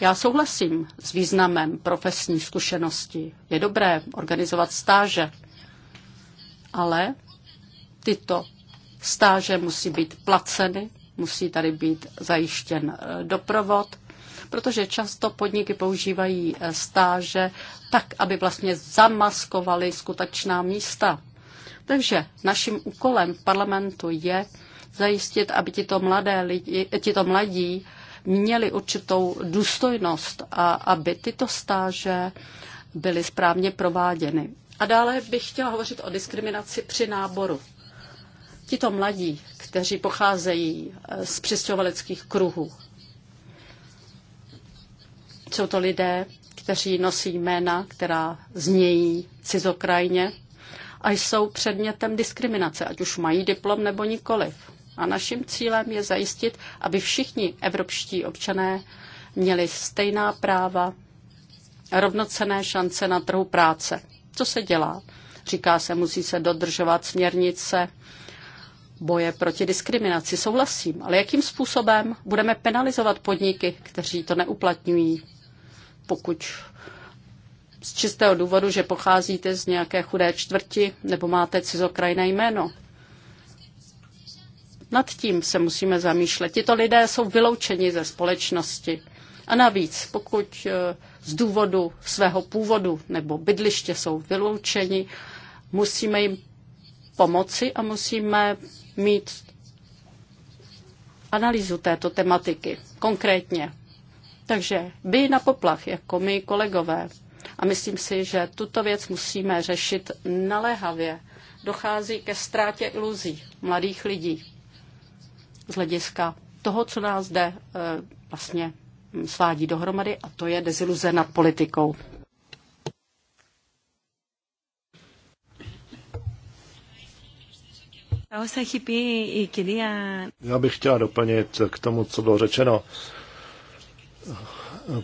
Já souhlasím s významem profesní zkušenosti. Je dobré organizovat stáže, ale tyto stáže musí být placeny musí tady být zajištěn eh, doprovod, protože často podniky používají eh, stáže tak, aby vlastně zamaskovaly skutečná místa. Takže naším úkolem parlamentu je zajistit, aby tito, mladé lidi, eh, tito mladí měli určitou důstojnost a aby tyto stáže byly správně prováděny. A dále bych chtěla hovořit o diskriminaci při náboru. Tito mladí, kteří pocházejí eh, z přistěhovaleckých kruhů, jsou to lidé, kteří nosí jména, která znějí cizokrajně a jsou předmětem diskriminace, ať už mají diplom nebo nikoliv. A naším cílem je zajistit, aby všichni evropští občané měli stejná práva, rovnocené šance na trhu práce. Co se dělá? Říká se, musí se dodržovat směrnice boje proti diskriminaci. Souhlasím, ale jakým způsobem budeme penalizovat podniky, kteří to neuplatňují, pokud z čistého důvodu, že pocházíte z nějaké chudé čtvrti nebo máte cizokrajné jméno. Nad tím se musíme zamýšlet. Tito lidé jsou vyloučeni ze společnosti. A navíc, pokud eh, z důvodu svého původu nebo bydliště jsou vyloučeni, musíme jim pomoci a musíme mít analýzu této tematiky konkrétně. Takže by na poplach, jako my kolegové. A myslím si, že tuto věc musíme řešit naléhavě. Dochází ke ztrátě iluzí mladých lidí z hlediska toho, co nás zde e, eh, vlastně svádí dohromady, a to je deziluze nad politikou. Eh, Já bych chtěla doplnit k tomu, co bylo řečeno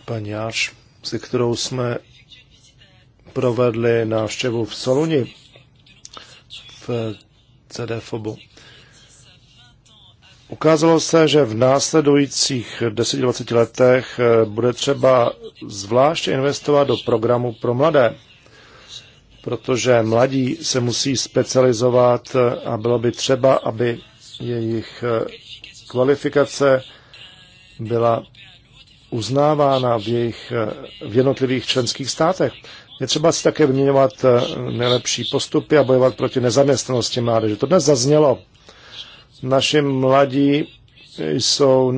paní Jáš, se kterou jsme provedli návštěvu v Soluni v CDFobu. Ukázalo se, že v následujících 10-20 letech eh, bude třeba zvláště investovat do programu pro mladé protože mladí se musí specializovat a bylo by třeba, aby jejich eh, kvalifikace byla uznávána v, jejich, eh, v jednotlivých členských státech. Je třeba si také vyměňovat eh, nejlepší postupy a bojovat proti nezaměstnanosti mládeže. To dnes zaznělo. Naši mladí jsou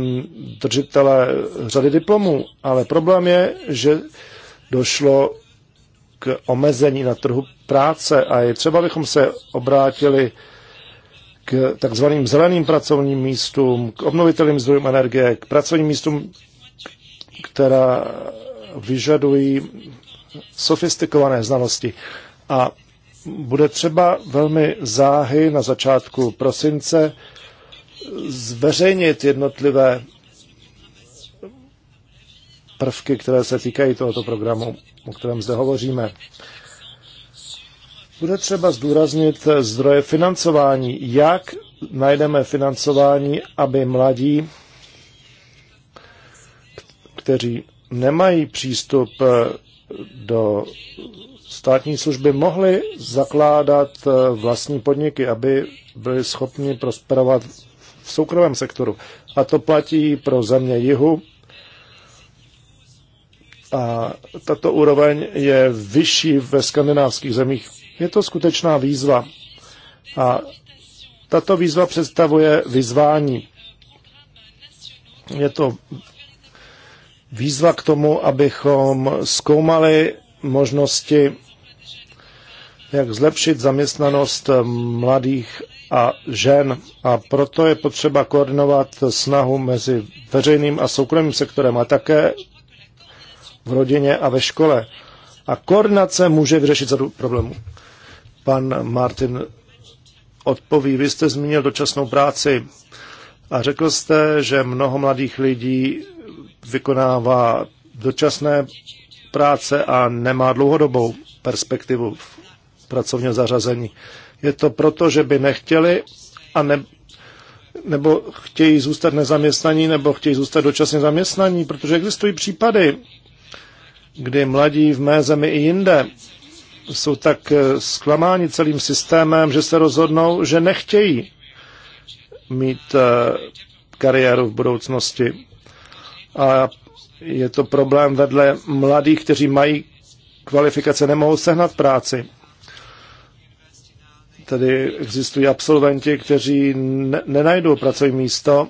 držitele řady diplomů, ale problém je, že došlo k omezení na trhu práce a je třeba, abychom se obrátili k takzvaným zeleným pracovním místům, k obnovitelným zdrojům energie, k pracovním místům, která vyžadují sofistikované znalosti. A bude třeba velmi záhy na začátku prosince zveřejnit jednotlivé prvky, které se týkají tohoto programu o kterém zde hovoříme. Bude třeba zdůraznit zdroje financování. Jak najdeme financování, aby mladí, kteří nemají přístup eh, do státní služby, mohli zakládat eh, vlastní podniky, aby byli schopni prosperovat v soukromém sektoru. A to platí pro země jihu, a tato úroveň je vyšší ve skandinávských zemích. Je to skutečná výzva. A tato výzva představuje vyzvání. Je to výzva k tomu, abychom zkoumali možnosti, jak zlepšit zaměstnanost mladých a žen. A proto je potřeba koordinovat snahu mezi veřejným a soukromým sektorem a také v rodině a ve škole. A koordinace může vyřešit řadu problémů. Pan Martin odpoví, vy jste zmínil dočasnou práci a řekl jste, že mnoho mladých lidí vykonává dočasné práce a nemá dlouhodobou perspektivu pracovního zařazení. Je to proto, že by nechtěli a ne, nebo chtějí zůstat nezaměstnaní, nebo chtějí zůstat dočasně zaměstnaní, protože existují případy, kdy mladí v mé zemi i jinde jsou tak eh, zklamáni celým systémem, že se rozhodnou, že nechtějí mít eh, kariéru v budoucnosti. A je to problém vedle mladých, kteří mají kvalifikace, nemohou sehnat práci. Tedy existují absolventi, kteří ne- nenajdou pracovní místo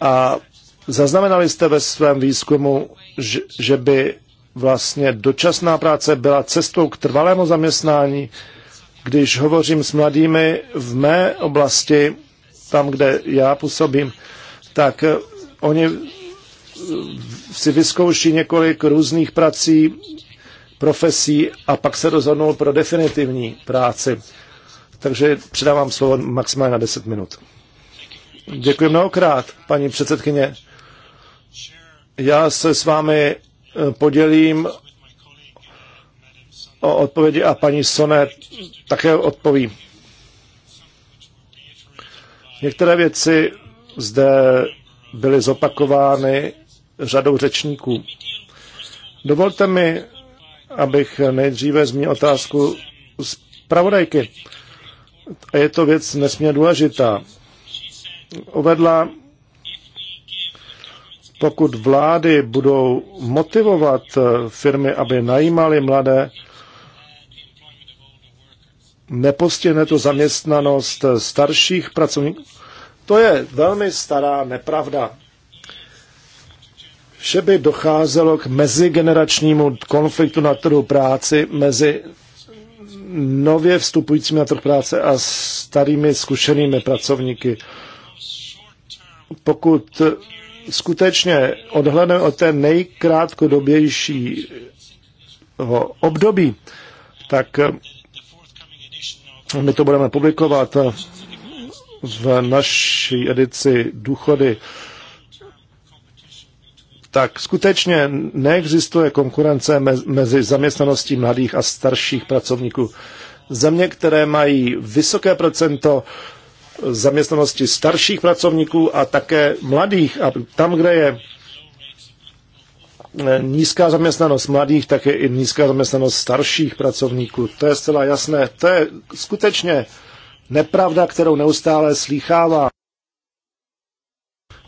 a Zaznamenali jste ve svém výzkumu, že, že by vlastně dočasná práce byla cestou k trvalému zaměstnání. Když hovořím s mladými v mé oblasti, tam, kde já působím, tak eh, oni eh, si vyzkouší několik různých prací, profesí a pak se rozhodnou pro definitivní práci. Takže předávám slovo maximálně na 10 minut. Děkuji mnohokrát, paní předsedkyně. Já se s vámi eh, podělím o odpovědi a paní Sone také odpoví. Některé věci zde byly zopakovány řadou řečníků. Dovolte mi, abych nejdříve zmínil otázku z pravodajky. A je to věc nesmírně důležitá. Uvedla, pokud vlády budou motivovat eh, firmy, aby najímaly mladé, nepostihne to zaměstnanost eh, starších pracovníků. To je velmi stará nepravda. Vše by docházelo k mezigeneračnímu konfliktu na trhu práci mezi nově vstupujícími na trh práce a starými zkušenými pracovníky. Pokud skutečně odhledne od té nejkrátkodobějšího období, tak eh, my to budeme publikovat eh, v naší edici Důchody, tak skutečně neexistuje konkurence mezi zaměstnaností mladých a starších pracovníků. Země, které mají vysoké procento zaměstnanosti starších pracovníků a také mladých. A tam, kde je eh, nízká zaměstnanost mladých, tak je i nízká zaměstnanost starších pracovníků. To je zcela jasné. To je skutečně nepravda, kterou neustále slýchává.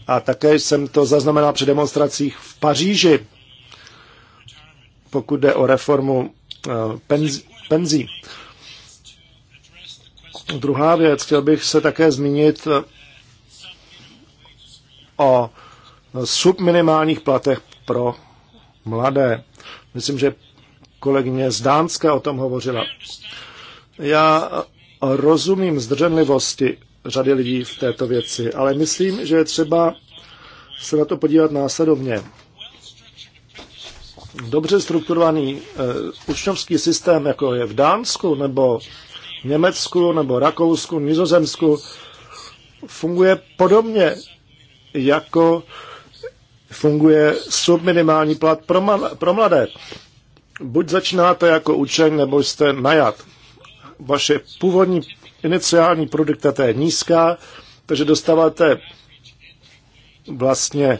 A také jsem to zaznamenal při demonstracích v Paříži, pokud jde o reformu eh, penzí. Druhá věc, chtěl bych se také zmínit eh, o subminimálních platech pro mladé. Myslím, že kolegyně z Dánska o tom hovořila. Já rozumím zdrženlivosti řady lidí v této věci, ale myslím, že je třeba se na to podívat následovně. Dobře strukturovaný e, učňovský systém, jako je v Dánsku nebo Německu nebo Rakousku, Nizozemsku funguje podobně jako funguje subminimální plat pro, mal, pro mladé. Buď začínáte jako učeň, nebo jste najat. Vaše původní iniciální produktivita je nízká, takže dostáváte vlastně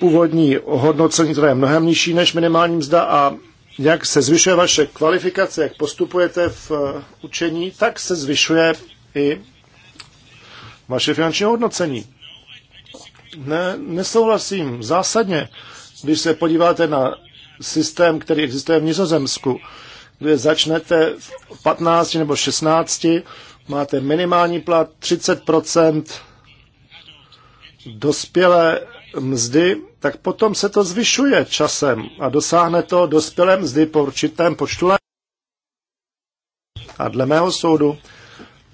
původní hodnocení, které je mnohem nižší než minimální mzda a jak se zvyšuje vaše kvalifikace, jak postupujete v eh, učení, tak se zvyšuje i vaše finanční hodnocení. Ne, nesouhlasím zásadně, když se podíváte na systém, který existuje v Nizozemsku, kde začnete v 15 nebo 16, máte minimální plat 30 dospělé mzdy, tak potom se to zvyšuje časem a dosáhne to dospělé mzdy po určitém počtu let. A dle mého soudu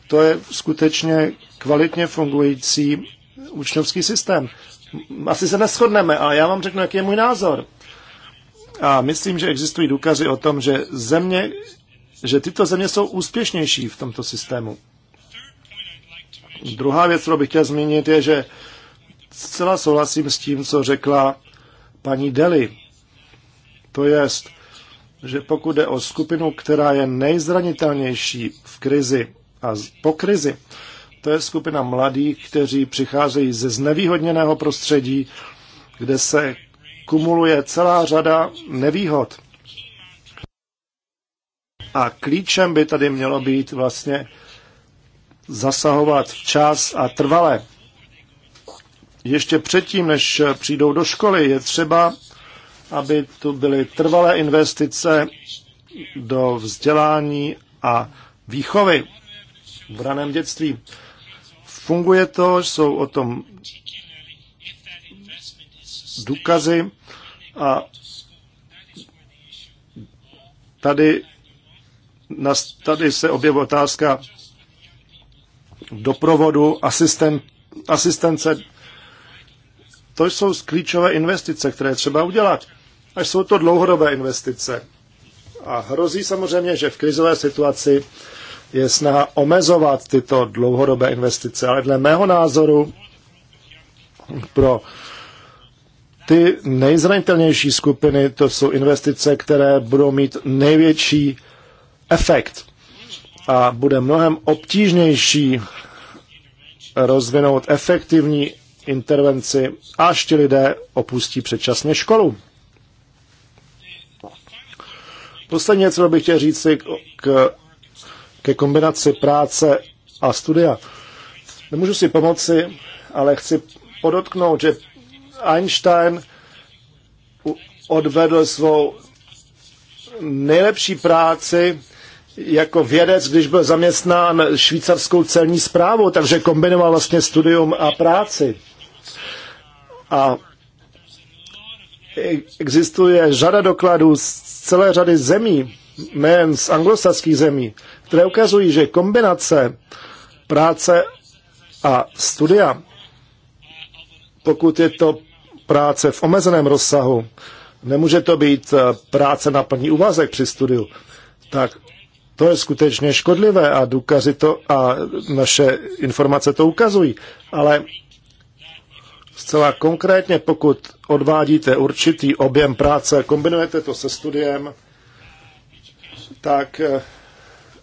to je skutečně kvalitně fungující účtovský systém. Asi se neschodneme, ale já vám řeknu, jaký je můj názor. A myslím, že existují důkazy o tom, že země, že tyto země jsou úspěšnější v tomto systému. Druhá věc, kterou bych chtěl zmínit, je, že zcela souhlasím s tím, co řekla paní Deli. To jest, že pokud jde o skupinu, která je nejzranitelnější v krizi a po krizi, to je skupina mladých, kteří přicházejí ze znevýhodněného prostředí, kde se kumuluje celá řada nevýhod. A klíčem by tady mělo být vlastně zasahovat včas a trvale ještě předtím, než přijdou do školy, je třeba, aby tu byly trvalé investice do vzdělání a výchovy v raném dětství. Funguje to, jsou o tom důkazy a tady, tady se objevuje otázka doprovodu, asisten, asistence to jsou klíčové investice, které třeba udělat. A jsou to dlouhodobé investice. A hrozí samozřejmě, že v krizové situaci je snaha omezovat tyto dlouhodobé investice. Ale dle mého názoru pro ty nejzranitelnější skupiny, to jsou investice, které budou mít největší efekt a bude mnohem obtížnější rozvinout efektivní intervenci, až ti lidé opustí předčasně školu. Poslední něco co bych chtěl říct k, ke kombinaci práce a studia. Nemůžu si pomoci, ale chci podotknout, že Einstein odvedl svou nejlepší práci jako vědec, když byl zaměstnán švýcarskou celní zprávou, takže kombinoval vlastně studium a práci. A existuje řada dokladů z celé řady zemí, nejen z anglosaských zemí, které ukazují, že kombinace práce a studia, pokud je to práce v omezeném rozsahu, nemůže to být eh, práce na plný úvazek při studiu, tak to je skutečně škodlivé a důkazy to a naše informace to ukazují. Ale Zcela konkrétně, pokud odvádíte určitý objem práce, kombinujete to se studiem, tak eh,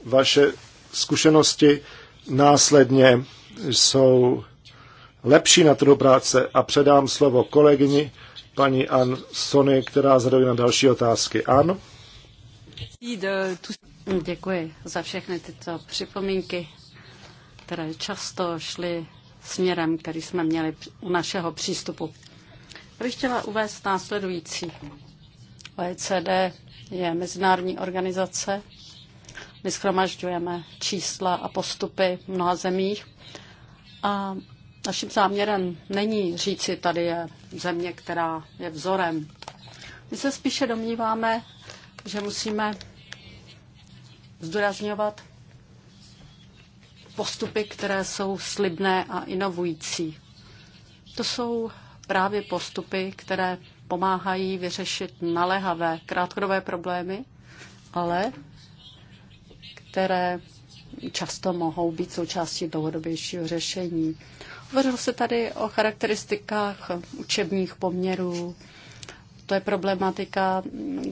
vaše zkušenosti následně jsou lepší na trhu práce a předám slovo kolegyni paní Ann Sony, která zadově na další otázky. Ano, Děkuji za všechny tyto připomínky, které často šly směrem, který jsme měli u našeho přístupu. Já bych chtěla uvést následující. OECD je mezinárodní organizace. My schromažďujeme čísla a postupy v mnoha zemích. A naším záměrem není říci, tady je země, která je vzorem. My se spíše domníváme, že musíme zdůrazňovat postupy, které jsou slibné a inovující. To jsou právě postupy, které pomáhají vyřešit naléhavé krátkodobé problémy, ale které často mohou být součástí dlouhodobějšího řešení. Hovořilo se tady o charakteristikách učebních poměrů. To je problematika,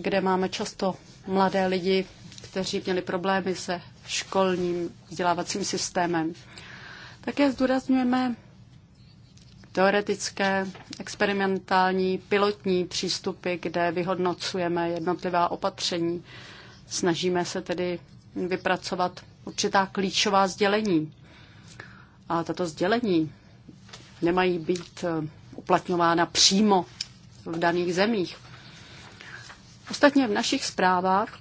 kde máme často mladé lidi, kteří měli problémy se školním vzdělávacím systémem. Také zdůrazňujeme teoretické, experimentální, pilotní přístupy, kde vyhodnocujeme jednotlivá opatření. Snažíme se tedy vypracovat určitá klíčová sdělení. A tato sdělení nemají být eh, uplatňována přímo v daných zemích. Ostatně v našich zprávách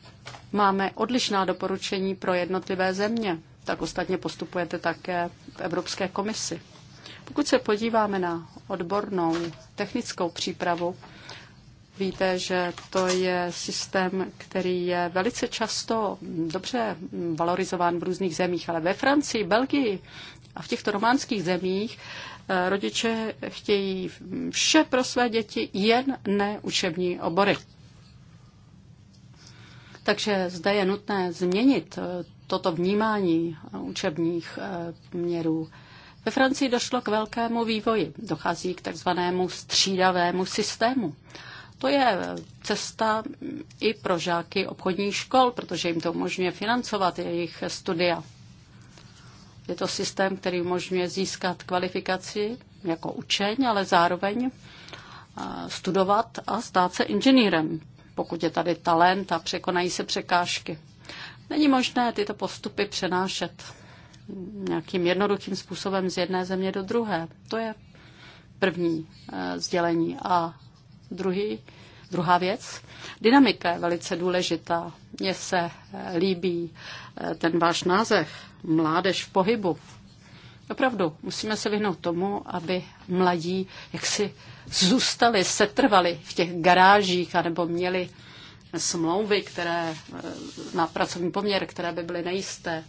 máme odlišná doporučení pro jednotlivé země. Tak ostatně postupujete také v Evropské komisi. Pokud se podíváme na odbornou technickou přípravu, víte, že to je systém, který je velice často dobře valorizován v různých zemích, ale ve Francii, Belgii a v těchto románských zemích eh, rodiče chtějí vše pro své děti, jen ne učební obory. Takže zde je nutné změnit eh, toto vnímání učebních eh, měrů. Ve Francii došlo k velkému vývoji. Dochází k takzvanému střídavému systému. To je eh, cesta mm, i pro žáky obchodních škol, protože jim to umožňuje financovat jejich studia. Je to systém, který umožňuje získat kvalifikaci jako učeň, ale zároveň studovat a stát se inženýrem pokud je tady talent a překonají se překážky. Není možné tyto postupy přenášet nějakým jednoduchým způsobem z jedné země do druhé. To je první eh, sdělení. A druhý, druhá věc, dynamika je velice důležitá. Mně se eh, líbí eh, ten váš název Mládež v pohybu. Opravdu, musíme se vyhnout tomu, aby mladí jaksi zůstali, setrvali v těch garážích anebo měli smlouvy, které eh, na pracovní poměr, které by byly nejisté.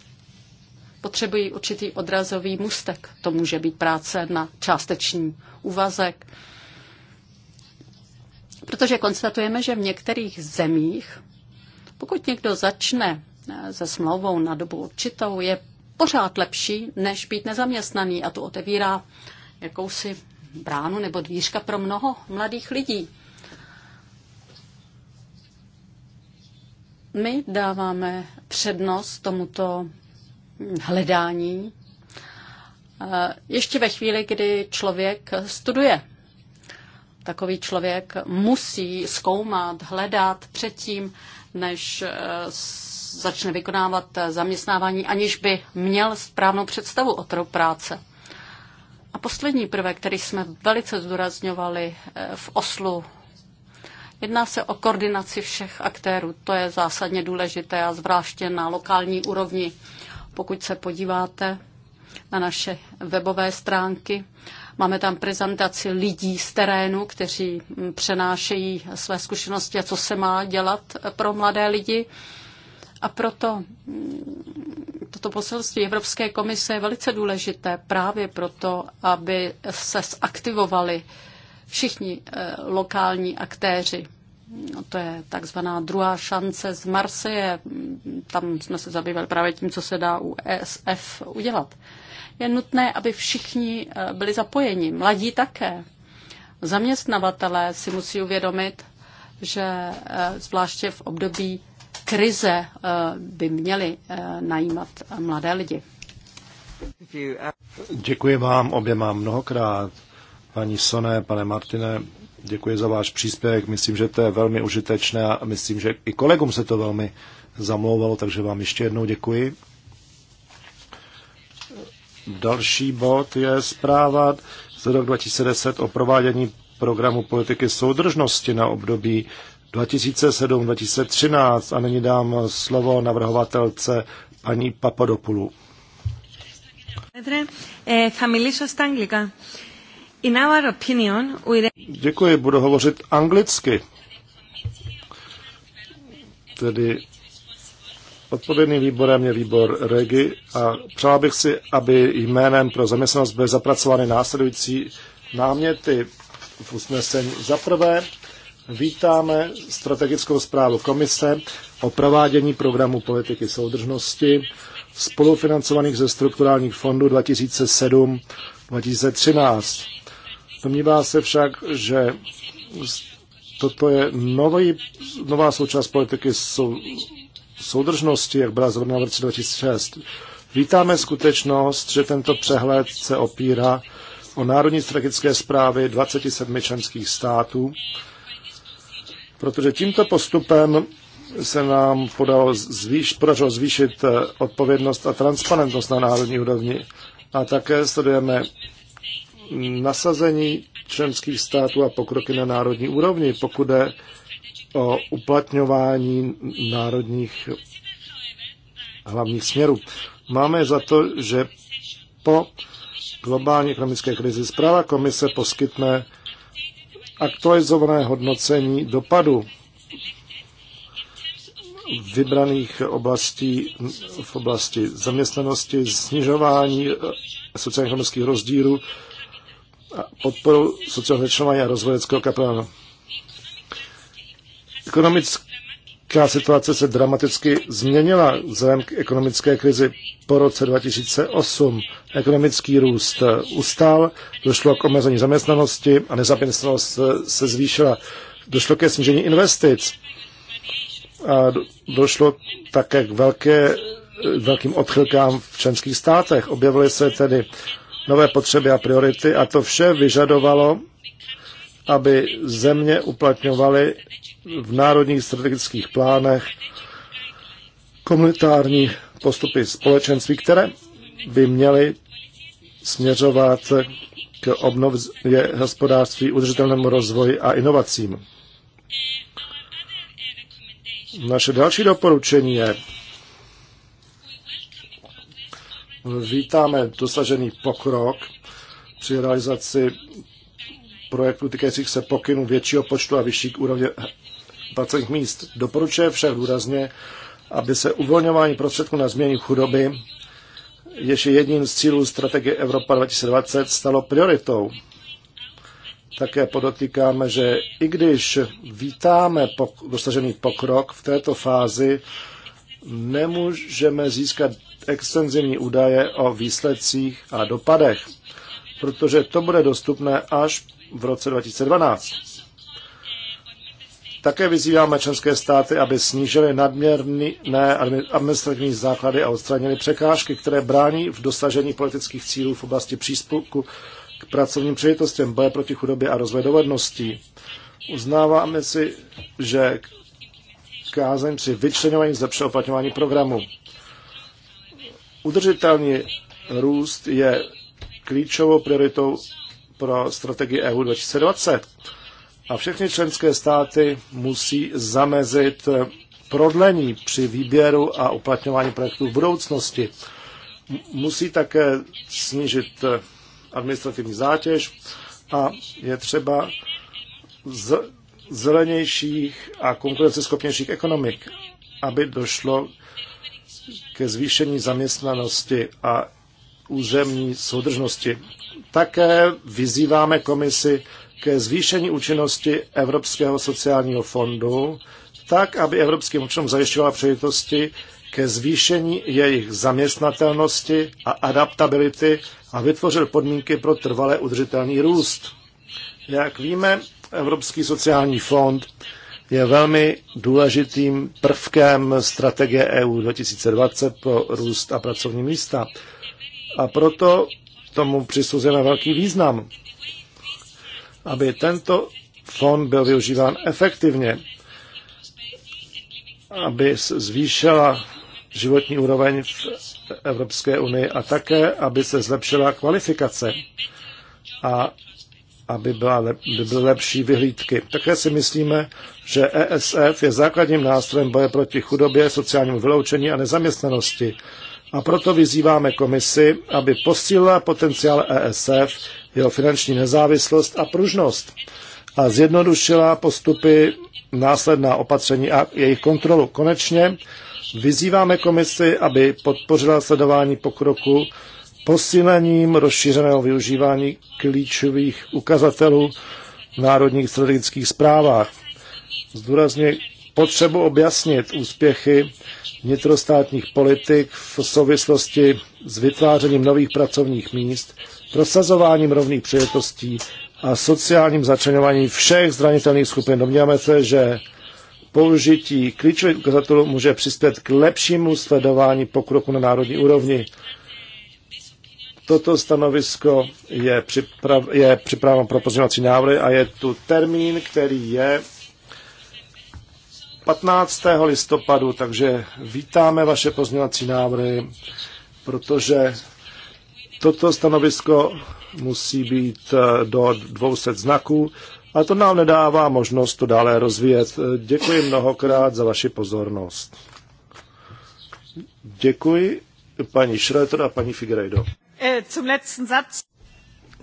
Potřebují určitý odrazový mustek. To může být práce na částečný úvazek. Protože konstatujeme, že v některých zemích, pokud někdo začne eh, se smlouvou na dobu určitou, je pořád lepší, než být nezaměstnaný a to otevírá jakousi bránu nebo dvířka pro mnoho mladých lidí. My dáváme přednost tomuto hledání eh, ještě ve chvíli, kdy člověk studuje. Takový člověk musí zkoumat, hledat předtím, než eh, začne vykonávat zaměstnávání, aniž by měl správnou představu o trhu práce. A poslední prvek, který jsme velice zdůrazňovali eh, v Oslu, jedná se o koordinaci všech aktérů. To je zásadně důležité a zvláště na lokální úrovni. Pokud se podíváte na naše webové stránky, Máme tam prezentaci lidí z terénu, kteří mm, přenášejí své zkušenosti a co se má dělat eh, pro mladé lidi. A proto mm, to poselství Evropské komise je velice důležité právě proto, aby se zaktivovali všichni eh, lokální aktéři. No, to je takzvaná druhá šance z Marseje. Tam jsme se zabývali právě tím, co se dá u ESF udělat. Je nutné, aby všichni eh, byli zapojeni, mladí také. Zaměstnavatelé si musí uvědomit, že eh, zvláště v období krize eh, by měli eh, najímat mladé lidi. Děkuji vám oběma mnohokrát, paní Soné, pane Martine. Děkuji za váš příspěvek. Myslím, že to je velmi užitečné a myslím, že i kolegům se to velmi zamlouvalo, takže vám ještě jednou děkuji. Další bod je zpráva z rok 2010 o provádění programu politiky soudržnosti na období 2007-2013 a nyní dám slovo navrhovatelce paní Papadopulu. Eh, Děkuji, budu hovořit anglicky. Tedy odpovědným výborem je výbor REGI a přál bych si, aby jménem pro zaměstnanost byly zapracovány následující náměty v usnesení. Za prvé, Vítáme strategickou zprávu komise o provádění programu politiky soudržnosti spolufinancovaných ze strukturálních fondů 2007-2013. Domnívá se však, že toto je nový, nová součást politiky sou, soudržnosti, jak byla zvolena v roce 2006. Vítáme skutečnost, že tento přehled se opírá o národní strategické zprávy 27 členských států protože tímto postupem se nám podalo zvýš, podařilo zvýšit eh, odpovědnost a transparentnost na národní úrovni. A také sledujeme nasazení členských států a pokroky na národní úrovni, pokud je o uplatňování národních hlavních směrů. Máme za to, že po globální ekonomické krizi zpráva komise poskytne aktualizované hodnocení dopadu vybraných oblastí v oblasti zaměstnanosti, snižování eh, sociálně rozdílů, a podporu sociálního a rozvojeckého kapitálu. Ekonomický politická situace se dramaticky změnila vzhledem k ekonomické krizi po roce 2008. Ekonomický růst eh, ustal, došlo k omezení zaměstnanosti a nezaměstnanost eh, se zvýšila. Došlo ke snížení investic a došlo také k velké, eh, velkým odchylkám v členských státech. Objevily se tedy nové potřeby a priority a to vše vyžadovalo aby země uplatňovaly v národních strategických plánech komunitární postupy společenství, které by měly směřovat k obnově hospodářství, udržitelnému rozvoji a inovacím. Naše další doporučení je, vítáme dosažený pokrok při realizaci projektů týkajících se pokynů většího počtu a vyšší úrovně pracovních míst. Doporučuje však důrazně, aby se uvolňování prostředků na změnu chudoby, jež je jedním z cílů strategie Evropa 2020, stalo prioritou. Také podotýkáme, že i když vítáme pok- dosažený pokrok v této fázi, nemůžeme získat extenzivní údaje o výsledcích a dopadech, protože to bude dostupné až v roce 2012. Také vyzýváme členské státy, aby snížily nadměrné administrativní základy a odstranili překážky, které brání v dosažení politických cílů v oblasti příspěvku k pracovním příležitostem, boje proti chudobě a rozvoj dovedností. Uznáváme si, že kázeň při vyčlenování zlepšuje uplatňování programu. Udržitelný růst je klíčovou prioritou pro strategii EU 2020. A všechny členské státy musí zamezit prodlení při výběru a uplatňování projektů v budoucnosti. Musí také snížit administrativní zátěž a je třeba z zelenějších a konkurenceschopnějších ekonomik, aby došlo ke zvýšení zaměstnanosti a územní soudržnosti. Také vyzýváme komisi ke zvýšení účinnosti Evropského sociálního fondu, tak, aby evropským občanům zajišťovala přejitosti ke zvýšení jejich zaměstnatelnosti a adaptability a vytvořil podmínky pro trvalé udržitelný růst. Jak víme, Evropský sociální fond je velmi důležitým prvkem strategie EU 2020 pro růst a pracovní místa. A proto tomu přisuzujeme velký význam, aby tento fond byl využíván efektivně, aby zvýšila životní úroveň v Evropské unii a také, aby se zlepšila kvalifikace a aby, byla, by byly lepší vyhlídky. Také si myslíme, že ESF je základním nástrojem boje proti chudobě, sociálnímu vyloučení a nezaměstnanosti a proto vyzýváme komisi, aby posílila potenciál ESF, jeho finanční nezávislost a pružnost a zjednodušila postupy, následná opatření a jejich kontrolu. Konečně vyzýváme komisi, aby podpořila sledování pokroku posílením rozšířeného využívání klíčových ukazatelů v národních strategických zprávách. Zdůrazně potřebu objasnit úspěchy vnitrostátních politik v souvislosti s vytvářením nových pracovních míst, prosazováním rovných příležitostí a sociálním začlenováním všech zranitelných skupin. Domníváme se, že použití klíčových ukazatelů může přispět k lepšímu sledování pokroku na národní úrovni. Toto stanovisko je, připrav, je připraveno pro pozměňovací návrhy a je tu termín, který je 15. listopadu, takže vítáme vaše pozměňovací návrhy, protože toto stanovisko musí být eh, do 200 znaků a to nám nedává možnost to dále rozvíjet. Děkuji mnohokrát za vaši pozornost. Děkuji paní Schroeter a paní Figueiredo. Eh,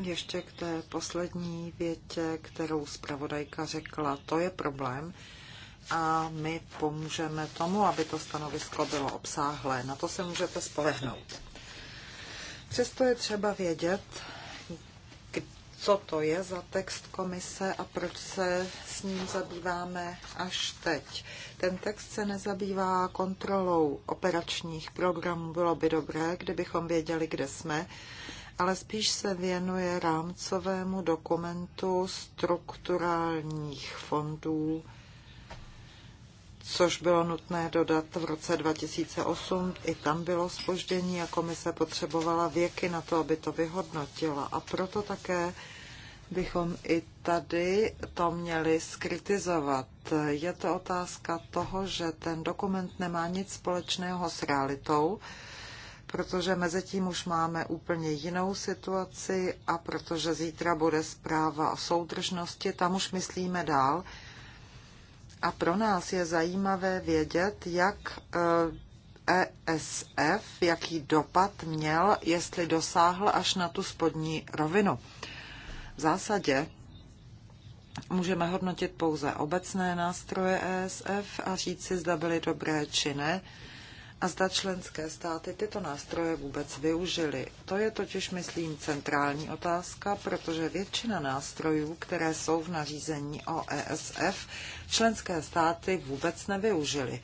Ještě k té poslední větě, kterou zpravodajka řekla, to je problém a my pomůžeme tomu, aby to stanovisko bylo obsáhlé. Na to se můžete spolehnout. Přesto je třeba vědět, co to je za text komise a proč se s ním zabýváme až teď. Ten text se nezabývá kontrolou operačních programů. Bylo by dobré, kdybychom věděli, kde jsme, ale spíš se věnuje rámcovému dokumentu strukturálních fondů což bylo nutné dodat v roce 2008. I tam bylo spoždění a komise potřebovala věky na to, aby to vyhodnotila. A proto také bychom i tady to měli skritizovat. Je to otázka toho, že ten dokument nemá nic společného s realitou, protože mezi tím už máme úplně jinou situaci a protože zítra bude zpráva o soudržnosti, tam už myslíme dál a pro nás je zajímavé vědět, jak ESF, eh, e jaký dopad měl, jestli dosáhl až na tu spodní rovinu. V zásadě můžeme hodnotit pouze obecné nástroje ESF a říct si, zda byly dobré či ne a zda členské státy tyto nástroje vůbec využily. To je totiž, myslím, centrální otázka, protože většina nástrojů, které jsou v nařízení o ESF, členské státy vůbec nevyužily.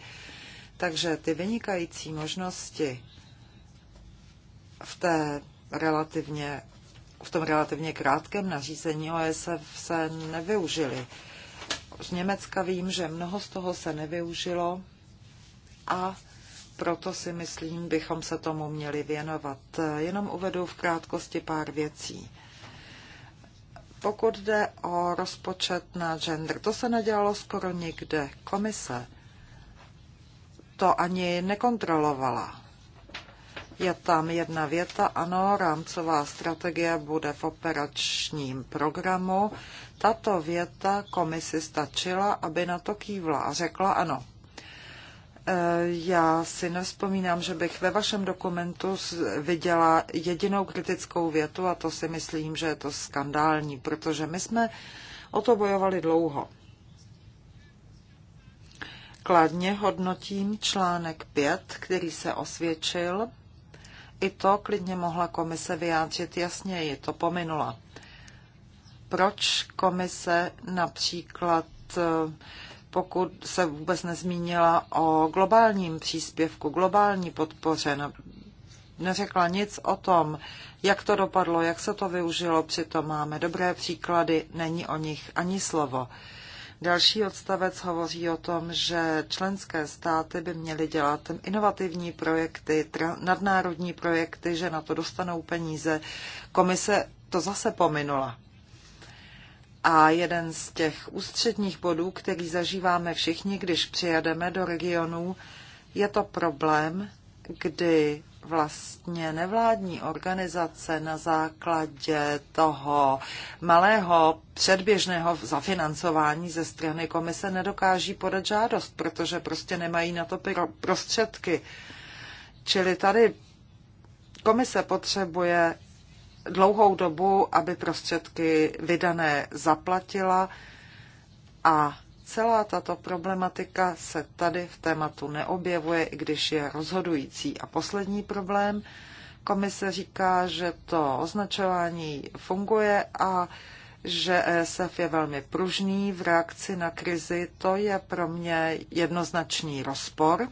Takže ty vynikající možnosti v, té relativně, v tom relativně krátkém nařízení OSF e se nevyužily. Z Německa vím, že mnoho z toho se nevyužilo a proto si myslím, bychom se tomu měli věnovat. Jenom uvedu v krátkosti pár věcí. Pokud jde o rozpočet na gender, to se nedělalo skoro nikde. Komise to ani nekontrolovala. Je tam jedna věta, ano, rámcová strategie bude v operačním programu. Tato věta komisi stačila, aby na to kývla a řekla ano, Eh, já si nevzpomínám, že bych ve vašem dokumentu viděla jedinou kritickou větu a to si myslím, že je to skandální, protože my jsme o to bojovali dlouho. Kladně hodnotím článek 5, který se osvědčil. I to klidně mohla komise vyjádřit jasněji, to pominula. Proč komise například eh, pokud se vůbec nezmínila o globálním příspěvku, globální podpoře. No, neřekla nic o tom, jak to dopadlo, jak se to využilo, přitom máme dobré příklady, není o nich ani slovo. Další odstavec hovoří o tom, že členské státy by měly dělat inovativní projekty, nadnárodní projekty, že na to dostanou peníze. Komise to zase pominula. A jeden z těch ústředních bodů, který zažíváme všichni, když přijedeme do regionů, je to problém, kdy vlastně nevládní organizace na základě toho malého předběžného zafinancování ze strany komise nedokáží podat žádost, protože prostě nemají na to prostředky. Čili tady komise potřebuje dlouhou dobu, aby prostředky vydané zaplatila a celá tato problematika se tady v tématu neobjevuje, i když je rozhodující. A poslední problém, komise říká, že to označování funguje a že ESF je velmi pružný v reakci na krizi, to je pro mě jednoznačný rozpor.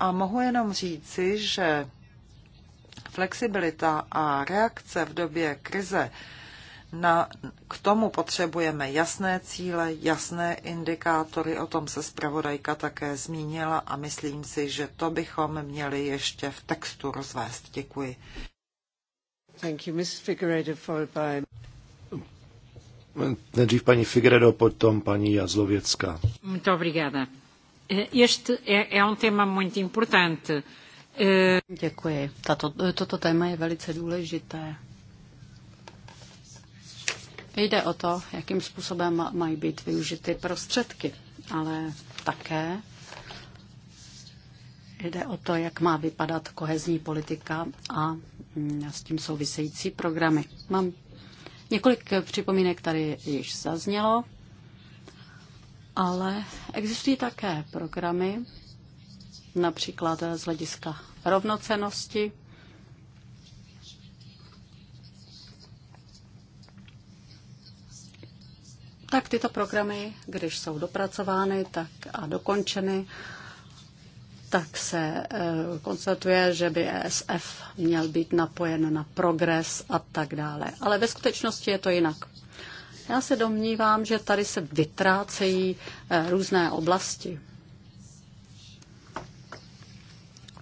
A mohu jenom říci, že flexibilita a reakce v době krize, na, k tomu potřebujeme jasné cíle, jasné indikátory, o tom se zpravodajka také zmínila a myslím si, že to bychom měli ještě v textu rozvést. Děkuji. Thank you, Mrs. Figueredo, followed by... Nejdřív paní Figueredo, potom paní Jazlověcka. Muito obrigada. E este é, é um tema muito importante. Děkuji. Tato, toto téma je velice důležité. Jde o to, jakým způsobem mají být využity prostředky, ale také jde o to, jak má vypadat kohezní politika a mm, s tím související programy. Mám několik připomínek, tady již zaznělo, ale existují také programy, například z hlediska rovnocenosti. Tak tyto programy, když jsou dopracovány tak a dokončeny, tak se eh, konstatuje, že by ESF měl být napojen na progres a tak dále. Ale ve skutečnosti je to jinak. Já se domnívám, že tady se vytrácejí eh, různé oblasti.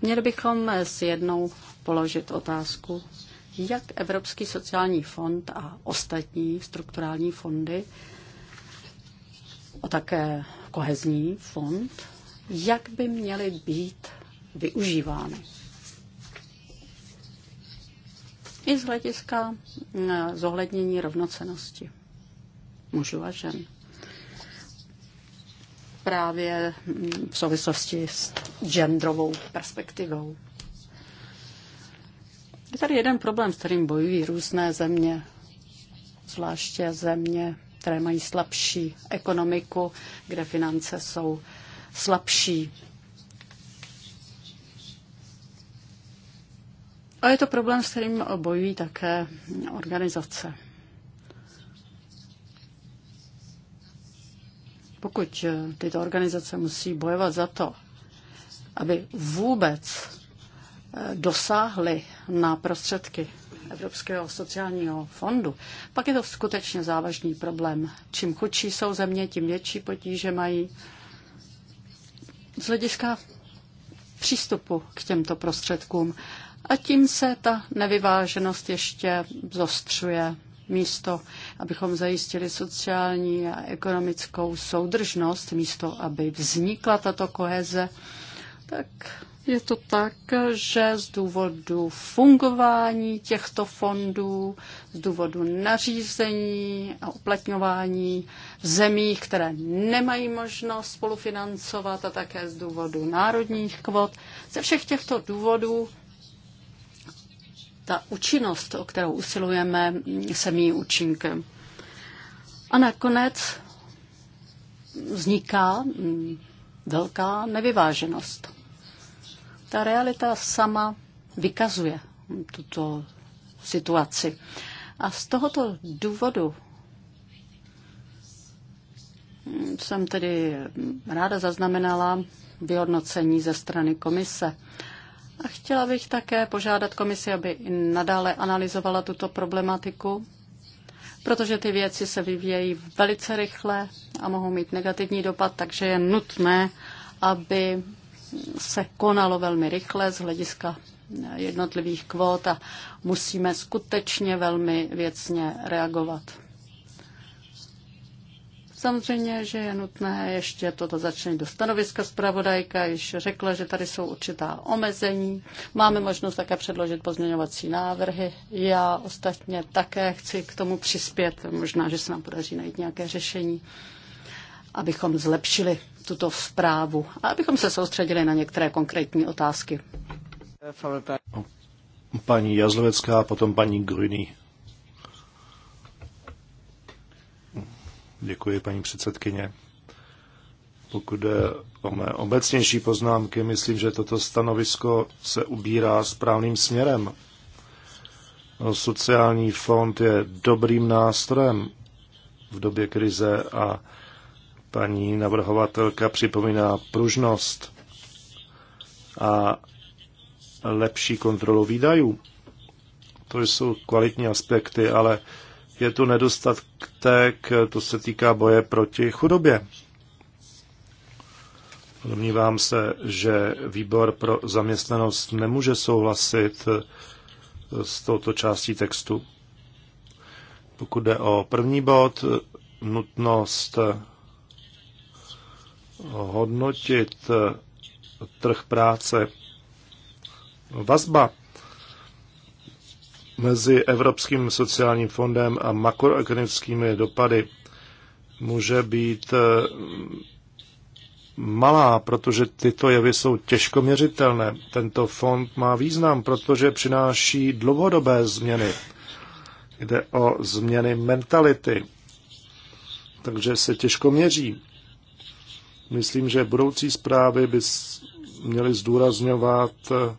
Měli bychom s jednou položit otázku, jak Evropský sociální fond a ostatní strukturální fondy a také kohezní fond, jak by měly být využívány. I z hlediska mm, zohlednění rovnocenosti mužů a žen právě mm, v souvislosti s genderovou perspektivou. Je tady jeden problém, s kterým bojují různé země, zvláště země, které mají slabší ekonomiku, kde finance jsou slabší. A je to problém, s kterým bojují také organizace. Pokud eh, tyto organizace musí bojovat za to, aby vůbec eh, dosáhly na prostředky Evropského sociálního fondu, pak je to skutečně závažný problém. Čím chudší jsou země, tím větší potíže mají z hlediska přístupu k těmto prostředkům. A tím se ta nevyváženost ještě zostřuje místo abychom zajistili sociální a ekonomickou soudržnost, místo aby vznikla tato koheze, tak je to tak, že z důvodu fungování těchto fondů, z důvodu nařízení a uplatňování v zemích, které nemají možnost spolufinancovat a také z důvodu národních kvot, ze všech těchto důvodů ta účinnost, o kterou usilujeme, se míjí účinkem. A nakonec vzniká velká nevyváženost. Ta realita sama vykazuje tuto situaci. A z tohoto důvodu jsem tedy ráda zaznamenala vyhodnocení ze strany komise. A chtěla bych také požádat komisi, aby i nadále analyzovala tuto problematiku, protože ty věci se vyvíjejí velice rychle a mohou mít negativní dopad, takže je nutné, aby se konalo velmi rychle z hlediska jednotlivých kvót a musíme skutečně velmi věcně reagovat. Samozřejmě, že je nutné ještě toto začlenit do stanoviska zpravodajka, již řekla, že tady jsou určitá omezení. Máme možnost také předložit pozměňovací návrhy. Já ostatně také chci k tomu přispět. Možná, že se nám podaří najít nějaké řešení, abychom zlepšili tuto zprávu a abychom se soustředili na některé konkrétní otázky. Paní Jazlovecká, potom paní Gruny. Děkuji, paní předsedkyně. Pokud jde o mé obecnější poznámky, myslím, že toto stanovisko se ubírá správným směrem. No, sociální fond je dobrým nástrojem v době krize a paní navrhovatelka připomíná pružnost a lepší kontrolu výdajů. To jsou kvalitní aspekty, ale je tu nedostatek, to se týká boje proti chudobě. Domnívám se, že výbor pro zaměstnanost nemůže souhlasit s touto částí textu. Pokud jde o první bod, nutnost hodnotit trh práce. Vazba mezi Evropským sociálním fondem a makroekonomickými dopady může být eh, malá, protože tyto jevy jsou těžko měřitelné. Tento fond má význam, protože přináší dlouhodobé změny. Jde o změny mentality, takže se těžko měří. Myslím, že budoucí zprávy by měly zdůrazňovat eh,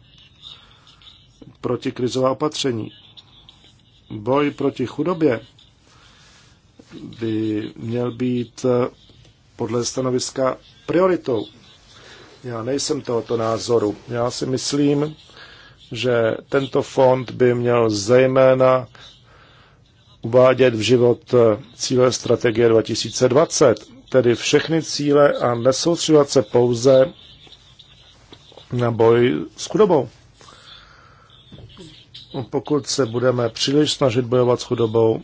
protikrizová opatření boj proti chudobě by měl být eh, podle stanoviska prioritou. Já nejsem tohoto názoru. Já si myslím, že tento fond by měl zejména uvádět v život eh, cíle strategie 2020, tedy všechny cíle a nesoustředovat se pouze na boj s chudobou pokud se budeme příliš snažit bojovat s chudobou,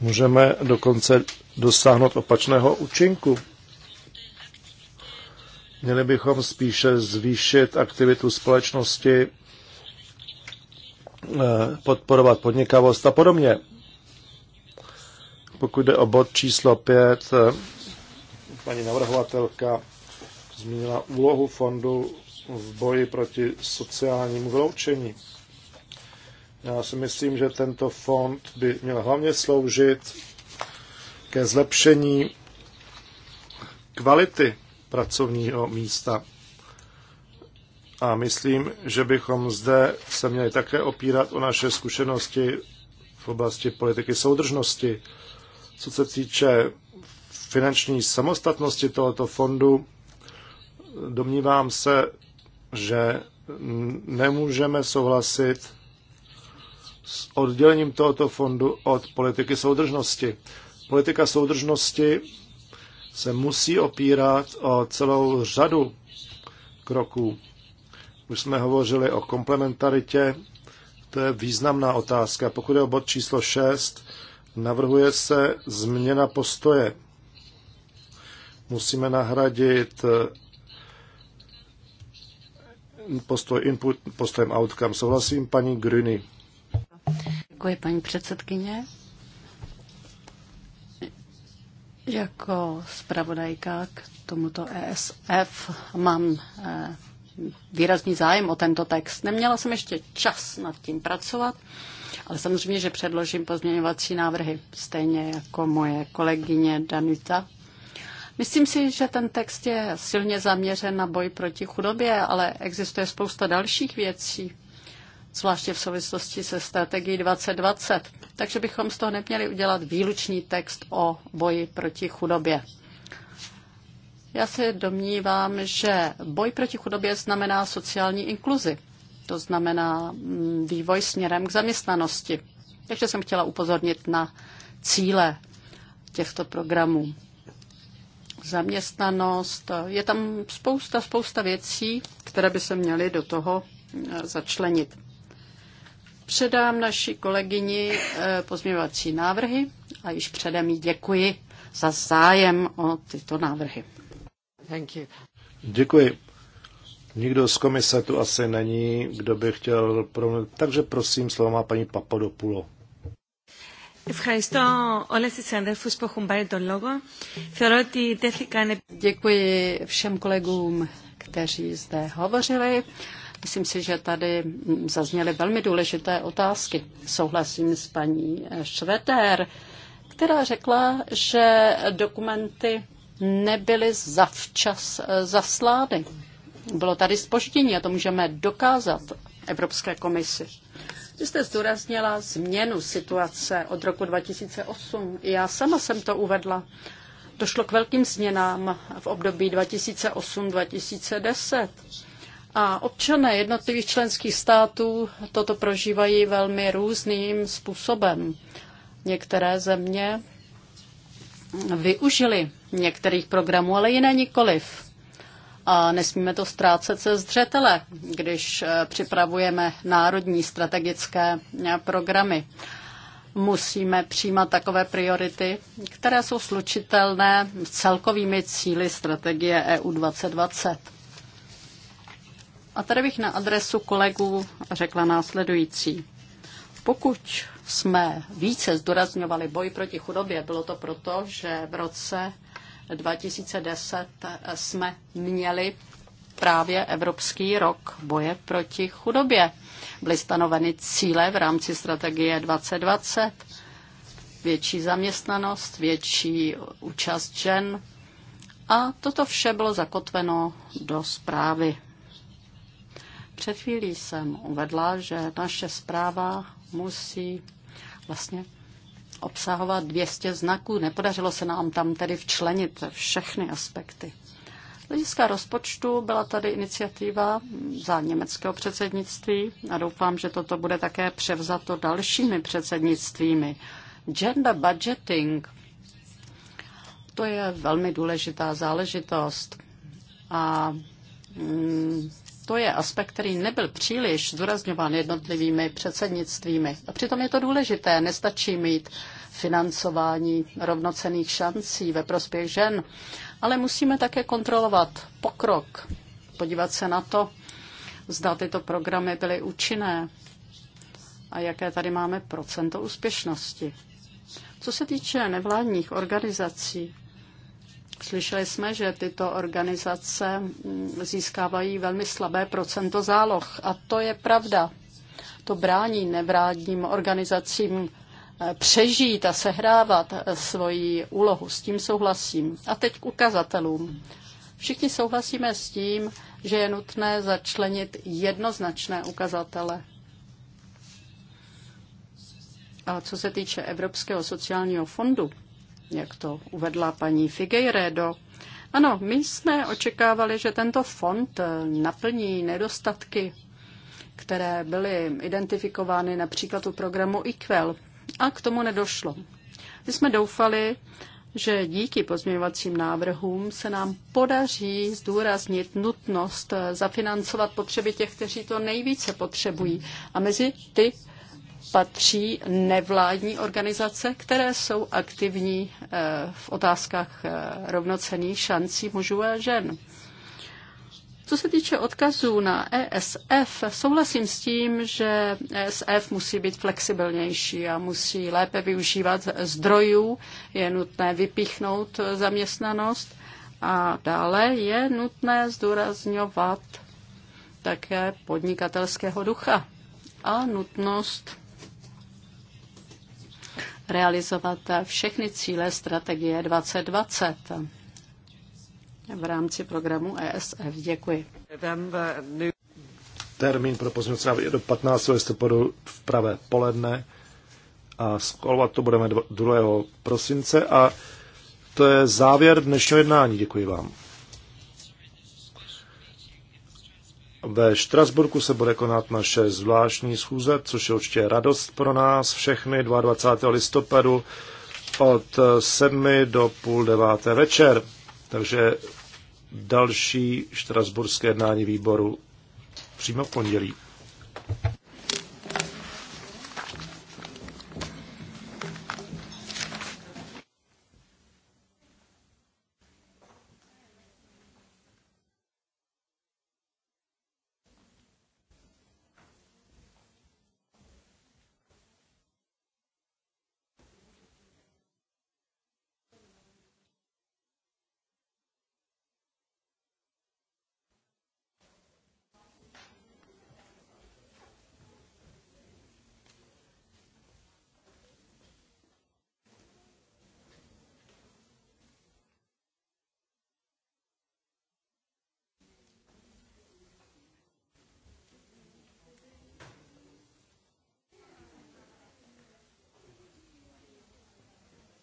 můžeme dokonce dosáhnout opačného účinku. Měli bychom spíše zvýšit aktivitu společnosti, eh, podporovat podnikavost a podobně. Pokud jde o bod číslo 5, eh, paní navrhovatelka zmínila úlohu fondu v boji proti sociálnímu vyloučení. Já si myslím, že tento fond by měl hlavně sloužit ke zlepšení kvality pracovního místa. A myslím, že bychom zde se měli také opírat o naše zkušenosti v oblasti politiky soudržnosti. Co se týče finanční samostatnosti tohoto fondu, domnívám se, že nemůžeme souhlasit s oddělením tohoto fondu od politiky soudržnosti. Politika soudržnosti se musí opírat o celou řadu kroků. Už jsme hovořili o komplementaritě, to je významná otázka. Pokud je o bod číslo 6, navrhuje se změna postoje. Musíme nahradit eh, postoj input postojem outcome. Souhlasím paní Gruny. Děkuji, paní předsedkyně. Jako zpravodajka k tomuto ESF mám eh, výrazný zájem o tento text. Neměla jsem ještě čas nad tím pracovat, ale samozřejmě, že předložím pozměňovací návrhy, stejně jako moje kolegyně Danita. Myslím si, že ten text je silně zaměřen na boj proti chudobě, ale existuje spousta dalších věcí, zvláště v souvislosti se strategií 2020. Takže bychom z toho neměli udělat výlučný text o boji proti chudobě. Já se domnívám, že boj proti chudobě znamená sociální inkluzi. To znamená mm, vývoj směrem k zaměstnanosti. Takže jsem chtěla upozornit na cíle těchto programů. Zaměstnanost, je tam spousta, spousta věcí, které by se měly do toho e, začlenit předám naší kolegyni eh, pozměňovací návrhy a již předem jí děkuji za zájem o tyto návrhy. Thank you. Děkuji. Nikdo z komise tu asi není, kdo by chtěl promluvit. Takže prosím, slovo má paní Papadopulo. Děkuji všem kolegům, kteří zde hovořili. Myslím si, že tady zazněly velmi důležité otázky. Souhlasím s paní Švetér, která řekla, že dokumenty nebyly zavčas eh, zaslány. Bylo tady spoždění a to můžeme dokázat Evropské komisi. Vy jste zdůraznila změnu situace od roku 2008. Já sama jsem to uvedla. Došlo k velkým změnám v období 2008-2010. A občané jednotlivých členských států toto prožívají velmi různým způsobem. Některé země využili některých programů, ale jiné nikoliv. A nesmíme to ztrácet se zřetele, když eh, připravujeme národní strategické eh, programy. Musíme přijímat takové priority, které jsou slučitelné s celkovými cíly strategie EU 2020. A tady bych na adresu kolegů řekla následující. Pokud jsme více zdůrazňovali boj proti chudobě, bylo to proto, že v roce 2010 jsme měli právě Evropský rok boje proti chudobě. Byly stanoveny cíle v rámci strategie 2020, větší zaměstnanost, větší účast žen a toto vše bylo zakotveno do zprávy. Před chvílí jsem uvedla, že naše zpráva musí vlastně obsahovat 200 znaků. Nepodařilo se nám tam tedy včlenit všechny aspekty. Z hlediska rozpočtu byla tady iniciativa za německého předsednictví a doufám, že toto bude také převzato dalšími předsednictvími. Gender budgeting, to je velmi důležitá záležitost. A mm, to je aspekt, který nebyl příliš zdůrazňován jednotlivými předsednictvími. A přitom je to důležité, nestačí mít financování rovnocených šancí ve prospěch žen, ale musíme také kontrolovat pokrok, podívat se na to, zda tyto programy byly účinné a jaké tady máme procento úspěšnosti. Co se týče nevládních organizací, Slyšeli jsme, že tyto organizace mm, získávají velmi slabé procento záloh a to je pravda. To brání nevrádním organizacím eh, přežít a sehrávat eh, svoji úlohu. S tím souhlasím. A teď k ukazatelům. Všichni souhlasíme s tím, že je nutné začlenit jednoznačné ukazatele. A co se týče Evropského sociálního fondu, jak to uvedla paní Figueiredo. Ano, my jsme očekávali, že tento fond eh, naplní nedostatky, které byly identifikovány například u programu IQL. A k tomu nedošlo. My jsme doufali, že díky pozměňovacím návrhům se nám podaří zdůraznit nutnost eh, zafinancovat potřeby těch, kteří to nejvíce potřebují. A mezi ty patří nevládní organizace, které jsou aktivní eh, v otázkách eh, rovnocených šancí mužů a žen. Co se týče odkazů na ESF, souhlasím s tím, že ESF musí být flexibilnější a musí lépe využívat zdrojů. Je nutné vypíchnout zaměstnanost a dále je nutné zdůrazňovat také podnikatelského ducha a nutnost realizovat všechny cíle strategie 2020 v rámci programu ESF. Děkuji. Termín pro pozměnce je do 15. listopadu v pravé poledne a skolovat to budeme 2. prosince a to je závěr dnešního jednání. Děkuji vám. Ve Štrasburku se bude konat naše zvláštní schůze, což je určitě radost pro nás všechny 22. listopadu od 7 do půl deváté večer. Takže další štrasburské jednání výboru přímo v pondělí.